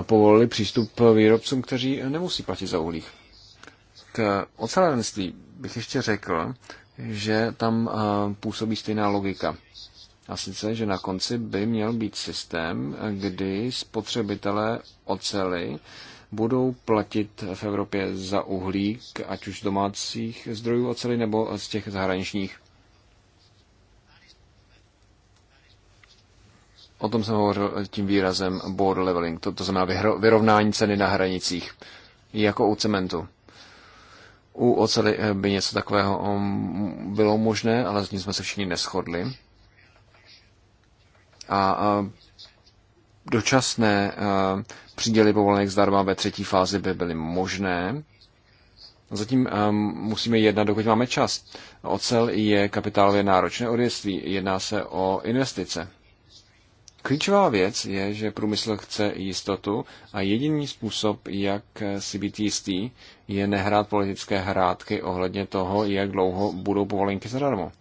povolili přístup výrobcům, kteří nemusí platit za uhlík. K ocelárenství bych ještě řekl, že tam působí stejná logika. A sice, že na konci by měl být systém, kdy spotřebitelé oceli budou platit v Evropě za uhlík, ať už z domácích zdrojů oceli nebo z těch zahraničních. O tom jsem hovořil tím výrazem board leveling, to, to znamená vyrovnání ceny na hranicích, jako u cementu. U oceli eh, by něco takového um, bylo možné, ale s tím jsme se všichni neschodli. a dočasné eh, příděly povolenek zdarma ve třetí fázi by byly možné. Zatím eh, musíme jednat, dokud máme čas. Ocel je kapitálově náročné odvětví, jedná se o investice. Klíčová věc je, že průmysl chce jistotu a jediný způsob, jak eh, si být jistý, je nehrát politické hrátky ohledně toho, jak dlouho budou povolenky zadarmo.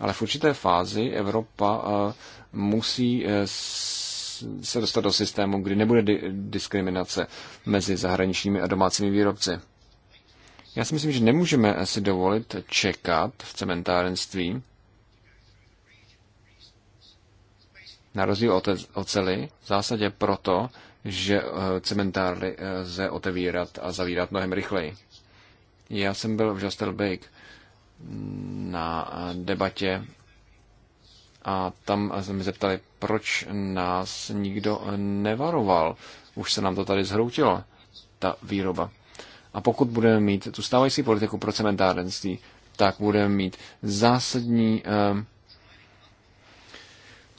Ale v určité fázi Evropa musí se dostat do systému, kdy nebude di- diskriminace mezi zahraničními a domácími výrobci. Já si myslím, že nemůžeme si dovolit čekat v cementárenství, na rozdíl od oceli, v zásadě proto, že eh, cementárny eh, lze otevírat a zavírat mnohem rychleji. Já jsem byl v Jastelbake na eh, debatě a tam se mi zeptali, proč nás nikdo nevaroval. Už se nám to tady zhroutilo, ta výroba. A pokud budeme mít tu stávající politiku pro cementárenství, tak budeme mít zásadní eh,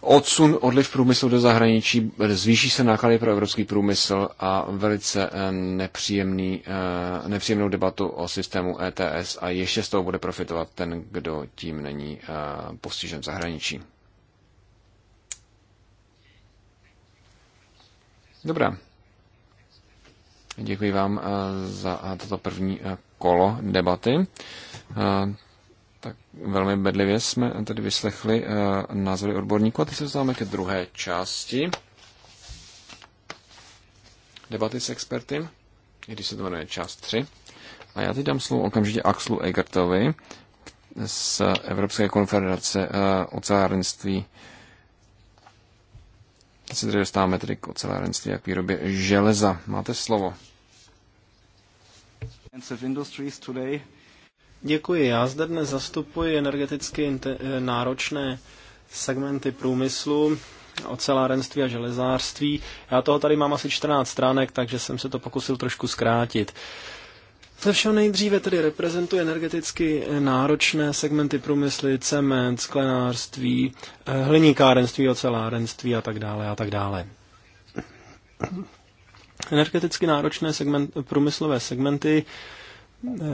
odsun, odliv průmyslu do zahraničí, zvýší se náklady pro evropský průmysl a velice eh, nepříjemný, eh, nepříjemnou debatu o systému ETS a ještě z toho bude profitovat ten, kdo tím není eh, postižen v zahraničí. Dobrá. Děkuji vám eh, za eh, toto první eh, kolo debaty. Tak velmi bedlivě jsme tedy vyslechli názory odborníků a teď se dostáváme ke druhé části debaty s experty, když se to jmenuje část 3. A já teď dám slovo okamžitě Axlu Egertovi z Evropské konfederace ocelárenství Teď se tady dostáváme tedy k ocelárenství a k výrobě železa. Máte slovo. Děkuji. Já zde dnes zastupuji energeticky eh, náročné segmenty průmyslu, ocelárenství a železářství. Já toho tady mám asi 14 stránek, takže jsem se to pokusil trošku zkrátit. Uh, ze všeho nejdříve tedy reprezentuje energeticky náročné segmenty průmysly, cement, sklenářství, eh, hliníkárenství, ocelárenství a tak dále a tak dále. Energeticky náročné segment, průmyslové segmenty eh,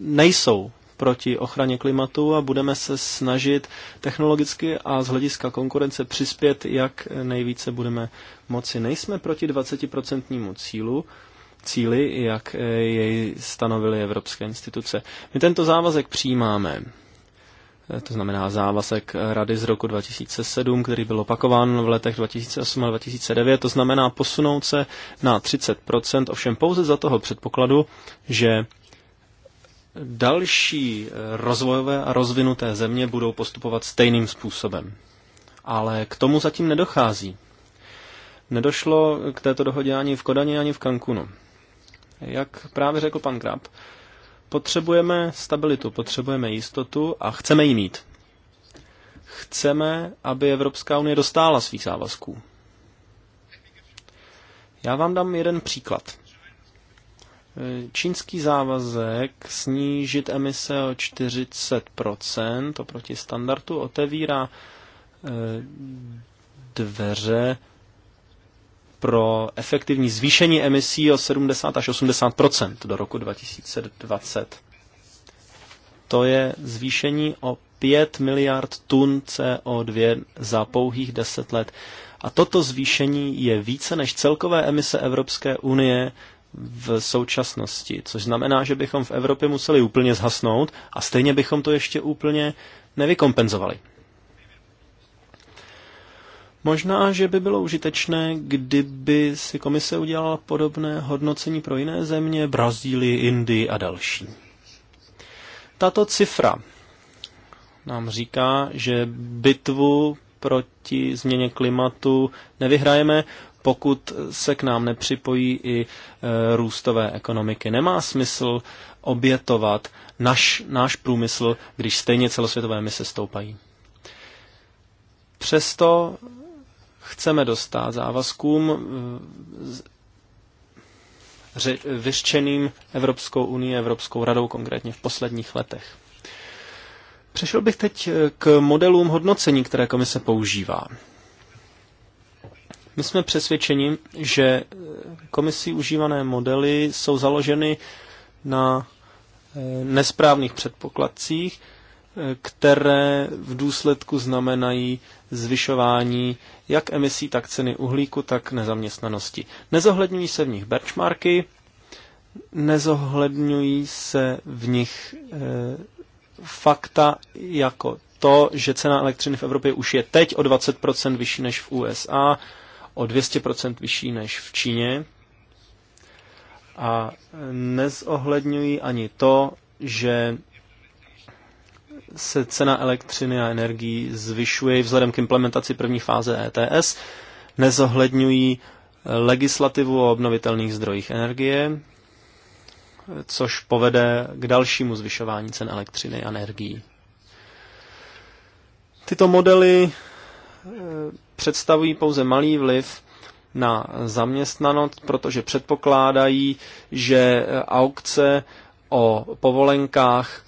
nejsou proti ochraně klimatu a budeme se snažit technologicky a z hlediska konkurence přispět, jak nejvíce budeme moci. Nejsme proti 20% cílu, cíli, jak eh, jej stanovily evropské instituce. My tento závazek přijímáme. Eh, to znamená závazek Rady z roku 2007, který byl opakován v letech 2008 a 2009. To znamená posunout se na 30%, ovšem pouze za toho předpokladu, že další eh, rozvojové a rozvinuté země budou postupovat stejným způsobem. Ale k tomu zatím nedochází. Nedošlo k této dohodě ani v Kodani, ani v Cancunu. Jak právě řekl pan Grab, potřebujeme stabilitu, potřebujeme jistotu a chceme ji mít. Chceme, aby Evropská unie dostála svých závazků. Já vám dám jeden příklad. Čínský závazek snížit emise o 40% oproti standardu otevírá eh, dveře pro efektivní zvýšení emisí o 70 až 80 do roku 2020. To je zvýšení o 5 miliard tun CO2 za pouhých 10 let. A toto zvýšení je více než celkové emise Evropské unie v současnosti, což znamená, že bychom v Evropě museli úplně zhasnout a stejně bychom to ještě úplně nevykompenzovali. Možná, že by bylo užitečné, kdyby si komise udělala podobné hodnocení pro jiné země, Brazílii, Indii a další. Tato cifra nám říká, že bitvu proti změně klimatu nevyhrajeme, pokud se k nám nepřipojí i e, růstové ekonomiky. Nemá smysl obětovat naš, náš průmysl, když stejně celosvětové mise stoupají. Přesto chceme dostat závazkům eh, vyřčeným Evropskou unii, Evropskou radou konkrétně v posledních letech. Přešel bych teď eh, k modelům hodnocení, které komise používá. My jsme přesvědčeni, že eh, komisí užívané modely jsou založeny na nesprávných předpokladcích, které v důsledku znamenají zvyšování jak emisí, tak ceny uhlíku, tak nezaměstnanosti. Nezohledňují se v nich benchmarky, nezohledňují se v nich e, fakta jako to, že cena elektřiny v Evropě už je teď o 20% vyšší než v USA, o 200% vyšší než v Číně a nezohledňují ani to, že se cena elektřiny a energií zvyšuje vzhledem k implementaci první fáze ETS, nezohledňují eh, legislativu o obnovitelných zdrojích energie, což povede k dalšímu zvyšování cen elektřiny a energií. Tyto modely eh, představují pouze malý vliv na zaměstnanost, protože předpokládají, že eh, aukce o povolenkách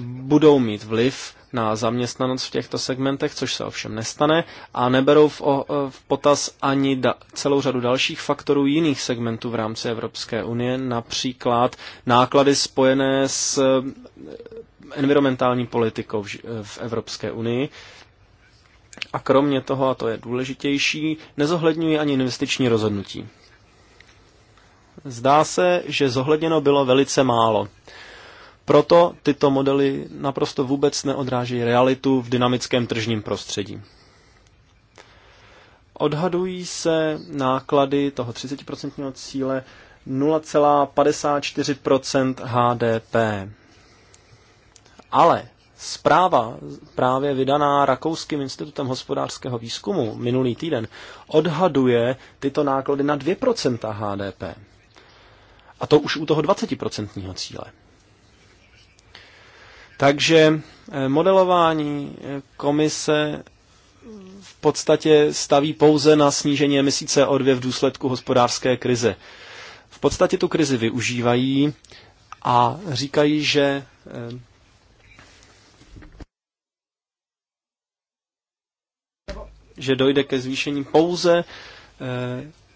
budou mít vliv na zaměstnanost v těchto segmentech, což se ovšem nestane, a neberou v, o, e, v potaz ani da, celou řadu dalších faktorů jiných segmentů v rámci Evropské unie, například náklady spojené s e, environmentální politikou v, e, v Evropské unii. A kromě toho, a to je důležitější, nezohledňují ani investiční rozhodnutí. Zdá se, že zohledněno bylo velice málo. Proto tyto modely naprosto vůbec neodrážejí realitu v dynamickém tržním prostředí. Odhadují se náklady toho 30% cíle 0,54 HDP. Ale zpráva právě vydaná Rakouským institutem hospodářského výzkumu minulý týden odhaduje tyto náklady na 2 HDP. A to už u toho 20% cíle. Takže eh, modelování eh, komise v podstatě staví pouze na snížení emisí CO2 v důsledku hospodářské krize. V podstatě tu krizi využívají a říkají, že eh, že dojde ke zvýšení pouze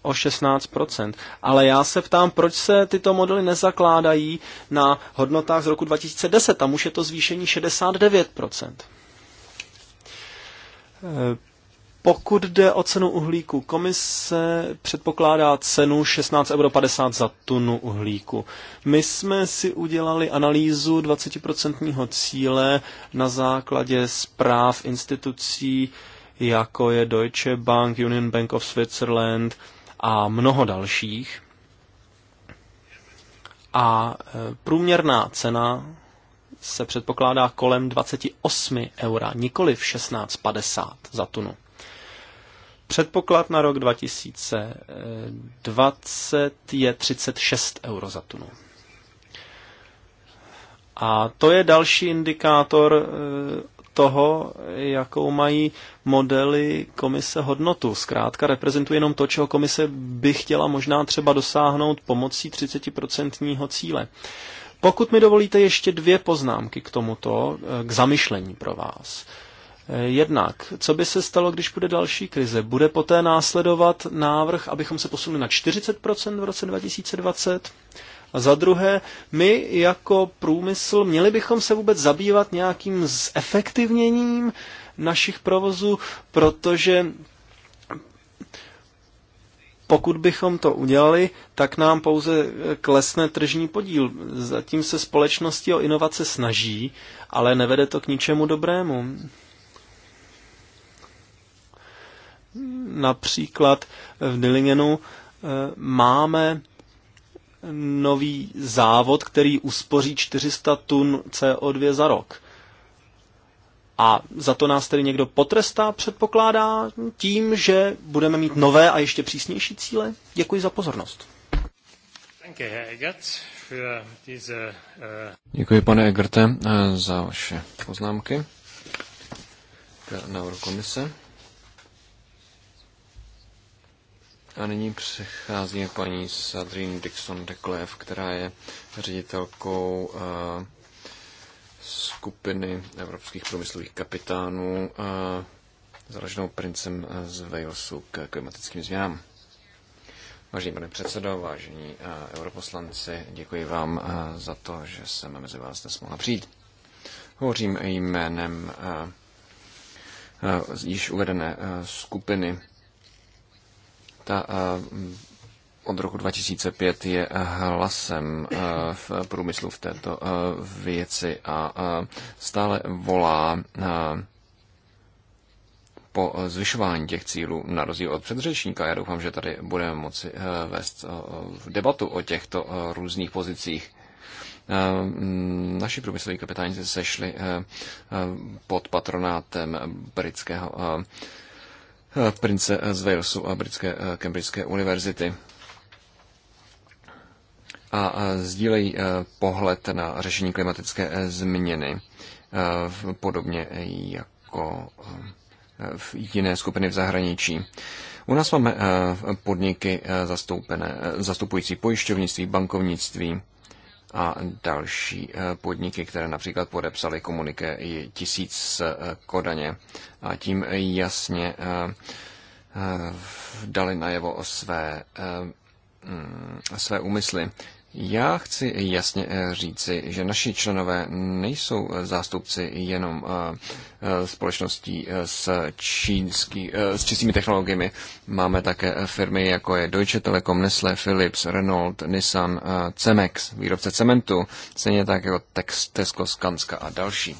o 16%. Ale já se ptám, proč se tyto modely nezakládají na hodnotách z roku 2010, tam už je to zvýšení 69%. Eh, pokud jde o cenu uhlíku, komise předpokládá cenu 16,50 euro za tunu uhlíku. My jsme si udělali analýzu 20% cíle na základě zpráv institucí, jako je Deutsche Bank, Union Bank of Switzerland, a mnoho dalších. A e, průměrná cena se předpokládá kolem 28 eura, nikoli v 16,50 za tunu. Předpoklad na rok 2020 je 36 euro za tunu. A to je další indikátor, e, toho, jakou mají modely komise hodnotu. Zkrátka reprezentuje jenom to, čeho komise by chtěla možná třeba dosáhnout pomocí 30% cíle. Pokud mi dovolíte ještě dvě poznámky k tomuto, eh, k zamyšlení pro vás. Eh, jednak, co by se stalo, když bude další krize? Bude poté následovat návrh, abychom se posunuli na 40% v roce 2020? A za druhé, my jako průmysl, měli bychom se vůbec zabývat nějakým zefektivněním našich provozů, protože pokud bychom to udělali, tak nám pouze eh, klesne tržní podíl. Zatím se společnosti o inovace snaží, ale nevede to k ničemu dobrému. Například v Dillingenu eh, máme nový závod, který uspoří 400 tun CO2 za rok. A za to nás tedy někdo potrestá, předpokládá, tím, že budeme mít nové a ještě přísnější cíle? Děkuji za pozornost. Eh, Děkuji, pane Egerte, eh, za vaše poznámky k návrhu komise. A nyní přechází paní Sadrine Dixon Deklev, která je ředitelkou eh, skupiny evropských průmyslových kapitánů eh, založenou princem z Walesu k klimatickým změnám. Vážený pane předsedo, vážení eh, europoslanci, děkuji vám za to, že jsem mezi vás dnes mohla přijít. Hovořím jménem již uvedené skupiny ta eh, od roku 2005 je eh, hlasem eh, v průmyslu v této věci a stále volá po zvyšování těch cílů, na rozdíl od předřečníka. Já doufám, že tady budeme moci vést debatu o těchto různých pozicích. Naši průmysloví kapitáni se sešli pod patronátem britského prince z Walesu a britské eh, Cambridgeské univerzity a eh, sdílejí eh, pohled na řešení klimatické změny, podobně jako v jiné skupiny v zahraničí. U nás máme podniky zastoupené, zastupující pojišťovnictví, bankovnictví, a další eh, podniky, které například podepsali komuniké tisíc eh, Kodaně a tím jasně eh, dali najevo o své mm, své úmysly. Já chci jasně eh, říci, že naši členové nejsou eh, zástupci jenom eh, společností s, čínský, s čistými technologiemi. Máme také firmy, jako je Deutsche Telekom, Nestlé, Philips, Renault, Nissan, Cemex, výrobce cementu, stejně tak jako Tesco, Skanska a další.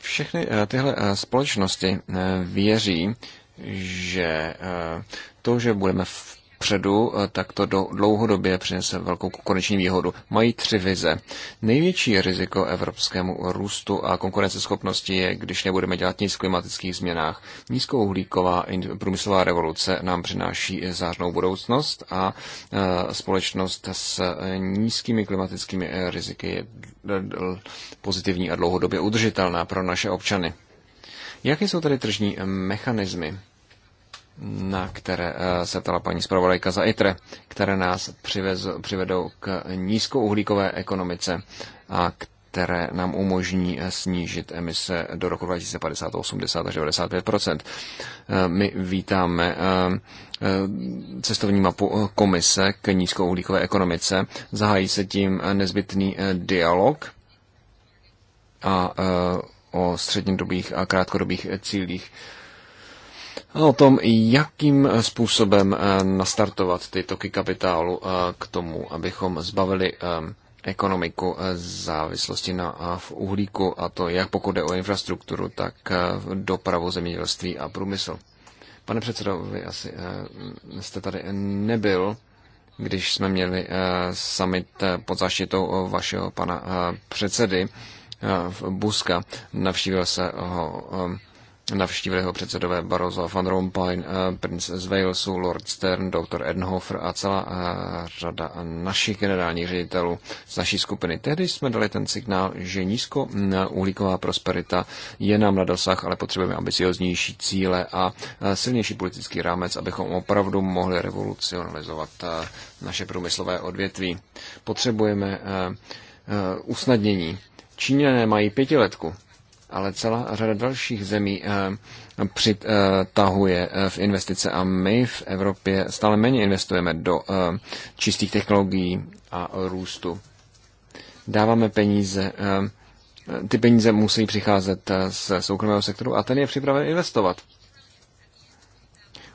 Všechny tyhle společnosti věří, že to, že budeme v předu, eh, tak to do, dlouhodobě přinese velkou konečnou výhodu. Mají tři vize. Největší riziko evropskému růstu a konkurenceschopnosti je, když nebudeme dělat nic v klimatických změnách. Nízkouhlíková průmyslová revoluce nám přináší zářnou budoucnost a eh, společnost s eh, nízkými klimatickými riziky je pozitivní a dlouhodobě udržitelná pro naše občany. Jaké jsou tedy tržní mechanismy? na které eh, se ptala paní zpravodajka za ITRE, které nás přivez, přivedou k nízkouhlíkové ekonomice a které nám umožní eh, snížit emise do roku 2050 80 až 95 eh, My vítáme cestovní mapu komise k nízkouhlíkové ekonomice. Zahájí se tím nezbytný dialog a o střednědobých a krátkodobých cílích o tom, jakým způsobem eh, nastartovat ty toky kapitálu eh, k tomu, abychom zbavili eh, ekonomiku závislosti na v uhlíku, a to jak pokud jde o infrastrukturu, tak dopravu, zemědělství a průmysl. Pane předsedo, vy asi jste tady nebyl, když jsme měli summit pod záštitou vašeho pana předsedy v Buska. Navštívil se ho Navštívili ho předsedové Barroso van Rompuy, eh, prince z Walesu, Lord Stern, doktor Edenhofer a celá eh, řada našich generálních ředitelů z naší skupiny. Tehdy jsme dali ten signál, že nízko mm, uhlíková prosperita je nám na dosah, ale potřebujeme ambicioznější cíle a eh, silnější politický rámec, abychom opravdu mohli revolucionalizovat naše průmyslové odvětví. Potřebujeme usnadnění. Číňané mají pětiletku ale celá řada dalších zemí eh, přitahuje eh, v investice a my v Evropě stále méně investujeme do eh, čistých technologií a růstu. Dáváme peníze, ty peníze musí přicházet z soukromého sektoru a ten je připraven investovat.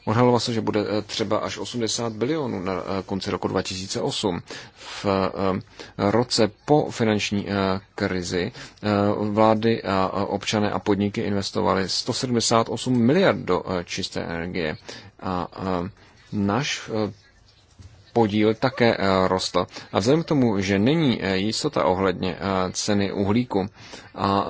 Odhalilo se, že bude eh, třeba až 80 bilionů na eh, konci roku 2008. V eh, roce po finanční krizi vlády a občané a podniky investovali 178 miliard do čisté energie. A náš podíl také rostl. A vzhledem k tomu, že není jistota ohledně ceny uhlíku a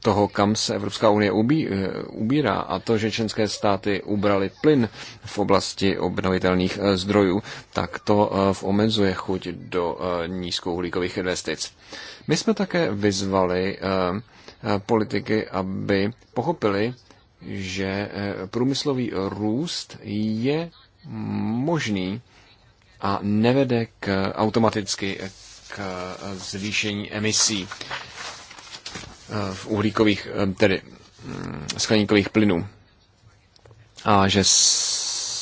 toho, kam se Evropská unie ubí, eh, ubírá a to, že členské státy ubrali plyn v oblasti obnovitelných eh, zdrojů, tak to eh, omezuje chuť do nízkouhlíkových investic. My jsme také vyzvali politiky, aby pochopili, že průmyslový růst je možný a nevede k, automaticky k zvýšení emisí. Eh, v uhlíkových, eh, tedy mm, skleníkových plynů. A že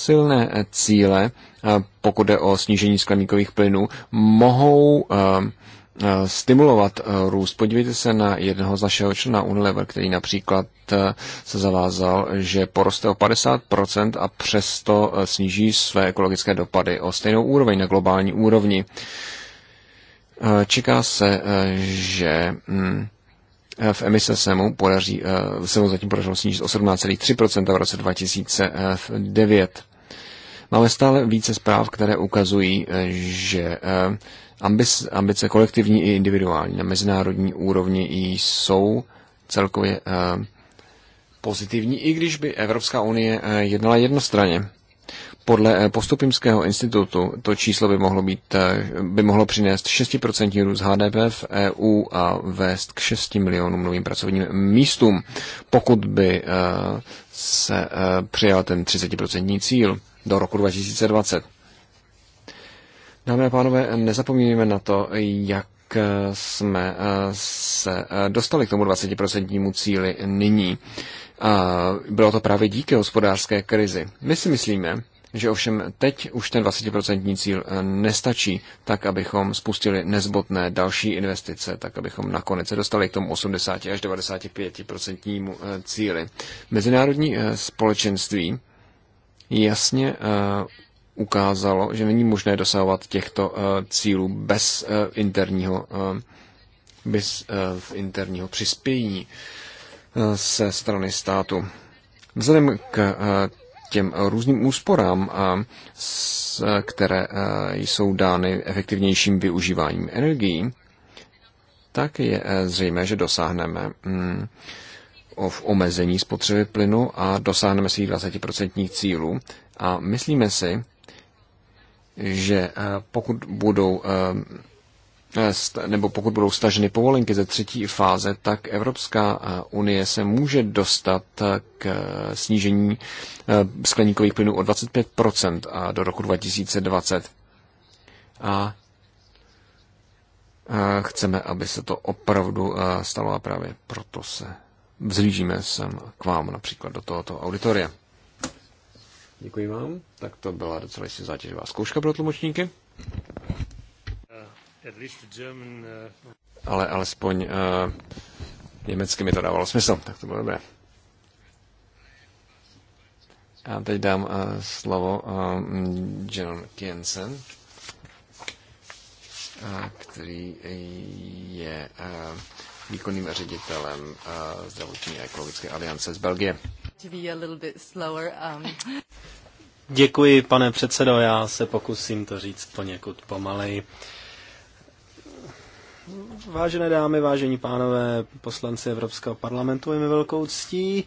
silné cíle, eh, pokud jde o snížení skleníkových plynů, mohou stimulovat růst. Podívejte se na jednoho z našeho člena Unilever, který například se zavázal, že poroste o 50% a přesto sníží své ekologické dopady o stejnou úroveň na globální úrovni. Čeká se, že mm, Eh, v emise se mu, podaří, eh, se mu zatím podařilo snížit o 17,3% v roce 2009. Máme stále více zpráv, které ukazují, eh, že ambice, kolektivní i individuální na mezinárodní úrovni jsou celkově pozitivní, i když by Evropská unie jednala jednostranně. Podle eh, postupimského institutu to číslo by mohlo, být, eh, by mohlo přinést 6% růst HDP v EU a vést k 6 milionům novým pracovním místům, pokud by eh, se přijal ten 30% cíl do roku 2020. Dámy a pánové, nezapomínáme na to, jak jsme se dostali k tomu 20% cíli nyní. A bylo to právě díky hospodářské krizi. My si myslíme, že ovšem teď už ten 20% cíl eh, nestačí, tak abychom spustili nezbotné další investice, tak abychom nakonec se dostali k tomu 80 až 95% eh, cíli. Mezinárodní eh, společenství jasně ukázalo, že není možné dosahovat těchto cílů bez interního, bez interního přispění se strany státu. Vzhledem k těm různým úsporám, které e, jsou dány efektivnějším využíváním energií, tak je e, zřejmé, že dosáhneme mm, v omezení spotřeby plynu a dosáhneme svých 20% cílů. A myslíme si, že e, pokud budou Eh, nebo pokud budou staženy povolenky ze třetí fáze, tak Evropská eh, unie se může dostat eh, k snížení skleníkových plynů o 25% a do roku 2020. A chceme, aby se to opravdu stalo a právě proto se vzlížíme sem k vám například do tohoto auditoria. Děkuji vám. Tak to byla docela zátěžová zkouška pro tlumočníky. Uh, Ale alespoň uh, německy mi to dávalo smysl, tak to bylo dobré. A teď dám uh, slovo um, John Kiensen, uh, který je uh, výkonným ředitelem uh, zdravotní a ekologické aliance z Belgie. Um. Děkuji, pane předsedo, já se pokusím to říct poněkud pomaleji. Vážené dámy, vážení pánové, poslanci Evropského parlamentu, je mi velkou ctí,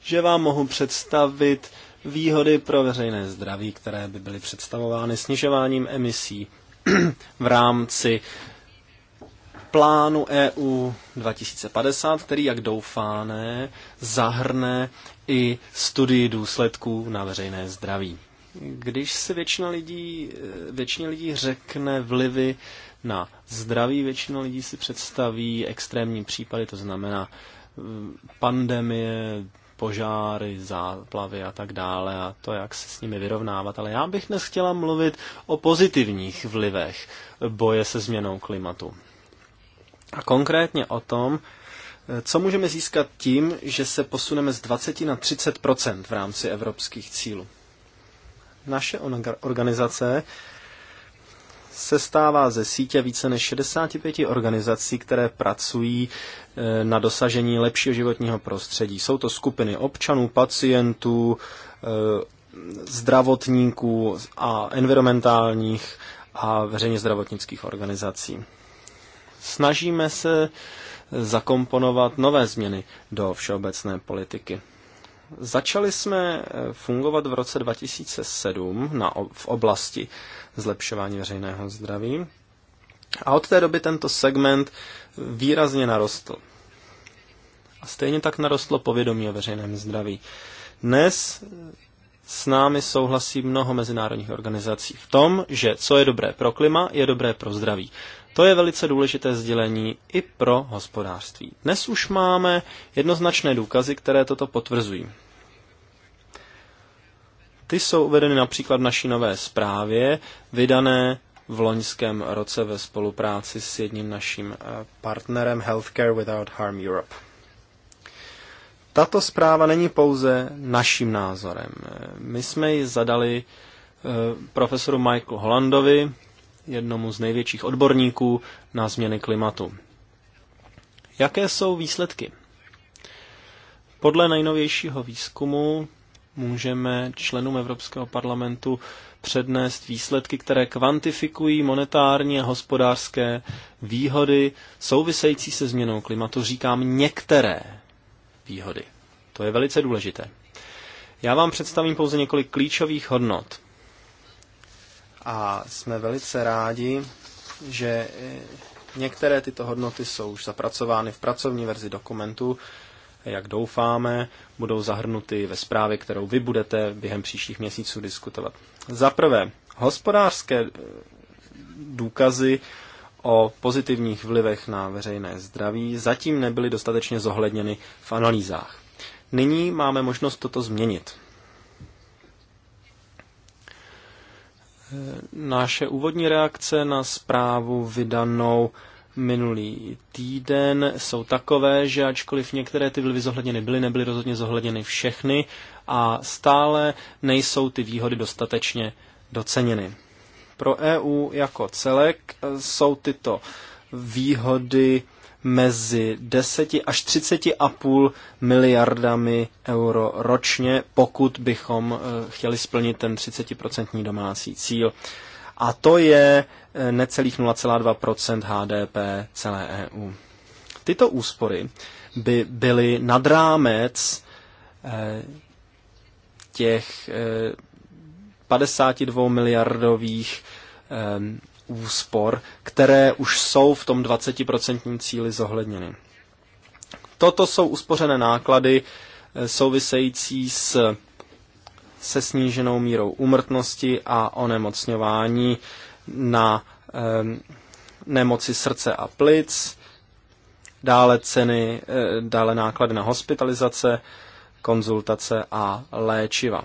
že vám mohu představit výhody pro veřejné zdraví, které by byly představovány snižováním emisí v rámci plánu EU 2050, který, jak doufáme, zahrne i studii důsledků na veřejné zdraví. Když se většina lidí, většině lidí řekne vlivy na zdraví. Většina lidí si představí extrémní případy, to znamená eh, pandemie, požáry, záplavy a tak dále a to, jak se s nimi vyrovnávat. Ale já bych dnes chtěla mluvit o pozitivních vlivech boje se změnou klimatu. A konkrétně o tom, eh, co můžeme získat tím, že se posuneme z 20 na 30 v rámci evropských cílů. Naše organizace se stává ze sítě více než 65 organizací, které pracují e, na dosažení lepšího životního prostředí. Jsou to skupiny občanů, pacientů, e, zdravotníků a environmentálních a veřejně zdravotnických organizací. Snažíme se zakomponovat nové změny do všeobecné politiky. Začali jsme eh, fungovat v roce 2007 na, v oblasti zlepšování veřejného zdraví a od té doby tento segment výrazně narostl. A stejně tak narostlo povědomí o veřejném zdraví. Dnes eh, s námi souhlasí mnoho mezinárodních organizací v tom, že co je dobré pro klima, je dobré pro zdraví. To je velice důležité sdělení i pro hospodářství. Dnes už máme jednoznačné důkazy, které toto potvrzují. Ty jsou uvedeny například v naší nové zprávě, vydané v loňském roce ve spolupráci s jedním naším eh, partnerem Healthcare Without Harm Europe. Tato zpráva není pouze naším názorem. Eh, my jsme ji zadali eh, profesoru Michaelu Hollandovi, jednomu z největších odborníků na změny klimatu. Jaké jsou výsledky? Podle nejnovějšího výzkumu můžeme členům Evropského parlamentu přednést výsledky, které kvantifikují monetární a hospodářské výhody související se změnou klimatu. Říkám některé výhody. To je velice důležité. Já vám představím pouze několik klíčových hodnot a jsme velice rádi, že e, některé tyto hodnoty jsou už zapracovány v pracovní verzi dokumentu, jak doufáme, budou zahrnuty ve zprávě, kterou vy budete během příštích měsíců diskutovat. Za prvé, hospodářské e, důkazy o pozitivních vlivech na veřejné zdraví zatím nebyly dostatečně zohledněny v analýzách. Nyní máme možnost toto změnit. naše úvodní reakce na zprávu vydanou minulý týden jsou takové, že ačkoliv některé ty vlivy zohledněny byly, nebyly rozhodně zohledněny všechny a stále nejsou ty výhody dostatečně doceněny. Pro EU jako celek jsou tyto výhody mezi 10 až 30,5 miliardami euro ročně, pokud bychom eh, chtěli splnit ten 30% domácí cíl. A to je eh, necelých 0,2 HDP celé EU. Tyto úspory by byly nad rámec eh, těch 52 miliardových úspor, které už jsou v tom 20% cíli zohledněny. Toto jsou uspořené náklady eh, související s, se sníženou mírou úmrtnosti a onemocňování na eh, nemoci srdce a plic, dále ceny, eh, dále náklady na hospitalizace, konzultace a léčiva.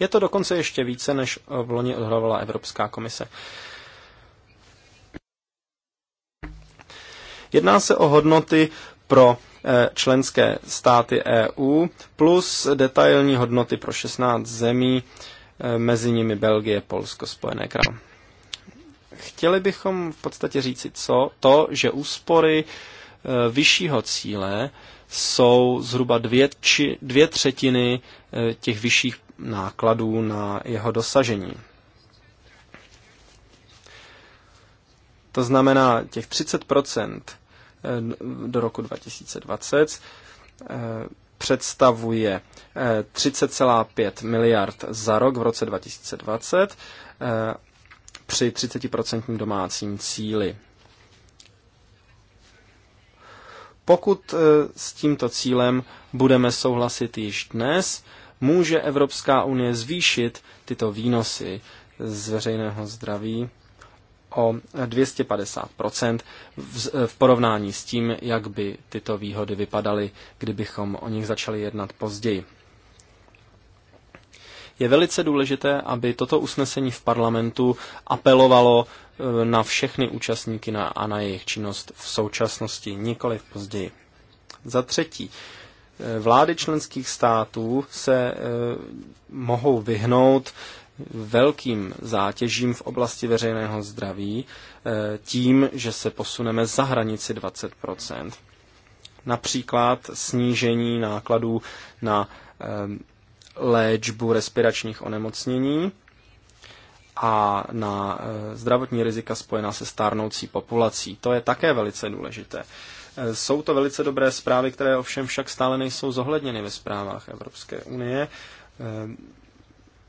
Je to dokonce ještě více, než v loni odhlavala Evropská komise. Jedná se o hodnoty pro eh, členské státy EU plus detailní hodnoty pro 16 zemí, eh, mezi nimi Belgie, Polsko, Spojené království. Chtěli bychom v podstatě říci co? To, že úspory eh, vyššího cíle jsou zhruba dvě, či, dvě třetiny těch vyšších nákladů na jeho dosažení. To znamená, těch 30 eh, do roku 2020 eh, představuje 30,5 eh, miliard za rok v roce 2020 při 30% domácím cíli. Pokud s tímto cílem budeme souhlasit již dnes, může Evropská unie zvýšit tyto výnosy z veřejného zdraví o 250 v porovnání s tím, jak by tyto výhody vypadaly, kdybychom o nich začali jednat později. Je velice důležité, aby toto usnesení v parlamentu apelovalo e, na všechny účastníky na, a na jejich činnost v současnosti, nikoli v později. Za třetí, vlády členských států se eh, mohou vyhnout velkým zátěžím v oblasti veřejného zdraví eh, tím, že se posuneme za hranici 20 Například snížení nákladů na eh, léčbu respiračních onemocnění a na zdravotní rizika spojená se stárnoucí populací. To je také velice důležité. Jsou to velice dobré zprávy, které ovšem však stále nejsou zohledněny ve zprávách Evropské unie. Ehm,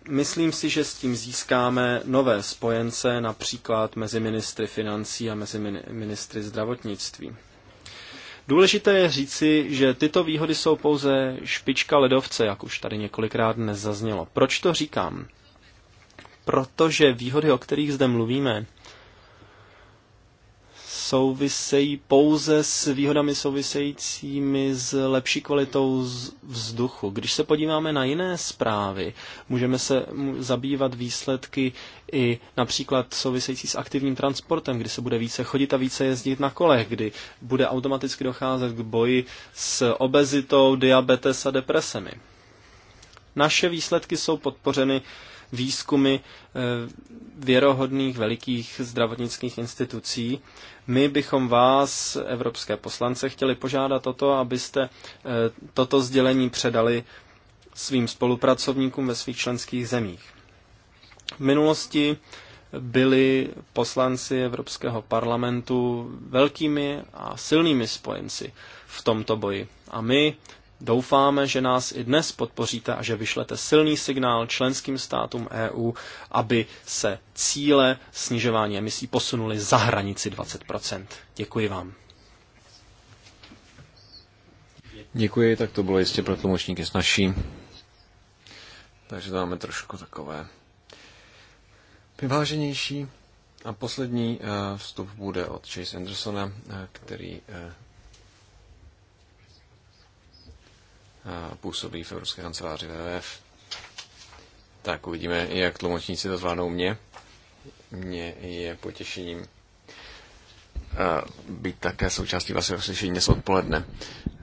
myslím si, že s tím získáme nové spojence, například mezi ministry financí a mezi ministry zdravotnictví. Důležité je říci, že tyto výhody jsou pouze špička ledovce, jak už tady několikrát nezaznělo. Proč to říkám? Protože výhody, o kterých zde mluvíme, souvisejí pouze s výhodami souvisejícími s lepší kvalitou vzduchu. Když se podíváme na jiné zprávy, můžeme se zabývat výsledky i například související s aktivním transportem, kdy se bude více chodit a více jezdit na kolech, kdy bude automaticky docházet k boji s obezitou, diabetes a depresemi. Naše výsledky jsou podpořeny uh, výzkumy eh, věrohodných velikých zdravotnických institucí. My bychom vás, evropské poslance, chtěli požádat o to, abyste eh, toto sdělení předali svým spolupracovníkům ve svých členských zemích. V minulosti byli poslanci Evropského parlamentu velkými a silnými spojenci v tomto boji. A my Doufáme, že nás i dnes podpoříte a že vyšlete silný signál členským státům EU, aby se cíle snižování emisí posunuly za hranici 20 Děkuji vám. Děkuji, tak to bylo jistě pro tlumočníky naší. Takže dáme trošku takové vyváženější. A poslední eh, vstup bude od Chase Andersona, eh, který eh, působí v Evropské kanceláři VVF. Tak uvidíme, jak tlumočníci to zvládnou mě. Mně je potěšením být také součástí vašeho slyšení dnes odpoledne.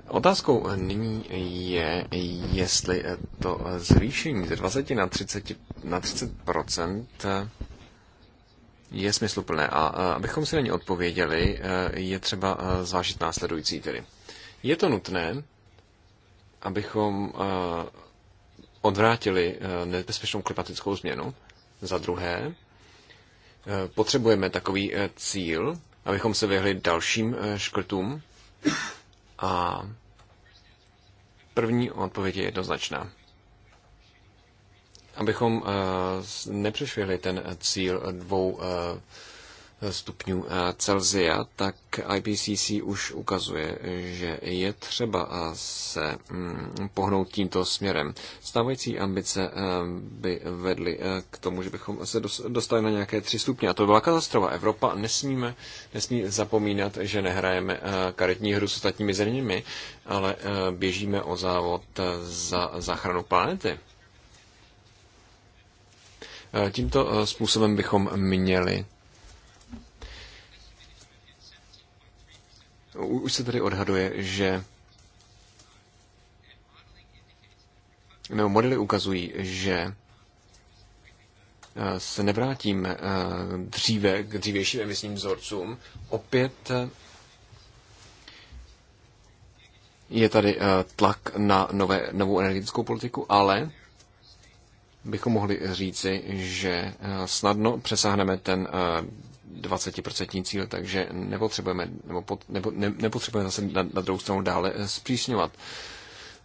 Otázkou nyní je, jestli to zvýšení ze 20 na 30, na 30 je smysluplné. A abychom si na ně odpověděli, e, je třeba e, zvážit následující tedy. Je to nutné, abychom eh, odvrátili eh, nebezpečnou klimatickou změnu. Za druhé, eh, potřebujeme takový cíl, abychom se vyhli dalším škrtům. A první odpověď je jednoznačná. Abychom nepřešvihli ten cíl dvou stupňů eh, Celzia, tak IPCC už ukazuje, že je třeba eh, se mm, pohnout tímto směrem. Stávající ambice eh, by vedly k tomu, že bychom se dostali na nějaké tři stupně. A to byla katastrofa. Evropa nesmíme, nesmí zapomínat, že nehrajeme karetní hru s ostatními zeměmi, ale běžíme o závod za záchranu planety. Tímto způsobem bychom měli Už se tady odhaduje, že nebo modely ukazují, že eh, se nevrátíme eh, dříve k dřívějším emisním vzorcům. Opět eh, je tady tlak na nové, novou energetickou politiku, ale bychom mohli říci, že snadno přesáhneme ten 20% cíl, takže nepotřebujeme, nebo pot, nebo, ne, nepotřebujeme zase na, na druhou stranu dále eh, zpřísňovat.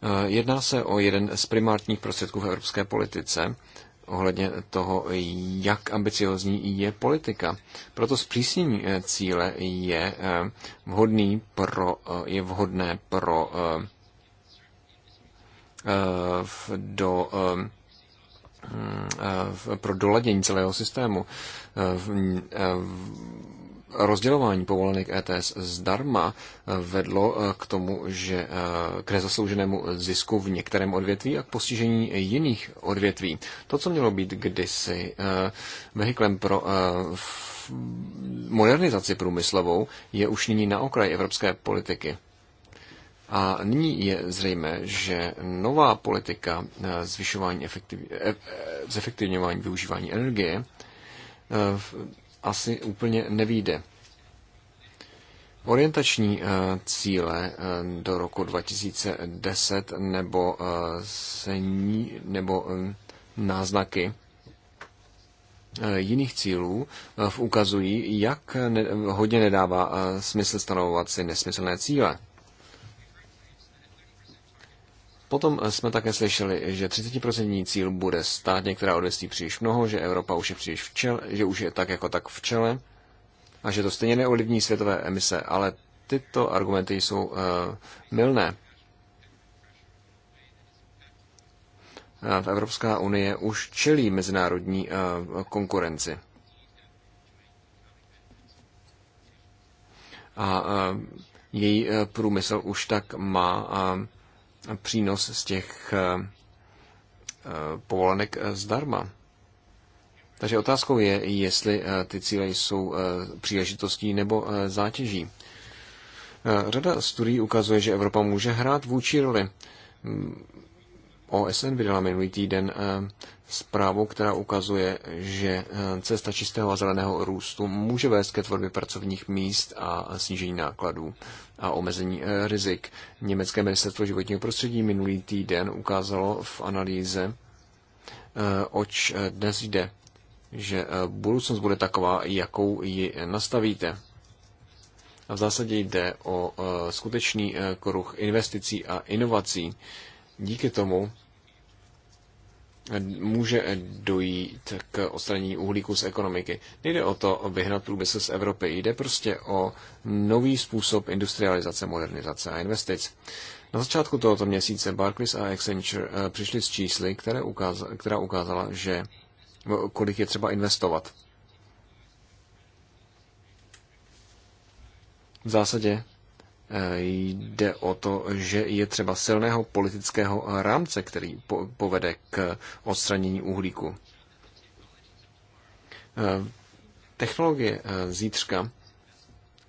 Eh, jedná se o jeden z primárních prostředků v evropské politice ohledně toho, jak ambiciozní je politika. Proto zpřísnění eh, cíle je vhodný pro, je vhodné pro do hm, pro doladění celého systému. Eh, rozdělování povolených ETS zdarma eh, vedlo eh, k tomu, že k nezaslouženému zisku v některém odvětví a k postižení jiných odvětví. To, co mělo být kdysi vehiklem pro modernizaci průmyslovou, je už nyní na okraji evropské politiky. A nyní je zřejmé, že nová politika zvyšování efektiv... zefektivňování využívání energie Eh, asi úplně nevýjde. Orientační eh, cíle eh, do roku 2010 nebo, ní nebo náznaky jiných cílů ukazují, jak hodně nedává smysl stanovovat si nesmyslné cíle. Potom eh, jsme také slyšeli, že 30% cíl bude stát některá odvěství příliš mnoho, že Evropa už je příliš v čele, že už je tak jako tak v čele a že to stejně neolivní světové emise, ale tyto argumenty jsou uh, eh, milné. V Evropská unie už čelí mezinárodní uh, konkurenci. A uh, její průmysl už tak má přínos z těch eh, eh, povolenek eh, zdarma. Takže otázkou je, jestli ty cíle jsou příležitostí nebo zátěží. Řada studií ukazuje, že Evropa může hrát vůči roli. Mm, OSN vydala minulý týden zprávu, která ukazuje, že cesta čistého a zeleného růstu může vést ke tvorbě pracovních míst a snížení nákladů a omezení eh, rizik. Německé ministerstvo životního prostředí minulý týden ukázalo v analýze, eh, oč eh, dnes jde, že budoucnost bude taková, jakou ji nastavíte. A v zásadě jde o skutečný kruh investicí a inovací. Díky tomu může dojít k odstranění uhlíku z ekonomiky. Nejde o to vyhnat průmysl z Evropy, jde prostě o nový způsob industrializace, modernizace a investic. Na začátku tohoto měsíce Barclays a Accenture eh, přišli s čísly, které ukázala, která ukázala, že no, kolik je třeba investovat. V zásadě Jde o to, že je třeba silného politického rámce, který povede k odstranění uhlíku. Technologie zítřka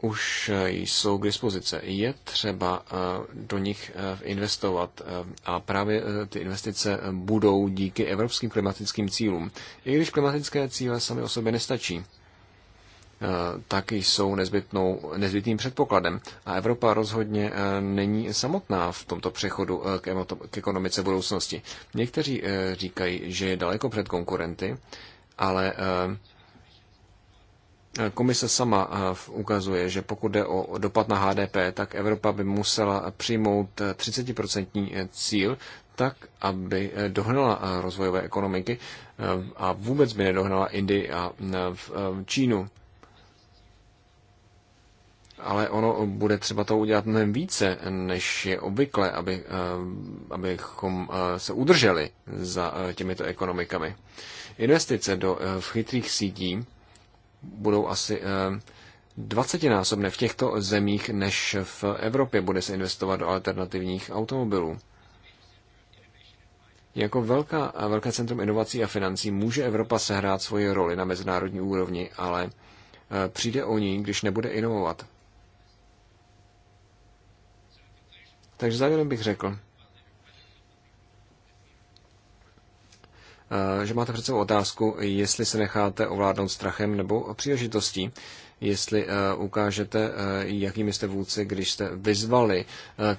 už jsou k dispozice. Je třeba do nich investovat a právě ty investice budou díky evropským klimatickým cílům. I když klimatické cíle sami o sobě nestačí. Eh, tak jsou nezbytnou, nezbytným předpokladem. A Evropa rozhodně eh, není samotná v tomto přechodu eh, k, k ekonomice budoucnosti. Někteří říkají, že je daleko před konkurenty, ale Komise sama ukazuje, že pokud jde o dopad na HDP, tak Evropa by musela přijmout 30% cíl, tak, aby dohnala rozvojové ekonomiky a vůbec by nedohnala Indii a Čínu ale ono bude třeba to udělat mnohem více, než je obvykle, aby, eh, abychom eh, se udrželi za eh, těmito ekonomikami. Investice do v chytrých sítí budou asi násobné v těchto zemích, než v Evropě bude se investovat do alternativních automobilů. Jako velká, velké centrum inovací a financí může Evropa sehrát svoji roli na mezinárodní úrovni, ale přijde o ní, když nebude inovovat. Takže závěrem bych řekl, eh, že máte před sebou otázku, jestli se necháte ovládnout strachem nebo příležitostí, jestli eh, ukážete, eh, jakými jste vůdci, když jste vyzvali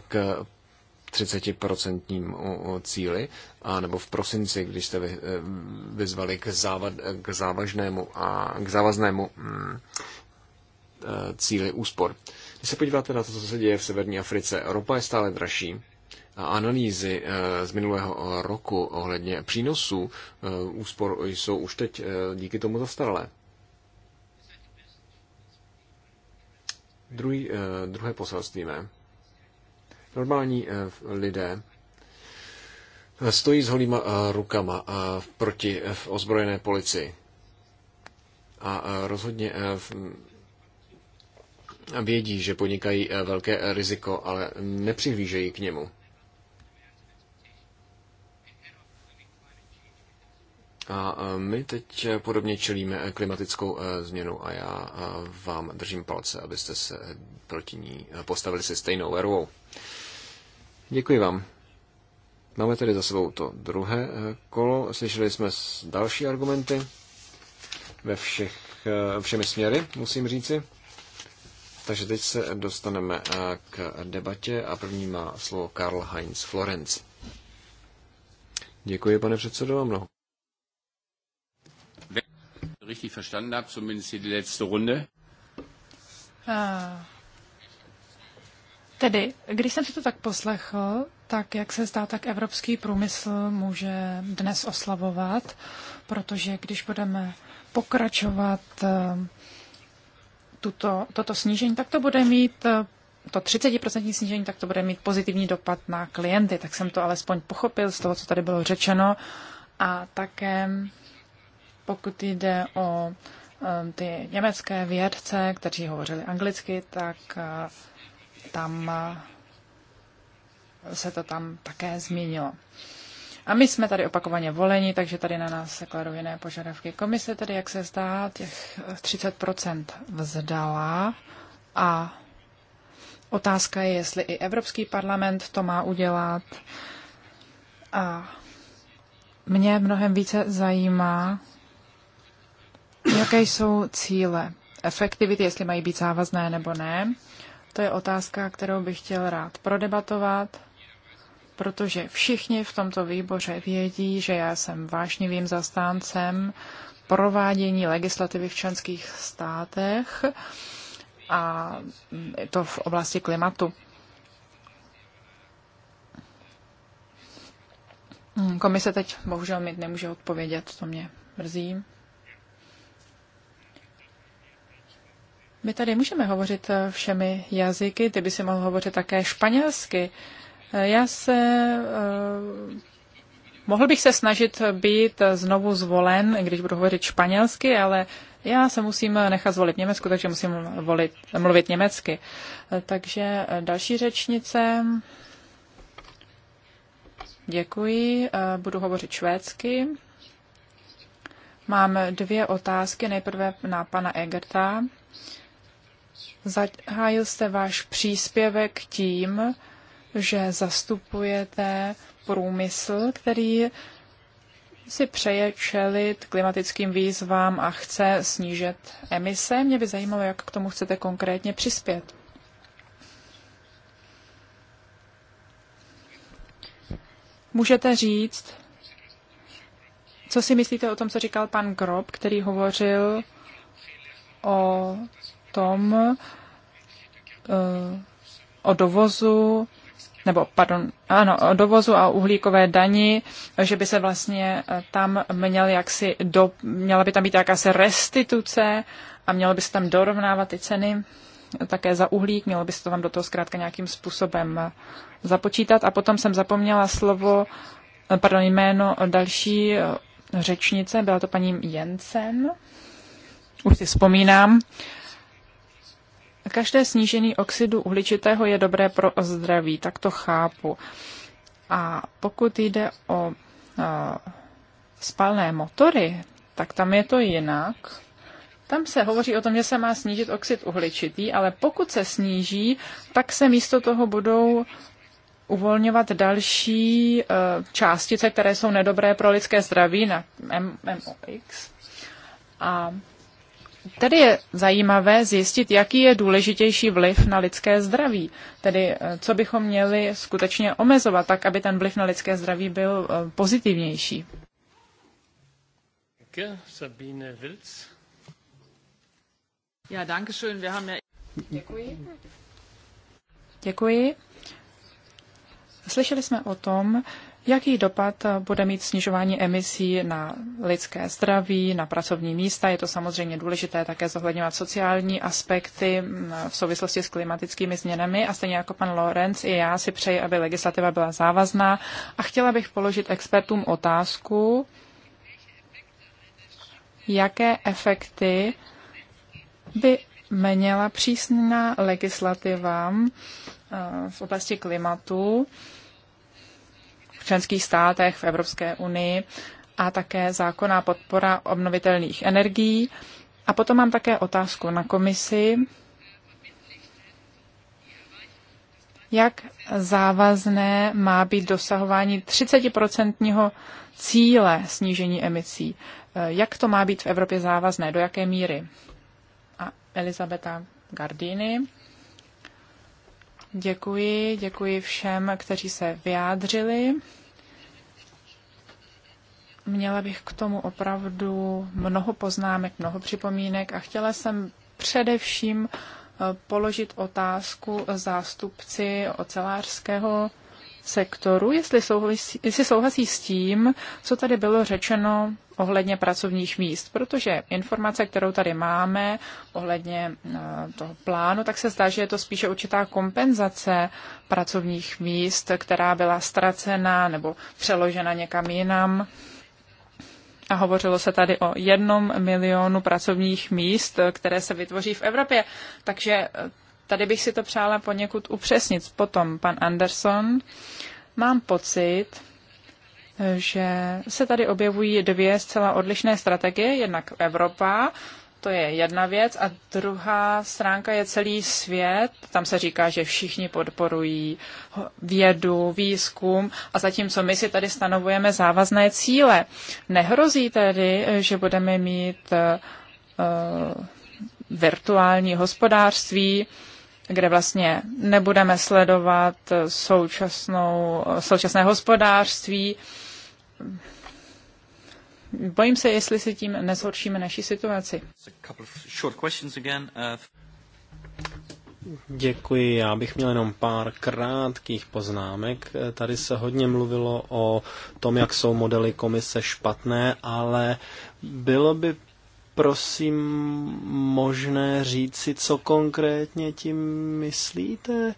k 30% cíli, a nebo v prosinci, když jste vyzvali k, záva, k závažnému a k závaznému mm, cíli úspor. Když se podíváte na to, co se děje v severní Africe, ropa je stále dražší. A analýzy eh, z minulého eh, roku ohledně přínosů eh, úspor jsou už teď díky tomu zastaralé. Druhý, druhé poselství mé. Normální lidé stojí s holýma rukama proti ozbrojené policii. A rozhodně vědí, že podnikají eh, velké eh, riziko, ale nepřihlížejí k němu. A eh, my teď podobně čelíme klimatickou změnu a já vám držím palce, abyste se proti ní postavili se stejnou vervou. Děkuji vám. Máme tedy za sebou to druhé kolo. Slyšeli jsme další argumenty ve všech, všemi směry, musím říci. Takže teď se dostaneme eh, k debatě a první má slovo Karl Heinz Florenz. Děkuji, pane předsedo, a mnoho. Richtig verstanden habe, zumindest die letzte Runde. Eh, tedy, když jsem si to tak poslechl, tak jak se zdá, tak evropský průmysl může dnes oslavovat, protože když budeme pokračovat eh, tuto, toto snížení, tak to bude mít eh, to 30% snížení, tak to bude mít pozitivní dopad na klienty. Tak jsem to alespoň pochopil z toho, co tady bylo řečeno. A také pokud jde o eh, ty německé vědce, kteří hovořili anglicky, tak eh, tam se to tam také změnilo. A my jsme tady opakovaně voleni, takže tady na nás se kladou jiné požadavky. Komise tedy, jak se zdá, těch 30% vzdala a otázka je, jestli i Evropský parlament to má udělat. A mě mnohem více zajímá, jaké jsou cíle efektivity, jestli mají být závazné nebo ne. To je otázka, kterou bych chtěl rád prodebatovat protože všichni v tomto výboře vědí, že já jsem vášnivým zastáncem provádění legislativy v členských státech a to v oblasti klimatu. Komise teď bohužel mi nemůže odpovědět, to mě mrzí. My tady můžeme hovořit všemi jazyky, ty by si mohl hovořit také španělsky. Já se eh, Mohl bych se snažit být znovu zvolen, když budu hovořit španělsky, ale já se musím nechat zvolit Německu, takže musím volit, mluvit německy. Eh, takže eh, další řečnice. Děkuji. Budu hovořit švédsky. Mám dvě otázky. Nejprve na pana Egerta. Zahájil jste váš příspěvek tím, že zastupujete průmysl, který si přeje čelit klimatickým výzvám a chce snížit emise. Mě by zajímalo, jak k tomu chcete konkrétně přispět. Můžete říct, co si myslíte o tom, co říkal pan Grob, který hovořil o tom, eh, o dovozu nebo pardon, ano, dovozu a uhlíkové dani, že by se vlastně eh, tam měl jaksi do, měla by tam být jakási restituce a mělo by se tam dorovnávat ty ceny také za uhlík, mělo by se to vám do toho zkrátka nějakým způsobem eh, započítat. A potom jsem zapomněla slovo, eh, pardon, jméno další řečnice, byla to paní Jensen, už si vzpomínám. Každé snížení oxidu uhličitého je dobré pro zdraví, tak to chápu. A pokud jde o spalné motory, tak tam je to jinak. Tam se hovoří o tom, že se má snížit oxid uhličitý, ale pokud se sníží, tak se místo toho budou uvolňovat další částice, které jsou nedobré pro lidské zdraví na MOX. A Tady je zajímavé zjistit, jaký je důležitější vliv na lidské zdraví, tedy eh, co bychom měli skutečně omezovat, tak aby ten vliv na lidské zdraví byl eh, pozitivnější. Děkuji. Děkuji. Slyšeli jsme o tom, Jaký dopad eh, bude mít snižování emisí na lidské zdraví, na pracovní místa? Je to samozřejmě důležité také zohledňovat sociální aspekty mm, v souvislosti s klimatickými změnami a stejně jako pan Lorenz i já si přeji, aby legislativa byla závazná a chtěla bych položit expertům otázku, jaké efekty by měla přísná legislativa eh, v oblasti klimatu v členských státech v Evropské unii a také zákonná podpora obnovitelných energií. A potom mám také otázku na komisi. Jak závazné má být dosahování 30% cíle snížení emisí? Jak to má být v Evropě závazné? Do jaké míry? A Elizabeta Gardini. Děkuji, děkuji všem, kteří se vyjádřili. Měla bych k tomu opravdu mnoho poznámek, mnoho připomínek a chtěla jsem především eh, položit otázku zástupci ocelářského sektoru, jestli souhlasí, jestli souhlasí s tím, co tady bylo řečeno ohledně pracovních míst, protože informace, kterou tady máme ohledně eh, toho plánu, tak se zdá, že je to spíše určitá kompenzace pracovních míst, která byla ztracena nebo přeložena někam jinam. A hovořilo se tady o jednom milionu pracovních míst, eh, které se vytvoří v Evropě. Takže eh, Tady bych si to přála poněkud upřesnit. Potom pan Anderson. Mám pocit, že se tady objevují dvě zcela odlišné strategie. Jednak Evropa, to je jedna věc. A druhá stránka je celý svět. Tam se říká, že všichni podporují vědu, výzkum a zatímco my si tady stanovujeme závazné cíle. Nehrozí tedy, že budeme mít uh, virtuální hospodářství, kde vlastně nebudeme sledovat současnou, současné hospodářství. Bojím se, jestli si tím nezhoršíme naší situaci. Děkuji, já bych měl jenom pár krátkých poznámek. Tady se hodně mluvilo o tom, jak jsou modely komise špatné, ale bylo by prosím možné si, co konkrétně tím myslíte?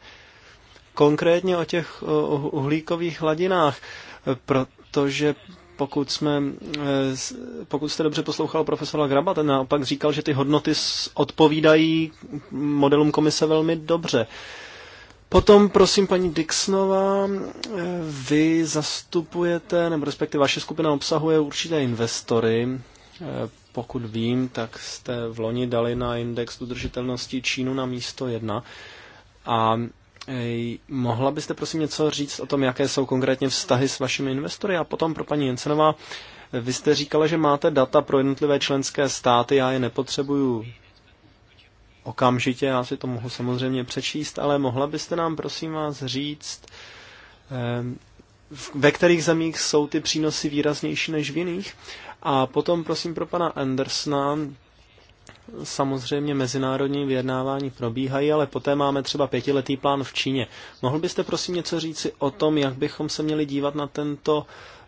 Konkrétně o těch uhlíkových hladinách, protože pokud, jsme, eh, pokud jste dobře poslouchal profesora Graba, ten naopak říkal, že ty hodnoty odpovídají modelům komise velmi dobře. Potom prosím paní Dixnová, eh, vy zastupujete, nebo respektive vaše skupina obsahuje určité investory, eh, pokud vím, tak jste v loni dali na index udržitelnosti Čínu na místo jedna. A mohla byste prosím něco říct o tom, jaké jsou konkrétně vztahy s vašimi investory? A potom pro paní Jensenová, vy jste říkala, že máte data pro jednotlivé členské státy, já je nepotřebuju okamžitě, já si to mohu samozřejmě přečíst, ale mohla byste nám prosím vás říct, ve kterých zemích jsou ty přínosy výraznější než v jiných. A potom prosím pro pana Andersna, samozřejmě mezinárodní vyjednávání probíhají, ale poté máme třeba pětiletý plán v Číně. Mohl byste prosím něco říci o tom, jak bychom se měli dívat na tento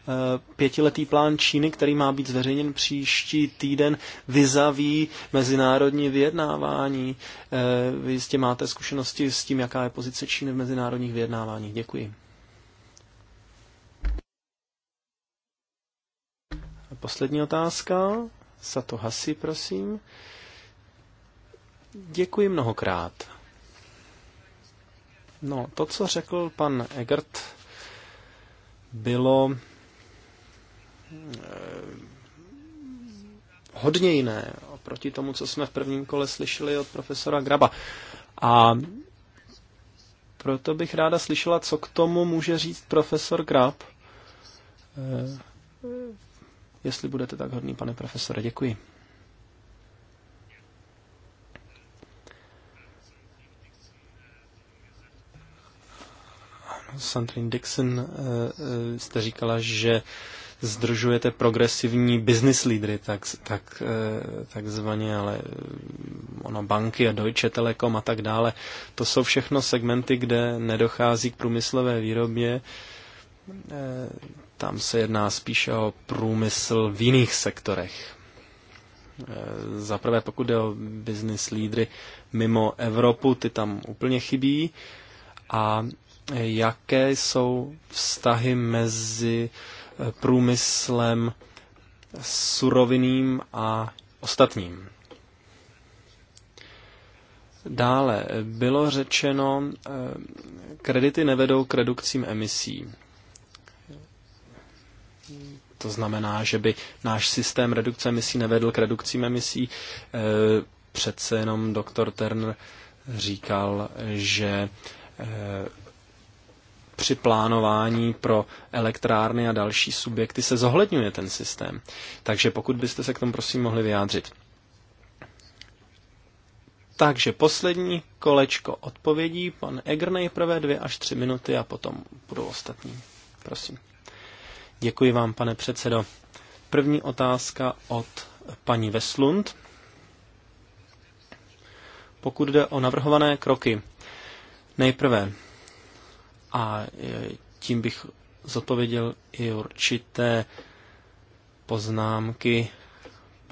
eh, pětiletý plán Číny, který má být zveřejněn příští týden, vyzaví mezinárodní vyjednávání. Eh, vy jistě máte zkušenosti s tím, jaká je pozice Číny v mezinárodních vyjednáváních. Děkuji. poslední otázka. Sato Hasi, prosím. Děkuji mnohokrát. No, to, co řekl pan Egert, bylo eh, hodně jiné oproti tomu, co jsme v prvním kole slyšeli od profesora Graba. A proto bych ráda slyšela, co k tomu může říct profesor Grab. Eh, Jestli budete tak hodný, pane profesore, děkuji. Sandrine Dixon, eh, eh, jste říkala, že zdržujete progresivní business leadery, tak, tak, eh, takzvaně, ale ona banky a Deutsche Telekom a tak dále. To jsou všechno segmenty, kde nedochází k průmyslové výrobě. Tam se jedná spíše o průmysl v jiných sektorech. Eh, za prvé, pokud jde o business lídry mimo Evropu, ty tam úplně chybí. A jaké jsou vztahy mezi eh, průmyslem surovinným a ostatním? Dále bylo řečeno, eh, kredity nevedou k redukcím emisí. To znamená, že by náš systém redukce emisí nevedl k redukcím emisí. E, přece jenom doktor Turner říkal, že e, při plánování pro elektrárny a další subjekty se zohledňuje ten systém. Takže pokud byste se k tomu prosím mohli vyjádřit. Takže poslední kolečko odpovědí, pan Egr nejprve dvě až tři minuty a potom budou ostatní. Prosím. Děkuji vám, pane předsedo. První otázka od paní Veslund. Pokud jde o navrhované kroky, nejprve, a tím bych zodpověděl i určité poznámky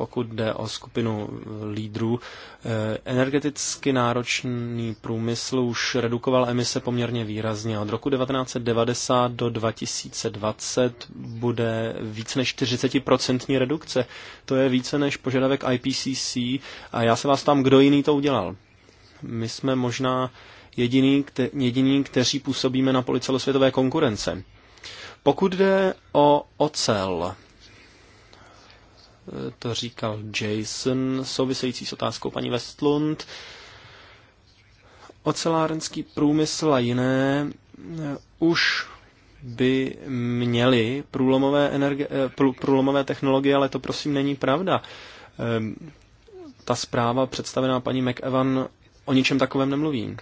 pokud jde o skupinu lídrů. Eh, energeticky náročný průmysl už redukoval emise poměrně výrazně. Od roku 1990 do 2020 bude více než 40% redukce. To je více než požadavek IPCC a já se vás tam, kdo jiný to udělal. My jsme možná jediní, kte, jediní kteří působíme na policelosvětové konkurence. Pokud jde o ocel, to říkal Jason, související s otázkou paní Westlund. Ocelárenský průmysl a jiné eh, už by měly průlomové, energie, eh, průlomové technologie, ale to prosím není pravda. Ehm, ta zpráva představená paní McEvan o ničem takovém nemluví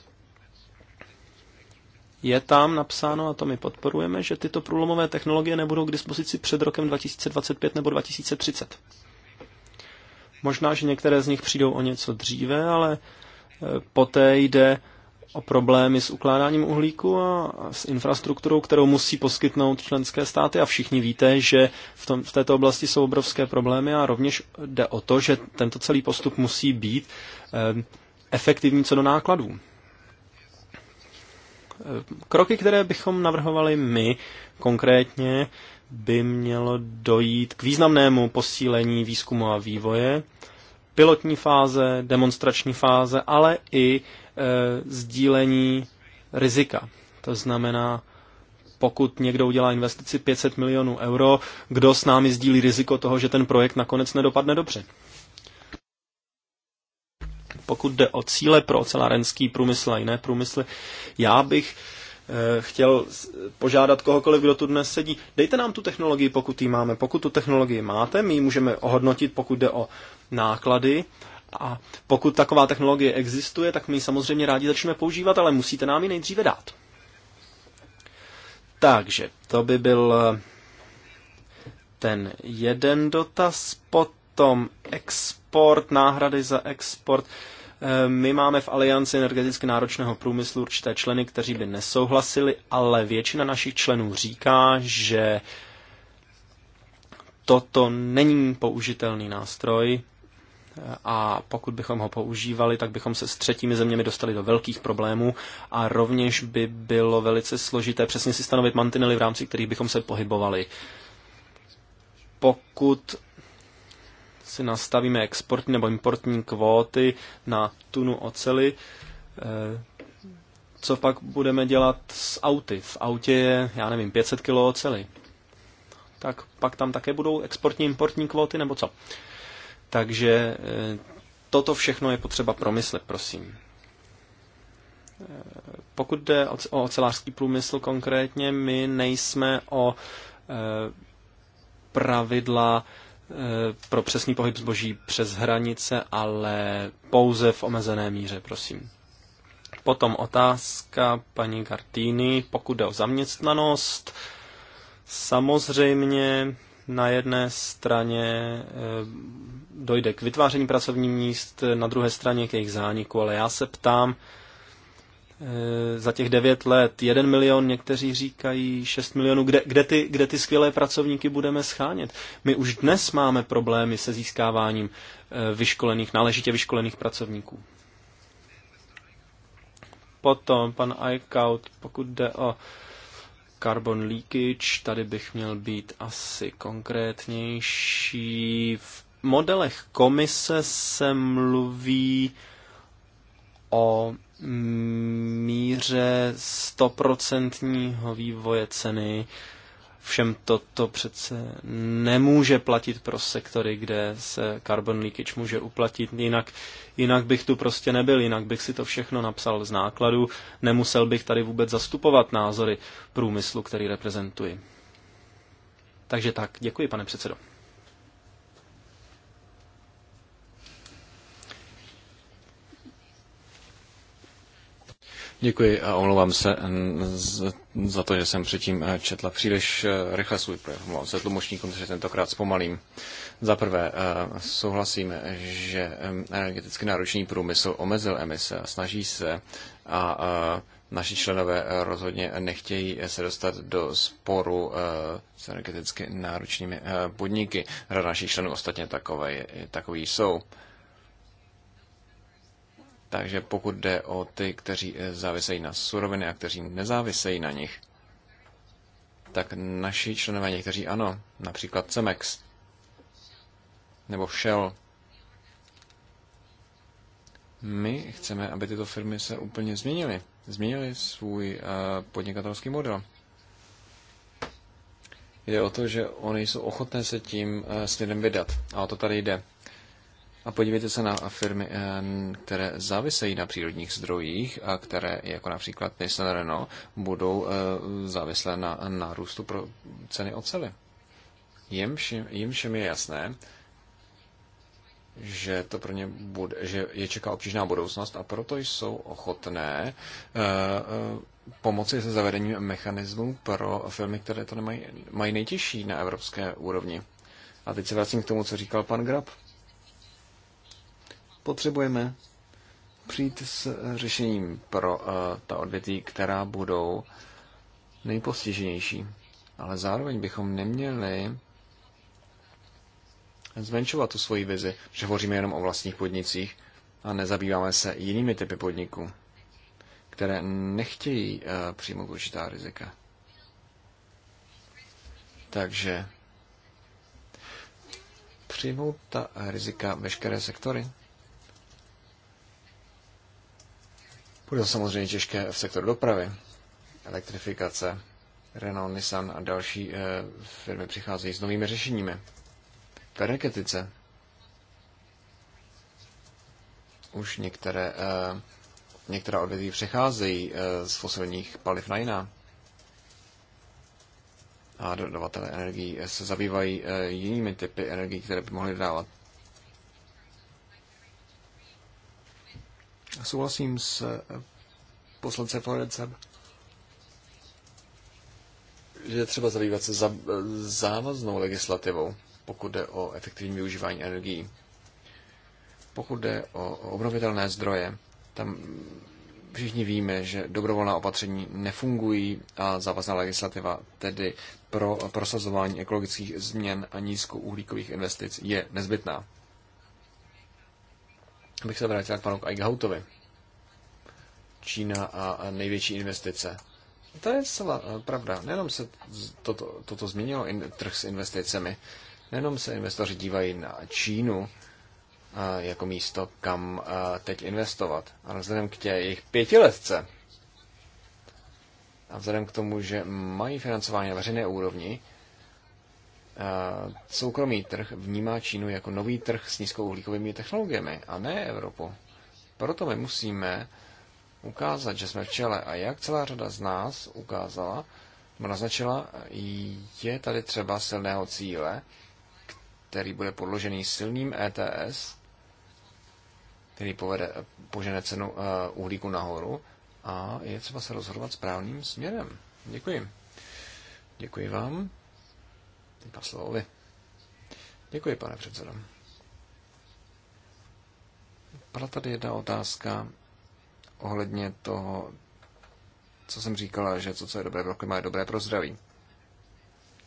je tam napsáno, a to my podporujeme, že tyto průlomové technologie nebudou k dispozici před rokem 2025 nebo 2030. Možná, že některé z nich přijdou o něco dříve, ale eh, poté jde o problémy s ukládáním uhlíku a s infrastrukturou, kterou musí poskytnout členské státy. A všichni víte, že v, tom, v této oblasti jsou obrovské problémy a rovněž jde o to, že tento celý postup musí být eh, efektivní co do nákladů. Kroky, které bychom navrhovali my konkrétně, by mělo dojít k významnému posílení výzkumu a vývoje, pilotní fáze, demonstrační fáze, ale i e, sdílení rizika. To znamená, pokud někdo udělá investici 500 milionů euro, kdo s námi sdílí riziko toho, že ten projekt nakonec nedopadne dobře. Pokud jde o cíle pro ocelárenský průmysl a jiné průmysly, já bych eh, chtěl požádat kohokoliv, kdo tu dnes sedí, dejte nám tu technologii, pokud ji máme. Pokud tu technologii máte, my ji můžeme ohodnotit, pokud jde o náklady. A pokud taková technologie existuje, tak my ji samozřejmě rádi začneme používat, ale musíte nám ji nejdříve dát. Takže to by byl eh, ten jeden dotaz, potom export, náhrady za export. Eh, my máme v Alianci energeticky náročného průmyslu určité členy, kteří by nesouhlasili, ale většina našich členů říká, že toto není použitelný nástroj eh, a pokud bychom ho používali, tak bychom se s třetími zeměmi dostali do velkých problémů a rovněž by bylo velice složité přesně si stanovit mantinely, v rámci kterých bychom se pohybovali. Pokud si nastavíme exportní nebo importní kvóty na tunu ocely, eh, co pak budeme dělat s auty? V autě je, já nevím, 500 kg ocely. Tak pak tam také budou exportní importní kvóty nebo co? Takže eh, toto všechno je potřeba promyslet, prosím. Eh, pokud jde o ocelářský průmysl konkrétně, my nejsme o pravidla Eh, pro přesný pohyb zboží přes hranice, ale pouze v omezené míře, prosím. Potom otázka paní Gartýny, pokud jde o zaměstnanost. Samozřejmě na jedné straně eh, dojde k vytváření pracovních míst, na druhé straně k jejich zániku, ale já se ptám, Eh, za těch devět let jeden milion, někteří říkají šest milionů. Kde, kde, ty, kde ty skvělé pracovníky budeme schánět? My už dnes máme problémy se získáváním eh, vyškolených, náležitě vyškolených pracovníků. Potom pan Eichhout, pokud jde o carbon leakage, tady bych měl být asi konkrétnější. V modelech komise se mluví o míře stoprocentního vývoje ceny Všem toto přece nemůže platit pro sektory, kde se carbon leakage může uplatit. Jinak, jinak bych tu prostě nebyl, jinak bych si to všechno napsal z nákladu, nemusel bych tady vůbec zastupovat názory průmyslu, který reprezentuji. Takže tak, děkuji, pane předsedo. Děkuji a omlouvám se za to, že jsem předtím eh, četla příliš eh, rychle svůj projev. Omlouvám se tlumočníkům, že tentokrát zpomalím. Za prvé, eh, souhlasím, že energeticky náročný průmysl omezil emise a snaží se a naši členové rozhodně nechtějí se dostat do sporu s energeticky náročnými podniky. Rada našich členů ostatně takové, takový jsou. Takže pokud jde o ty, kteří eh, závisejí na suroviny a kteří nezávisejí na nich, tak naši členové někteří ano, například Cemex nebo Shell. My chceme, aby tyto firmy se úplně změnily. Změnily svůj uh, podnikatelský model. Jde o to, že oni jsou ochotné se tím uh, směrem vydat. A o to tady jde. A podívejte se na firmy, eh, které závisejí na přírodních zdrojích a které, jako například Nissan Renault, budou eh, závislé na nárůstu pro ceny ocely. Jim všem, jim všem je jasné, že to pro ně bude, že je čeká obtížná budoucnost a proto jsou ochotné eh, pomoci se zavedením mechanismů pro firmy, které to nemají, mají nejtěžší na evropské úrovni. A teď se vracím k tomu, co říkal pan Grab potřebujeme přijít s řešením pro eh, ta odvětví, která budou nejpostiženější. Ale zároveň bychom neměli zmenšovat tu svoji vizi, že hovoříme jenom o vlastních podnicích a nezabýváme se jinými typy podniků, které nechtějí eh, přijmout určitá rizika. Takže přijmout ta rizika veškeré sektory. Bude to samozřejmě těžké v sektoru dopravy, elektrifikace. Renault, Nissan a další eh, firmy přicházejí s novými řešeními. V energetice už některé, eh, některá odvětví přecházejí eh, z fosilních paliv na jiná a dodavatelé energií se zabývají jinými typy energií, které by mohly dávat. Souhlasím s eh, poslancem Florencem že je třeba zabývat se za, závaznou legislativou, pokud jde o efektivní využívání energií. Pokud jde o obnovitelné zdroje, tam všichni víme, že dobrovolná opatření nefungují a závazná legislativa tedy pro prosazování ekologických změn a nízkouhlíkových investic je nezbytná. Abych se vrátil k panu Eichhoutovi. Čína a největší investice. To je celá eh, pravda. Nejenom se toto, toto změnilo in, trh s investicemi, nejenom se investoři dívají na Čínu a, eh, jako místo, kam a, eh, teď investovat, ale vzhledem k těch jejich pětiletce a vzhledem k tomu, že mají financování na veřejné úrovni, soukromý trh vnímá Čínu jako nový trh s nízkouhlíkovými technologiemi a ne Evropu. Proto my musíme ukázat, že jsme v čele. A jak celá řada z nás ukázala, naznačila, je tady třeba silného cíle, který bude podložený silným ETS, který povede, požene cenu e, uhlíku nahoru a je třeba se rozhodovat správným směrem. Děkuji. Děkuji vám. Kaslovovi. Děkuji, pane předsedo. Pala tady jedna otázka ohledně toho, co jsem říkala, že co, co je dobré pro klima, je dobré pro zdraví.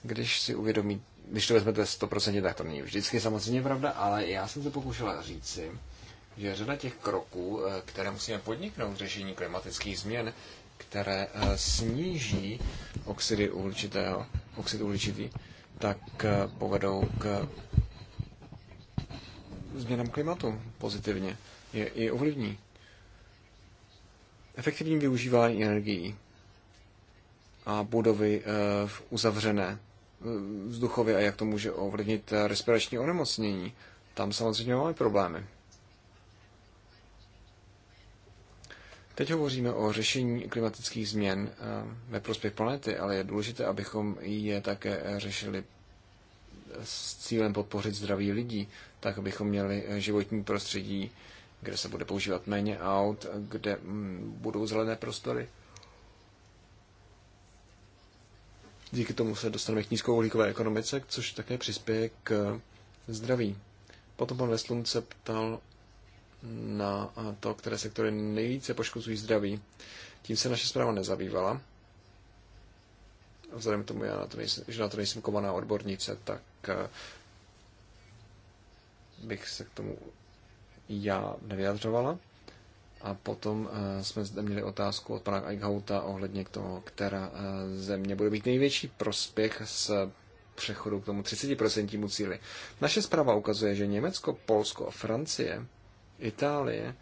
Když si uvědomí, když to vezmete 100%, tak to není vždycky samozřejmě pravda, ale já jsem se pokoušela říci, že řada těch kroků, eh, které musíme podniknout v řešení klimatických změn, které eh, sníží oxidy uhličitého, oxid uhličitý, tak eh, povedou k změnám klimatu pozitivně. Je, i ovlivní. Efektivní využívání energií a budovy eh, v uzavřené eh, vzduchově a jak to může ovlivnit respirační onemocnění. Tam samozřejmě máme problémy. Teď hovoříme o řešení klimatických změn eh, ve prospěch planety, ale je důležité, abychom je také řešili s cílem podpořit zdraví lidí, tak abychom měli životní prostředí, kde se bude používat méně aut, kde mm, budou zelené prostory. Díky tomu se dostaneme k nízkouhlíkové ekonomice, což také přispěje k zdraví. Potom pan Veslun se ptal na to, které sektory nejvíce poškozují zdraví. Tím se naše zpráva nezabývala. Vzhledem k tomu, já na to nejsem, že na to nejsem kovaná odbornice, tak eh, bych se k tomu já nevyjadřovala. A potom eh, jsme zde měli otázku od pana Eichhouta ohledně k toho, která eh, země bude mít největší prospěch s přechodu k tomu 30% cíli. Naše zpráva ukazuje, že Německo, Polsko a Francie Itálie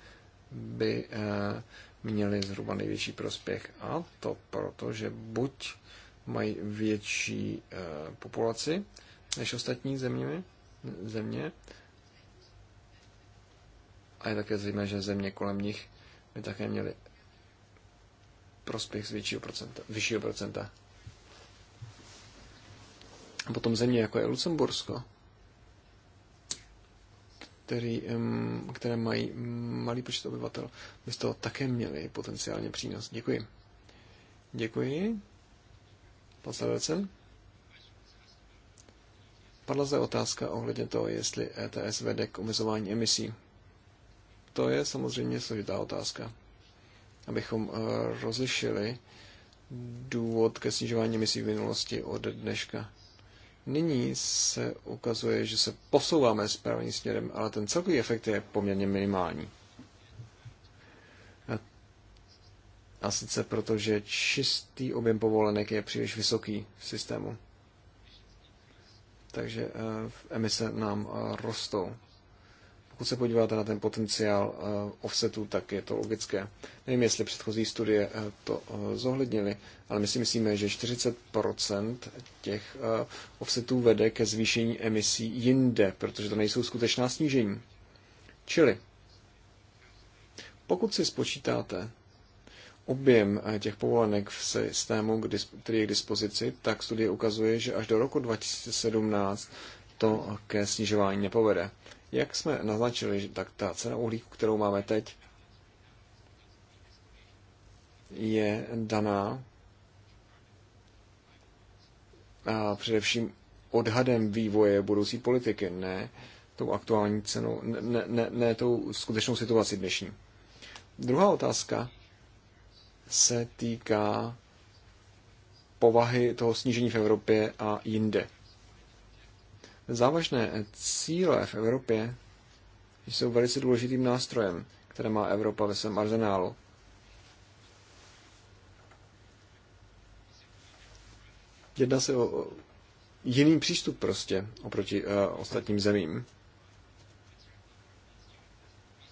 by eh, měly zhruba největší prospěch. A to proto, že buď mají větší eh, populaci než ostatní země, země a je také zřejmé, že země kolem nich by také měly prospěch z většího procenta, vyššího procenta. A potom země jako je Lucembursko, který, které mají malý počet obyvatel, by z toho také měli potenciálně přínos. Děkuji. Děkuji. Pan Padla zde otázka ohledně toho, jestli ETS vede k omezování emisí. To je samozřejmě složitá otázka. Abychom eh, rozlišili důvod ke snižování emisí v minulosti od dneška. Nyní se ukazuje, že se posouváme správným směrem, ale ten celkový efekt je poměrně minimální. A sice proto, že čistý objem povolenek je příliš vysoký v systému. Takže eh, emise nám eh, rostou. Pokud se podíváte na ten potenciál eh, offsetu, tak je to logické. Nevím, jestli předchozí studie eh, to eh, zohlednily, ale my si myslíme, že 40% těch offsetů vede ke zvýšení emisí jinde, protože to nejsou skutečná snížení. Čili, pokud si spočítáte objem těch povolenek v systému, který je k dispozici, tak studie ukazuje, že až do roku 2017 to ke snižování nepovede. Jak jsme naznačili, že tak ta cena uhlíku, kterou máme teď, je daná a především odhadem vývoje budoucí politiky, ne tou aktuální cenou, ne, ne, ne tou skutečnou situací dnešní. Druhá otázka se týká povahy toho snížení v Evropě a jinde. Závažné cíle v Evropě jsou velice důležitým nástrojem, které má Evropa ve svém arzenálu. Jedná se o jiný přístup prostě oproti uh, ostatním zemím.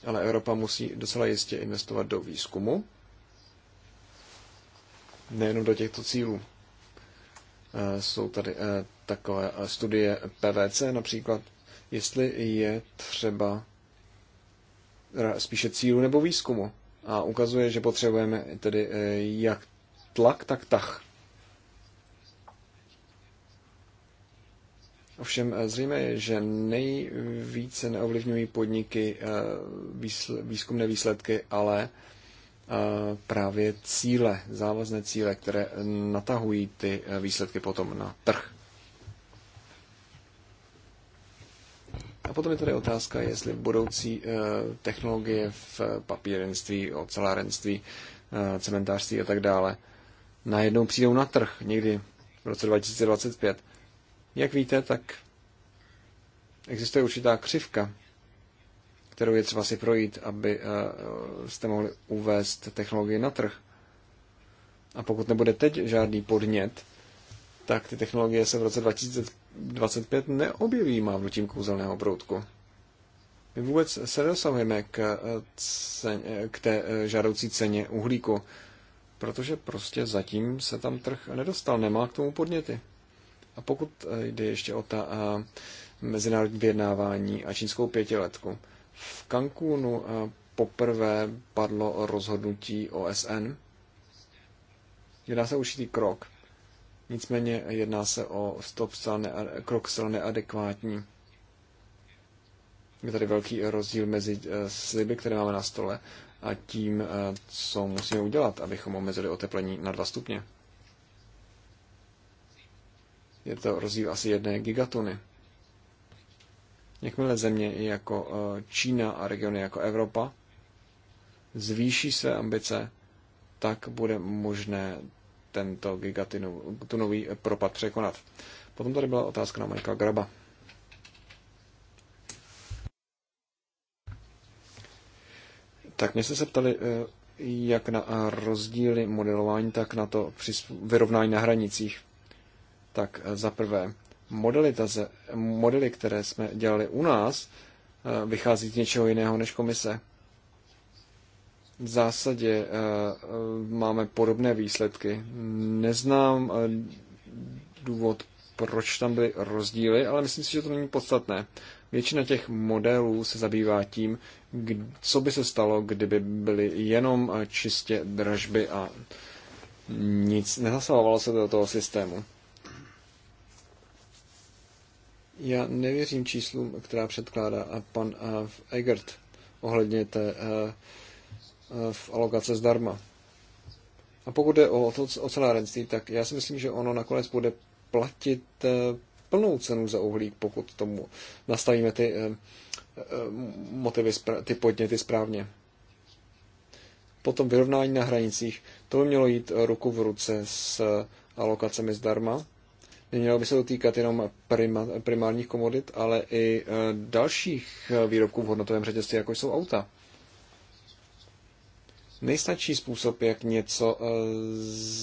Ale Evropa musí docela jistě investovat do výzkumu, nejenom do těchto cílů. Eh, jsou tady eh, takové eh, studie PVC například, jestli je třeba spíše cílu nebo výzkumu. A ukazuje, že potřebujeme tedy jak tlak, tak tah. Ovšem zřejmé je, že nejvíce neovlivňují podniky výzkumné výsledky, ale právě cíle, závazné cíle, které natahují ty eh, výsledky potom na trh. A potom je tady otázka, jestli budoucí eh, technologie v eh, papírenství, ocelárenství, cementářství a tak dále najednou přijdou na trh někdy v roce 2025. Jak víte, tak existuje určitá křivka kterou je třeba si projít, aby eh, jste mohli uvést technologii na trh. A pokud nebude teď žádný podnět, tak ty technologie se v roce 2025 neobjeví mávnutím kouzelného proutku. My vůbec se nedosahujeme k, eh, eh, k té žádoucí ceně uhlíku, protože prostě zatím se tam trh nedostal, nemá k tomu podněty. A pokud jde ještě o ta mezinárodní vyjednávání a čínskou pětiletku, v Cancúnu eh, poprvé padlo rozhodnutí OSN. Jedná se určitý krok. Nicméně jedná se o stop strany, krok zcela neadekvátní. Je tady velký rozdíl mezi eh, sliby, které máme na stole, a tím, eh, co musíme udělat, abychom omezili oteplení na 2 stupně. Je to rozdíl asi jedné gigatony. Jakmile země jako eh, Čína a regiony jako Evropa zvýší své ambice, tak bude možné tento gigatunový eh, propad překonat. Potom tady byla otázka na Majka Graba. Tak mě jste se ptali, eh, jak na rozdíly modelování, tak na to vyrovnání na hranicích. Tak za prvé, modely, modely, které jsme dělali u nás, eh, vychází z něčeho jiného než komise. V zásadě eh, eh, máme podobné výsledky. Neznám důvod, proč tam byly rozdíly, ale myslím si, že to není podstatné. Většina těch modelů se zabývá tím, co by se stalo, kdyby byly jenom čistě dražby a nic nezasahovalo se do toho systému. Já nevěřím číslům, která předkládá a pan Egert ohledně té eh, eh, v alokace zdarma. A pokud jde o ocelárenství, tak já si myslím, že ono nakonec bude platit eh, plnou cenu za uhlík, pokud tomu nastavíme ty motivy, ty podněty správně. Potom vyrovnání na hranicích, to by mělo jít ruku v ruce s alokacemi zdarma Mělo by se to týkat jenom prima, primárních komodit, ale i eh, dalších eh, výrobků v hodnotovém řetězci, jako jsou auta. Nejsnadší způsob, jak něco eh,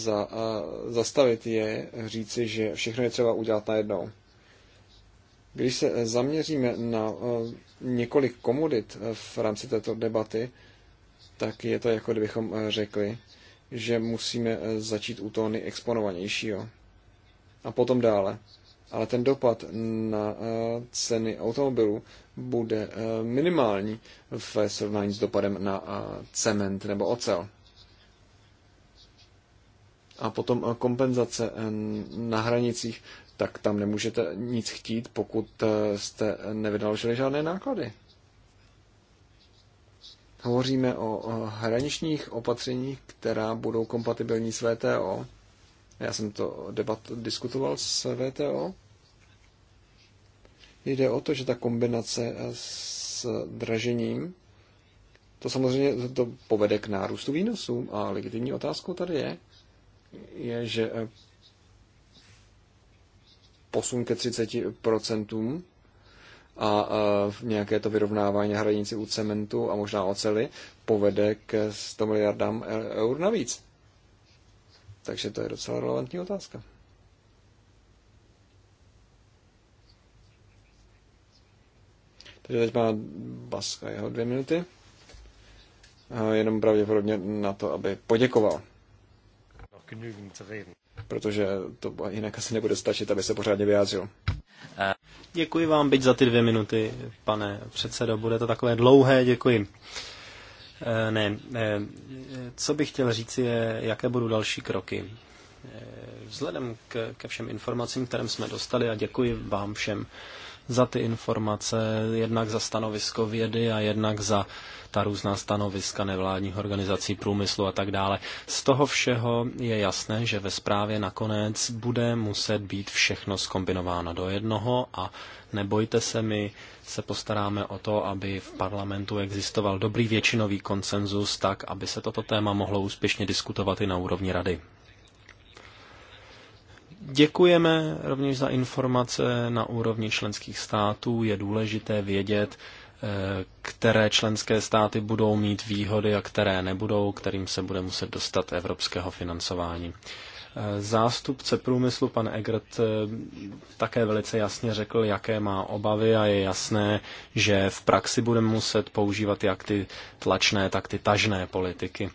za, zastavit, je říci, že všechno je třeba udělat najednou. Když se zaměříme na několik komodit v rámci této debaty, tak je to jako kdybychom řekli, že musíme začít u toho exponovanějšího a potom dále. Ale ten dopad na eh, ceny automobilů bude eh, minimální v srovnání s dopadem na eh, cement nebo ocel. A potom kompenzace na hranicích, tak tam nemůžete nic chtít, pokud jste nevynaložili žádné náklady. Hovoříme o hraničních opatřeních, která budou kompatibilní s VTO já jsem to debat diskutoval s VTO. Jde o to, že ta kombinace s dražením, to samozřejmě to povede k nárůstu výnosů. a legitimní otázkou tady je, je, že eh, posun ke 30% a eh, nějaké to vyrovnávání hranici u cementu a možná oceli povede k 100 miliardám e-, eur navíc. Takže to je docela relevantní otázka. Takže teď má Baska jeho dvě minuty. Jenom pravděpodobně na to, aby poděkoval. Protože to jinak asi nebude stačit, aby se pořádně vyjádřil. Děkuji vám byť za ty dvě minuty, pane předsedo. Bude to takové dlouhé, děkuji. Eh, ne, eh, co bych chtěl říct je, jaké budou další kroky. Eh, vzhledem k, ke všem informacím, které jsme dostali a děkuji vám všem za ty informace, jednak za stanovisko vědy a jednak za ta různá stanoviska nevládních organizací, průmyslu a tak dále. Z toho všeho je jasné, že ve zprávě nakonec bude muset být všechno skombinováno do jednoho a nebojte se, my se postaráme o to, aby v parlamentu existoval dobrý většinový konsenzus tak, aby se toto téma mohlo úspěšně diskutovat i na úrovni rady. Děkujeme rovněž za informace na úrovni členských států. Je důležité vědět, eh, které členské státy budou mít výhody a které nebudou, kterým se bude muset dostat evropského financování. Eh, zástupce průmyslu, pan Egert, eh, také velice jasně řekl, jaké má obavy a je jasné, že v praxi budeme muset používat jak ty tlačné, tak ty tažné politiky.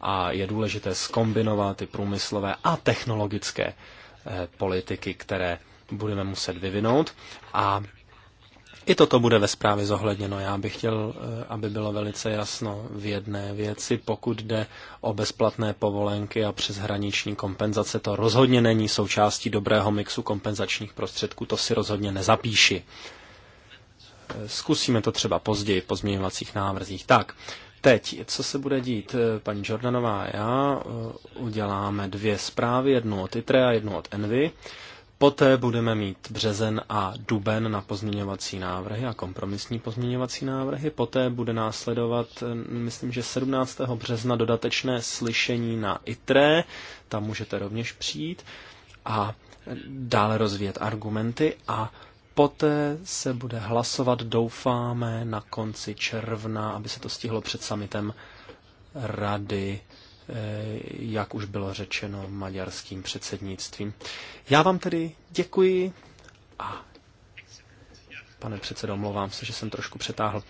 A je důležité skombinovat ty průmyslové a technologické Eh, politiky, které budeme muset vyvinout. A i toto bude ve zprávě zohledněno. Já bych chtěl, eh, aby bylo velice jasno v jedné věci, pokud jde o bezplatné povolenky a přeshraniční kompenzace, to rozhodně není součástí dobrého mixu kompenzačních prostředků, to si rozhodně nezapíši. Eh, zkusíme to třeba později v pozměňovacích návrzích. Tak, Teď, co se bude dít? Eh, paní Jordanová a já eh, uděláme dvě zprávy, jednu od ITRE a jednu od ENVY. Poté budeme mít březen a duben na pozměňovací návrhy a kompromisní pozměňovací návrhy. Poté bude následovat, eh, myslím, že 17. března dodatečné slyšení na ITRE, tam můžete rovněž přijít a dále rozvíjet argumenty a Poté se bude hlasovat, doufáme, na konci června, aby se to stihlo před samitem rady, eh, jak už bylo řečeno, maďarským předsednictvím. Já vám tedy děkuji a pane předsedo, omlouvám se, že jsem trošku přetáhl.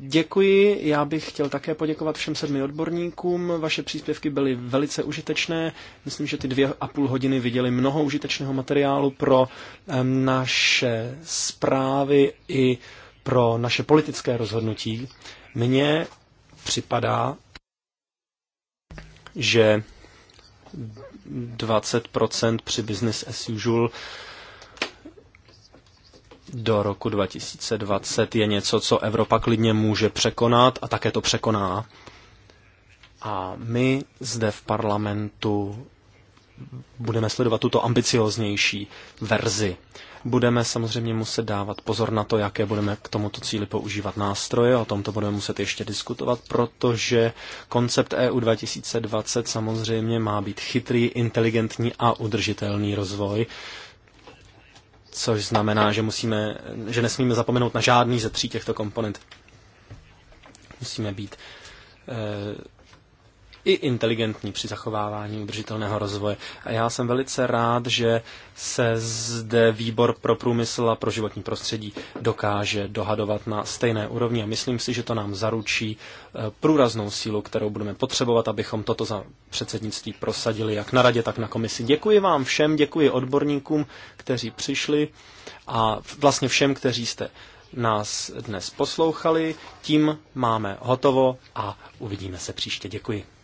Děkuji, já bych chtěl také poděkovat všem sedmi odborníkům. Vaše příspěvky byly velice užitečné. Myslím, že ty dvě a půl hodiny viděli mnoho užitečného materiálu pro naše zprávy i pro naše politické rozhodnutí. Mně připadá, že 20% při business as usual do roku 2020 je něco, co Evropa klidně může překonat a také to překoná. A my zde v parlamentu budeme sledovat tuto ambicioznější verzi. Budeme samozřejmě muset dávat pozor na to, jaké budeme k tomuto cíli používat nástroje, o tomto budeme muset ještě diskutovat, protože koncept EU 2020 samozřejmě má být chytrý, inteligentní a udržitelný rozvoj, což znamená, že, musíme, že nesmíme zapomenout na žádný ze tří těchto komponent. Musíme být eh, i inteligentní při zachovávání udržitelného rozvoje. A já jsem velice rád, že se zde výbor pro průmysl a pro životní prostředí dokáže dohadovat na stejné úrovni a myslím si, že to nám zaručí eh, průraznou sílu, kterou budeme potřebovat, abychom toto za předsednictví prosadili jak na radě, tak na komisi. Děkuji vám všem, děkuji odborníkům, kteří přišli a vlastně všem, kteří jste nás dnes poslouchali. Tím máme hotovo a uvidíme se příště. Děkuji.